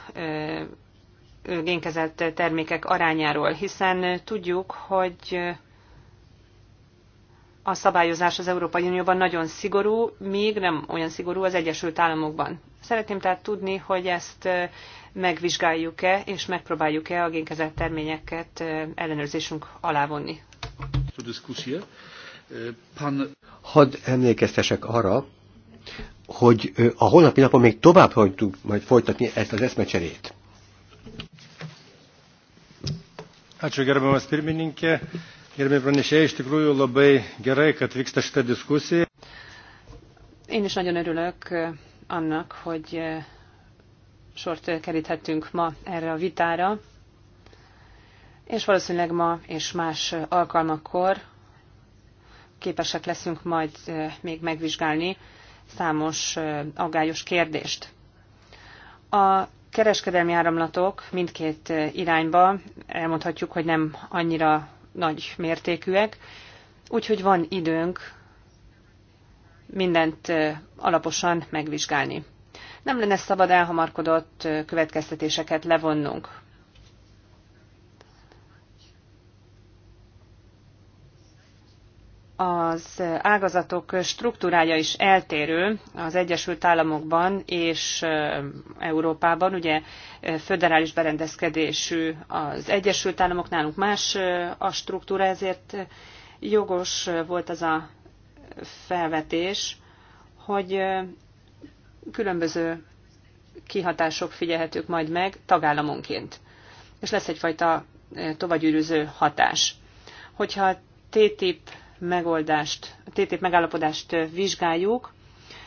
génkezelt termékek arányáról, hiszen tudjuk, hogy a szabályozás az Európai Unióban nagyon szigorú, még nem olyan szigorú az Egyesült Államokban. Szeretném tehát tudni, hogy ezt megvizsgáljuk-e, és megpróbáljuk-e a génkezelt terményeket ellenőrzésünk alá vonni.
E,
Hadd emlékeztesek arra, hogy e, a holnapi napon még tovább hagytuk majd folytatni ezt az eszmecserét.
Ačiū gerbiamas pirmininkė, gerbiami pranešėjai, iš tikrųjų labai gerai, kad vyksta šita diskusija.
Én is nagyon örülök e, annak, hogy sort keríthettünk ma erre a vitára és valószínűleg ma és más alkalmakkor képesek leszünk majd még megvizsgálni számos aggályos kérdést. A kereskedelmi áramlatok mindkét irányba elmondhatjuk, hogy nem annyira nagy mértékűek, úgyhogy van időnk mindent alaposan megvizsgálni. Nem lenne szabad elhamarkodott következtetéseket levonnunk. az ágazatok struktúrája is eltérő az Egyesült Államokban és Európában. Ugye föderális berendezkedésű az Egyesült Államok, nálunk más a struktúra, ezért jogos volt az a felvetés, hogy különböző kihatások figyelhetők majd meg tagállamonként. És lesz egyfajta tovagyűrűző hatás. Hogyha TTIP megoldást, a TTIP megállapodást vizsgáljuk,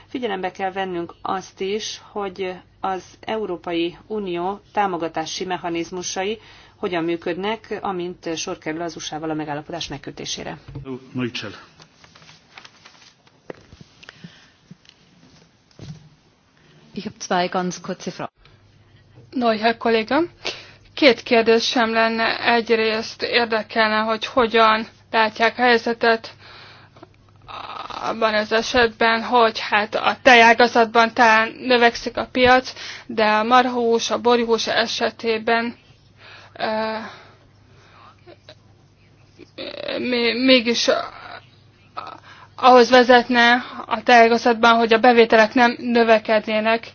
figyelembe kell vennünk azt is, hogy az Európai Unió támogatási mechanizmusai hogyan működnek, amint sor kerül az usa a megállapodás megkötésére. Neuchel. Ich habe zwei ganz kurze Fragen.
Neuhel kolléga, két kérdésem lenne. Egyrészt érdekelne, hogy hogyan látják a helyzetet abban az esetben, hogy hát a tejágazatban talán növekszik a piac, de a marhós, a borjós esetében e, mégis ahhoz vezetne a tejágazatban, hogy a bevételek nem növekednének,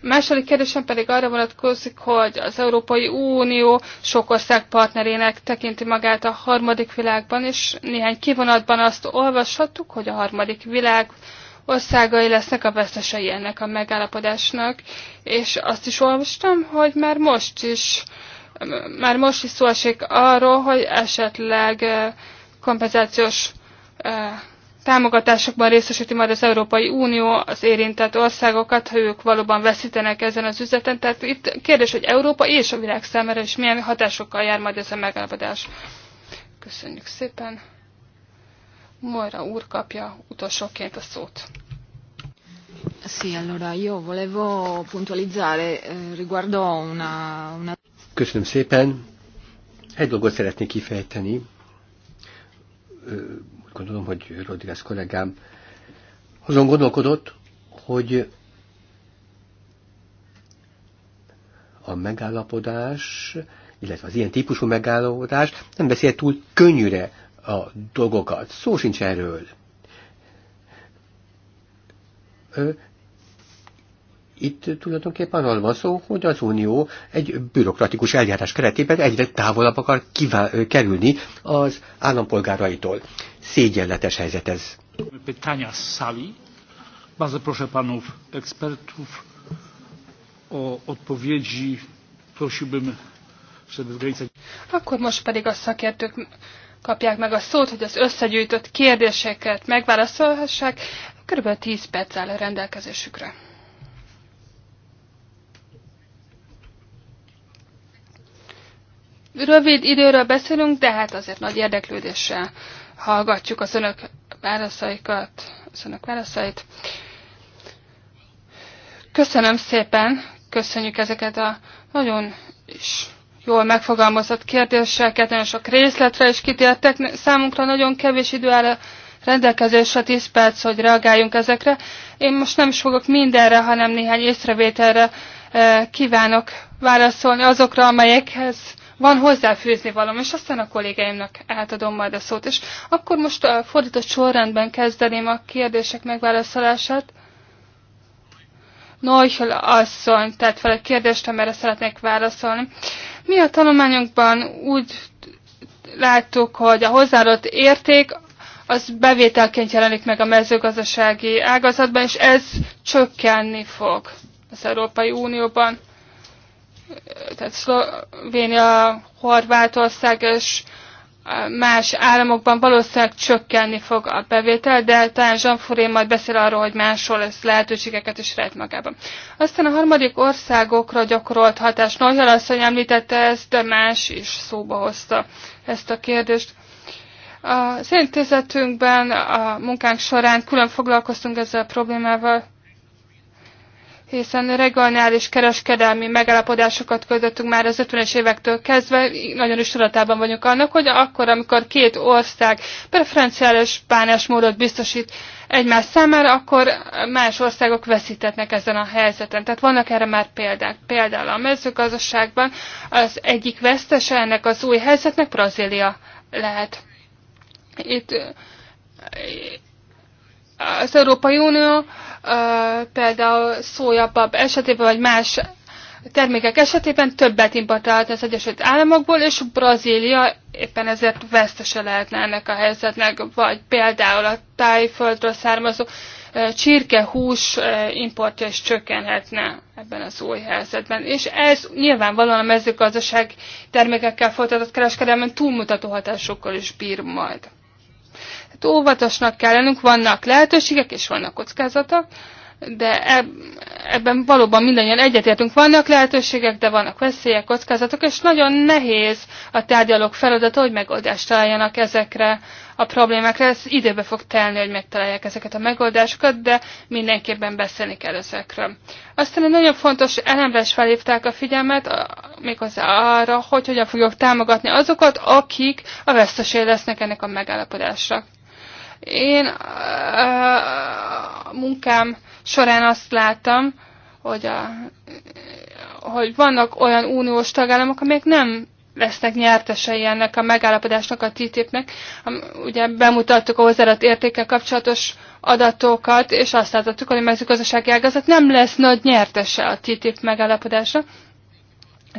Második kérdésem pedig arra vonatkozik, hogy az Európai Unió sok ország partnerének tekinti magát a harmadik világban, és néhány kivonatban azt olvashattuk, hogy a harmadik világ országai lesznek a vesztesei ennek a megállapodásnak, és azt is olvastam, hogy már most is már most is szó esik arról, hogy esetleg eh, kompenzációs eh, támogatásokban részesíti majd az Európai Unió az érintett országokat, ha ők valóban veszítenek ezen az üzleten. Tehát itt kérdés, hogy Európa és a világ számára is milyen hatásokkal jár majd ez a megállapodás. Köszönjük szépen. Moira úr kapja utolsóként a szót.
allora io volevo puntualizzare eh, riguardo una,
Köszönöm szépen. Egy dolgot szeretnék kifejteni gondolom, hogy Rodriguez kollégám azon gondolkodott, hogy a megállapodás, illetve az ilyen típusú megállapodás nem beszél túl könnyűre a dolgokat. Szó sincs erről. Ö, itt tulajdonképpen arról van szó, hogy az Unió egy bürokratikus eljárás keretében egyre távolabb akar kivá- kerülni az állampolgáraitól szégyenletes helyzet ez.
sali. Bardzo proszę panów ekspertów o odpowiedzi. Prosiłbym, żeby w granicach... Akkor
most pedig a szakértők kapják meg a szót, hogy az összegyűjtött kérdéseket megválaszolhassák. Körülbelül 10 perc áll a rendelkezésükre. Rövid időről beszélünk, de hát azért nagy érdeklődéssel hallgatjuk az önök válaszaikat, az önök válaszait. Köszönöm szépen, köszönjük ezeket a nagyon is jól megfogalmazott kérdéseket, nagyon sok részletre is kitértek. Számunkra nagyon kevés idő áll a rendelkezésre, 10 perc, hogy reagáljunk ezekre. Én most nem is fogok mindenre, hanem néhány észrevételre eh, kívánok válaszolni azokra, amelyekhez van hozzáfűzni valam, és aztán a kollégáimnak átadom majd a szót. És akkor most a fordított sorrendben kezdeném a kérdések megválaszolását. Neuchel asszony tehát fel egy kérdést, amire szeretnék válaszolni. Mi a tanulmányunkban úgy láttuk, hogy a hozzáadott érték az bevételként jelenik meg a mezőgazdasági ágazatban, és ez csökkenni fog az Európai Unióban tehát Szlovénia, Horvátország és más államokban valószínűleg csökkenni fog a bevétel, de talán Jean Fouré majd beszél arról, hogy máshol ez lehetőségeket is rejt magában. Aztán a harmadik országokra gyakorolt hatás. Nohjal asszony említette ezt, de más is szóba hozta ezt a kérdést. Az intézetünkben a munkánk során külön foglalkoztunk ezzel a problémával, hiszen regionális kereskedelmi megállapodásokat kötöttünk már az 50-es évektől kezdve, nagyon is tudatában vagyunk annak, hogy akkor, amikor két ország preferenciális bánásmódot biztosít egymás számára, akkor más országok veszítetnek ezen a helyzeten. Tehát vannak erre már példák. Például a mezőgazdaságban az egyik vesztese ennek az új helyzetnek Brazília lehet. Itt az Európai Unió például szójabab esetében, vagy más termékek esetében többet importált az Egyesült Államokból, és Brazília éppen ezért vesztese lehetne ennek a helyzetnek, vagy például a tájföldről származó csirkehús importja is csökkenhetne ebben az új helyzetben. És ez nyilvánvalóan a mezőgazdaság termékekkel folytatott kereskedelmen túlmutató hatásokkal is bír majd óvatosnak kell lennünk, vannak lehetőségek és vannak kockázatok, de ebben valóban mindannyian egyetértünk. Vannak lehetőségek, de vannak veszélyek, kockázatok, és nagyon nehéz a tárgyalók feladata, hogy megoldást találjanak ezekre a problémákra. Ez időbe fog telni, hogy megtalálják ezeket a megoldásokat, de mindenképpen beszélni kell ezekről. Aztán egy nagyon fontos elemre is felhívták a figyelmet, méghozzá arra, hogy hogyan fogjuk támogatni azokat, akik a veszteség lesznek ennek a megállapodásra. Én a munkám során azt láttam, hogy, a, hogy vannak olyan uniós tagállamok, amelyek nem lesznek nyertesei ennek a megállapodásnak, a TTIP-nek. Ugye bemutattuk a hozzáadott értékkel kapcsolatos adatokat, és azt láttuk, hogy a mezőgazdasági ágazat nem lesz nagy nyertese a TTIP megállapodásra.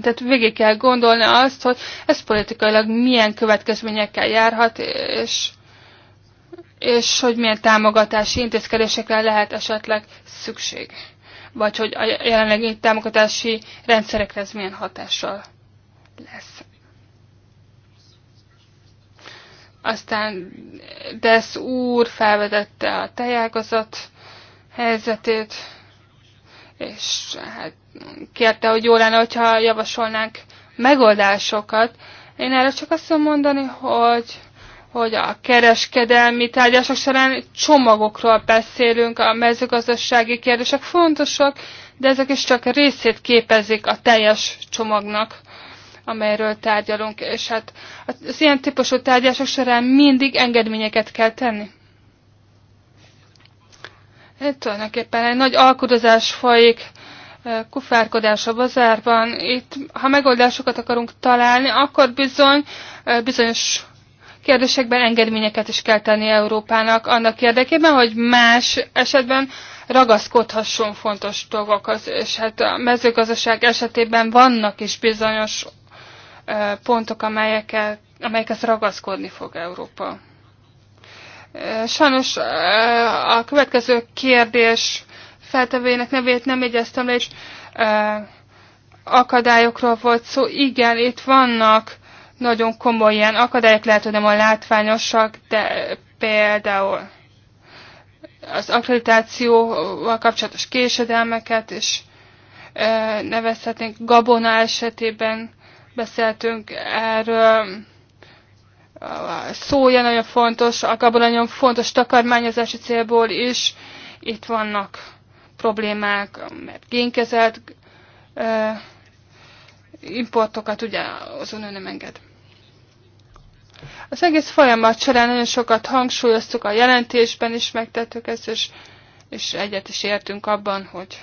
Tehát végig kell gondolni azt, hogy ez politikailag milyen következményekkel járhat, és és hogy milyen támogatási intézkedésekre lehet esetleg szükség, vagy hogy a jelenlegi támogatási rendszerekre ez milyen hatással lesz. Aztán Desz úr felvedette a tejágazat helyzetét, és hát kérte, hogy jó lenne, hogyha javasolnánk megoldásokat. Én erre csak azt tudom mondani, hogy hogy a kereskedelmi tárgyások során csomagokról beszélünk, a mezőgazdasági kérdések fontosak, de ezek is csak részét képezik a teljes csomagnak, amelyről tárgyalunk. És hát az ilyen típusú tárgyások során mindig engedményeket kell tenni. Itt hát tulajdonképpen egy nagy alkudozás folyik, eh, kufárkodás a bazárban. Itt, ha megoldásokat akarunk találni, akkor bizony eh, bizonyos kérdésekben engedményeket is kell tenni Európának annak érdekében, hogy más esetben ragaszkodhasson fontos dolgokhoz. És hát a mezőgazdaság esetében vannak is bizonyos pontok, amelyeket, amelyeket ragaszkodni fog Európa. Sajnos a következő kérdés feltevőjének nevét nem jegyeztem le, és akadályokról volt szó. Igen, itt vannak nagyon komoly ilyen akadályok, lehet, hogy nem a látványosak, de például az akkreditációval kapcsolatos késedelmeket, és nevezhetnénk gabona esetében beszéltünk erről, a szója nagyon fontos, a gabona nagyon fontos takarmányozási célból is, itt vannak problémák, mert génkezelt importokat ugye az Unió nem enged. Az egész folyamat során nagyon sokat hangsúlyoztuk a jelentésben is, megtettük ezt, és, és egyet is értünk abban, hogy,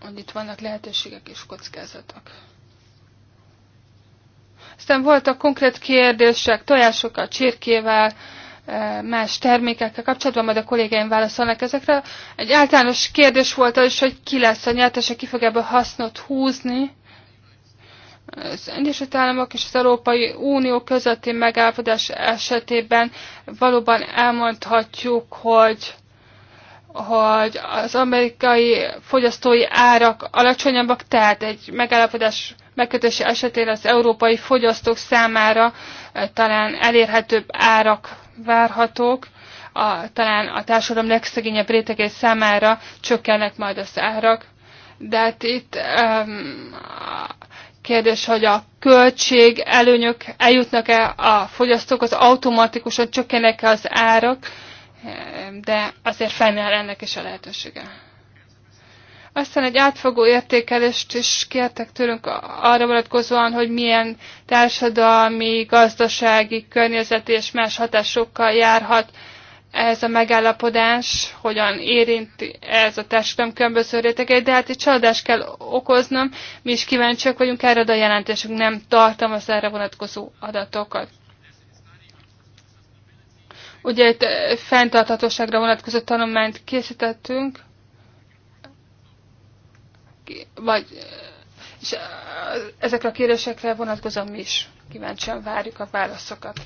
hogy itt vannak lehetőségek és kockázatok. Aztán voltak konkrét kérdések tojásokkal, csirkével, más termékekkel kapcsolatban, majd a kollégáim válaszolnak ezekre. Egy általános kérdés volt az is, hogy ki lesz a nyertes, ki fog ebből hasznot húzni. Az Egyesült Államok és az Európai Unió közötti megállapodás esetében valóban elmondhatjuk, hogy hogy az amerikai fogyasztói árak alacsonyabbak, tehát egy megállapodás megkötési esetén az európai fogyasztók számára talán elérhetőbb árak várhatók, a, talán a társadalom legszegényebb rétegei számára csökkennek majd az árak, de hát itt um, kérdés, hogy a költség, előnyök eljutnak-e a fogyasztók, az automatikusan csökkennek-e az árak, de azért fennáll ennek is a lehetősége. Aztán egy átfogó értékelést is kértek tőlünk arra vonatkozóan, hogy milyen társadalmi, gazdasági, környezet és más hatásokkal járhat ez a megállapodás, hogyan érinti ez a társadalom különböző rétegeit, de hát egy csalódást kell okoznom, mi is kíváncsiak vagyunk erre, de a jelentésünk nem az erre vonatkozó adatokat. Ugye itt fenntarthatóságra vonatkozó tanulmányt készítettünk, vagy és ezekre a kérdésekre vonatkozom is. Kíváncsian várjuk a válaszokat.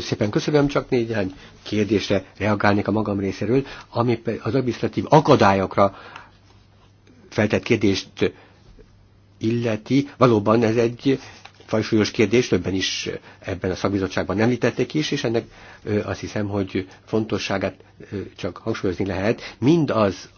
Szépen köszönöm, csak néhány kérdésre reagálnék a magam részéről, ami az administratív akadályokra feltett kérdést illeti. Valóban ez egy fajsúlyos kérdés, többen is ebben a szakbizottságban vitették is, és ennek azt hiszem, hogy fontosságát csak hangsúlyozni lehet. Mindaz,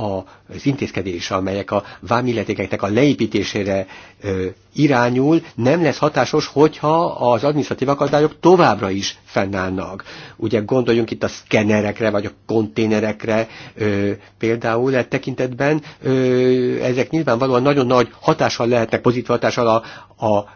az intézkedés, amelyek a vámilletékeknek a leépítésére ö, irányul, nem lesz hatásos, hogyha az administratív akadályok továbbra is fennállnak. Ugye gondoljunk itt a szkenerekre, vagy a konténerekre ö, például e tekintetben, ö, ezek nyilvánvalóan nagyon nagy hatással lehetnek, pozitív hatással a, a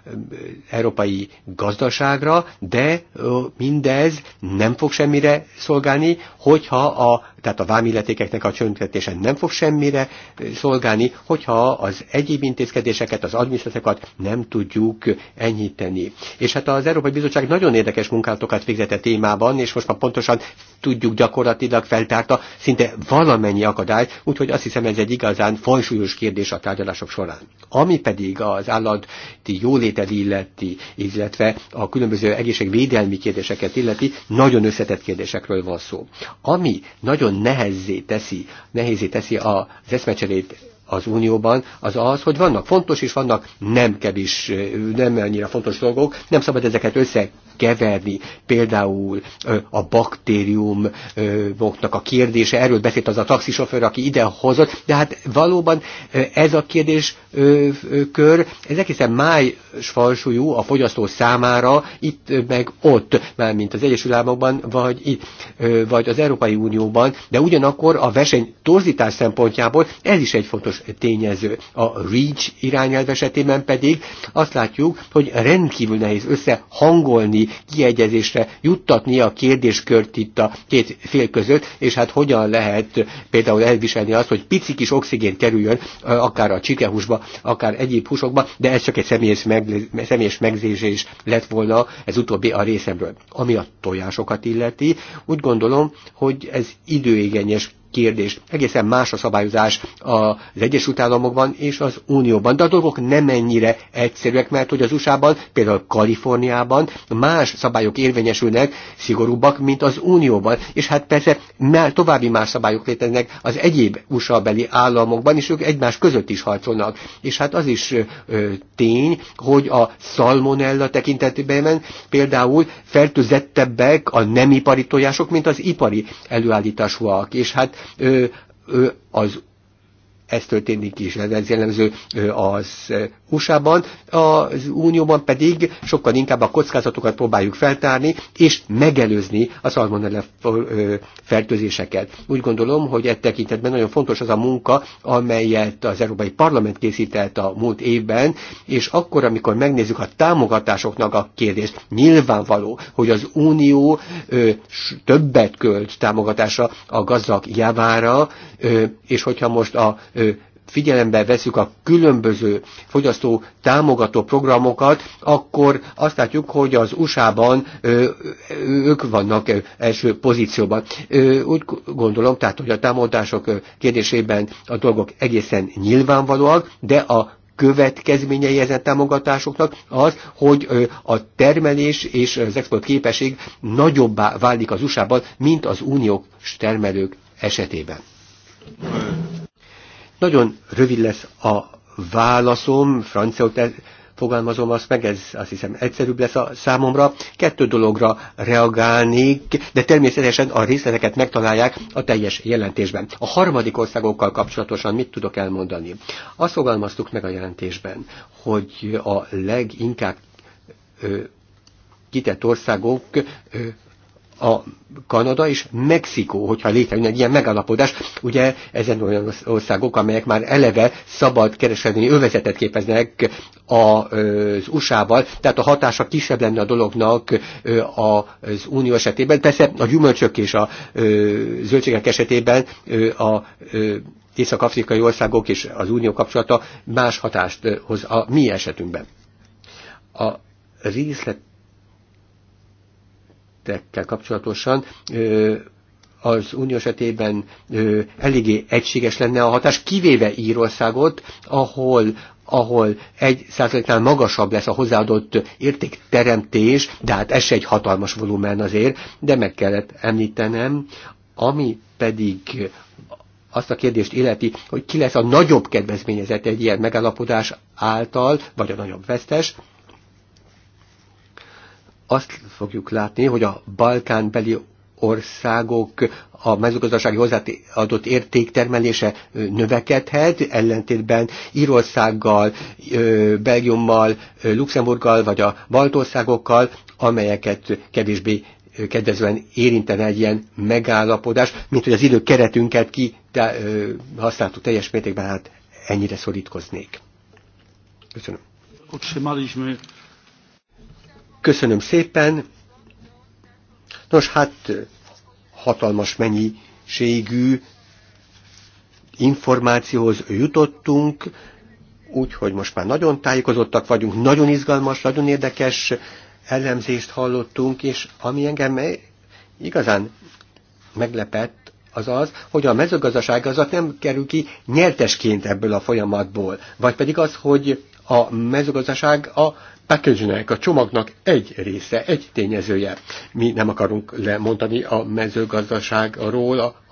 európai gazdaságra, de ö, mindez nem fog semmire szolgálni, hogyha a tehát a vámilletékeknek a csöntetése nem fog semmire szolgálni, hogyha az egyéb intézkedéseket, az adminisztrációkat nem tudjuk enyhíteni. És hát az Európai Bizottság nagyon érdekes munkátokat végzett a e témában, és most már pontosan tudjuk gyakorlatilag feltárta szinte valamennyi akadályt, úgyhogy azt hiszem ez egy igazán fajsúlyos kérdés a tárgyalások során. Ami pedig az állati jólétet illeti, illetve a különböző egészségvédelmi kérdéseket illeti, nagyon összetett kérdésekről van szó. Ami nagyon nagyon nehézé teszi, nehézé teszi az eszmecserét az Unióban, az az, hogy vannak fontos és vannak nem kevés, nem annyira fontos dolgok, nem szabad ezeket összekeverni. Például a baktériumoknak a kérdése, erről beszélt az a taxisofőr, aki ide hozott, de hát valóban ez a kérdéskör, ez egészen májs falsúlyú a fogyasztó számára, itt meg ott, mint az Egyesült Államokban, vagy itt, vagy az Európai Unióban, de ugyanakkor a verseny torzítás szempontjából ez is egy fontos fontos tényező. A REACH irányelv esetében pedig azt látjuk, hogy rendkívül nehéz összehangolni, kiegyezésre juttatni a kérdéskört itt a két fél között, és hát hogyan lehet például elviselni azt, hogy pici kis oxigén kerüljön akár a csikehúsba, akár egyéb húsokba, de ez csak egy személyes, meg, személyes megzésés lett volna, ez utóbbi a részemről. Ami a tojásokat illeti, úgy gondolom, hogy ez időigényes kérdés. Egészen más a szabályozás az Egyesült Államokban és az Unióban. De a dolgok nem ennyire egyszerűek, mert hogy az USA-ban, például Kaliforniában más szabályok érvényesülnek, szigorúbbak, mint az Unióban. És hát persze már további más szabályok léteznek az egyéb USA-beli államokban, és ők egymás között is harcolnak. És hát az is ö, tény, hogy a szalmonella tekintetében például fertőzettebbek a nem ipari tojások, mint az ipari előállításúak. És hát az ez történik is, ez jellemző az USA-ban, az Unióban pedig sokkal inkább a kockázatokat próbáljuk feltárni, és megelőzni a szalmonella fertőzéseket. Úgy gondolom, hogy e tekintetben nagyon fontos az a munka, amelyet az Európai Parlament készített a múlt évben, és akkor, amikor megnézzük a támogatásoknak a kérdést, nyilvánvaló, hogy az Unió ö, többet költ támogatásra a gazdag javára, ö, és hogyha most a ö, figyelembe veszük a különböző fogyasztó támogató programokat, akkor azt látjuk, hogy az USA-ban ők vannak első pozícióban. Úgy gondolom, tehát, hogy a támogatások kérdésében a dolgok egészen nyilvánvalóak, de a következményei ezen támogatásoknak az, hogy a termelés és az export képesség nagyobbá válik az USA-ban, mint az uniós termelők esetében. Nagyon rövid lesz a válaszom, francia fogalmazom azt meg, ez azt hiszem egyszerűbb lesz a számomra. Kettő dologra reagálnék, de természetesen a részleteket megtalálják a teljes jelentésben. A harmadik országokkal kapcsolatosan mit tudok elmondani? Azt fogalmaztuk meg a jelentésben, hogy a leginkább ö, kitett országok ö, a Kanada és Mexikó, hogyha létrejön egy ilyen megállapodás, ugye ezen olyan országok, amelyek már eleve szabad kereskedelmi övezetet képeznek az USA-val, tehát a hatása kisebb lenne a dolognak az unió esetében. Persze a gyümölcsök és a zöldségek esetében a észak-afrikai országok és az unió kapcsolata más hatást hoz a mi esetünkben. A részlet területekkel kapcsolatosan az unió esetében eléggé egységes lenne a hatás, kivéve Írországot, ahol ahol egy százaléknál magasabb lesz a hozzáadott értékteremtés, de hát ez se egy hatalmas volumen azért, de meg kellett említenem, ami pedig azt a kérdést illeti, hogy ki lesz a nagyobb kedvezményezett egy ilyen megállapodás által, vagy a nagyobb vesztes, azt fogjuk látni, hogy a balkánbeli országok a mezőgazdasági hozzáadott érték termelése növekedhet, ellentétben Írországgal, Belgiummal, Luxemburggal vagy a Baltországokkal, amelyeket kevésbé kedvezően érintene egy ilyen megállapodás, mint hogy az idő keretünket ki de, ö, használtuk teljes mértékben, hát ennyire szorítkoznék. Köszönöm.
Otrzymaliśmy
Köszönöm szépen. Nos, hát hatalmas mennyiségű információhoz jutottunk, úgyhogy most már nagyon tájékozottak vagyunk, nagyon izgalmas, nagyon érdekes elemzést hallottunk, és ami engem e, igazán meglepett, az az, hogy a mezőgazdaság az nem kerül ki nyertesként ebből a folyamatból, vagy pedig az, hogy a mezőgazdaság a package a csomagnak egy része, egy tényezője. Mi nem akarunk lemondani a mezőgazdaságról, a,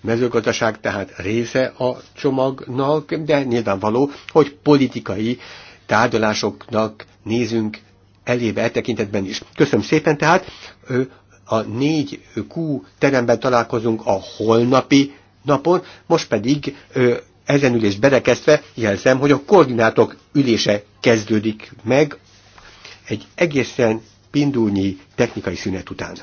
mezőgazdaság tehát része a csomagnak, de nyilvánvaló, hogy politikai tárgyalásoknak nézünk elébe e tekintetben is. Köszönöm szépen tehát, a 4Q teremben találkozunk a holnapi napon, most pedig ezen ülés berekeztve jelzem, hogy a koordinátok ülése kezdődik meg egy egészen pindulnyi technikai szünet után.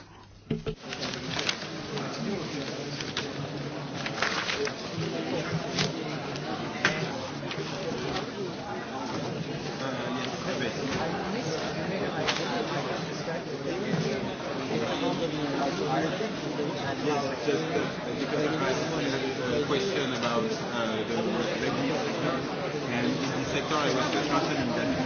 question about uh, the And in sector,
I was interested in that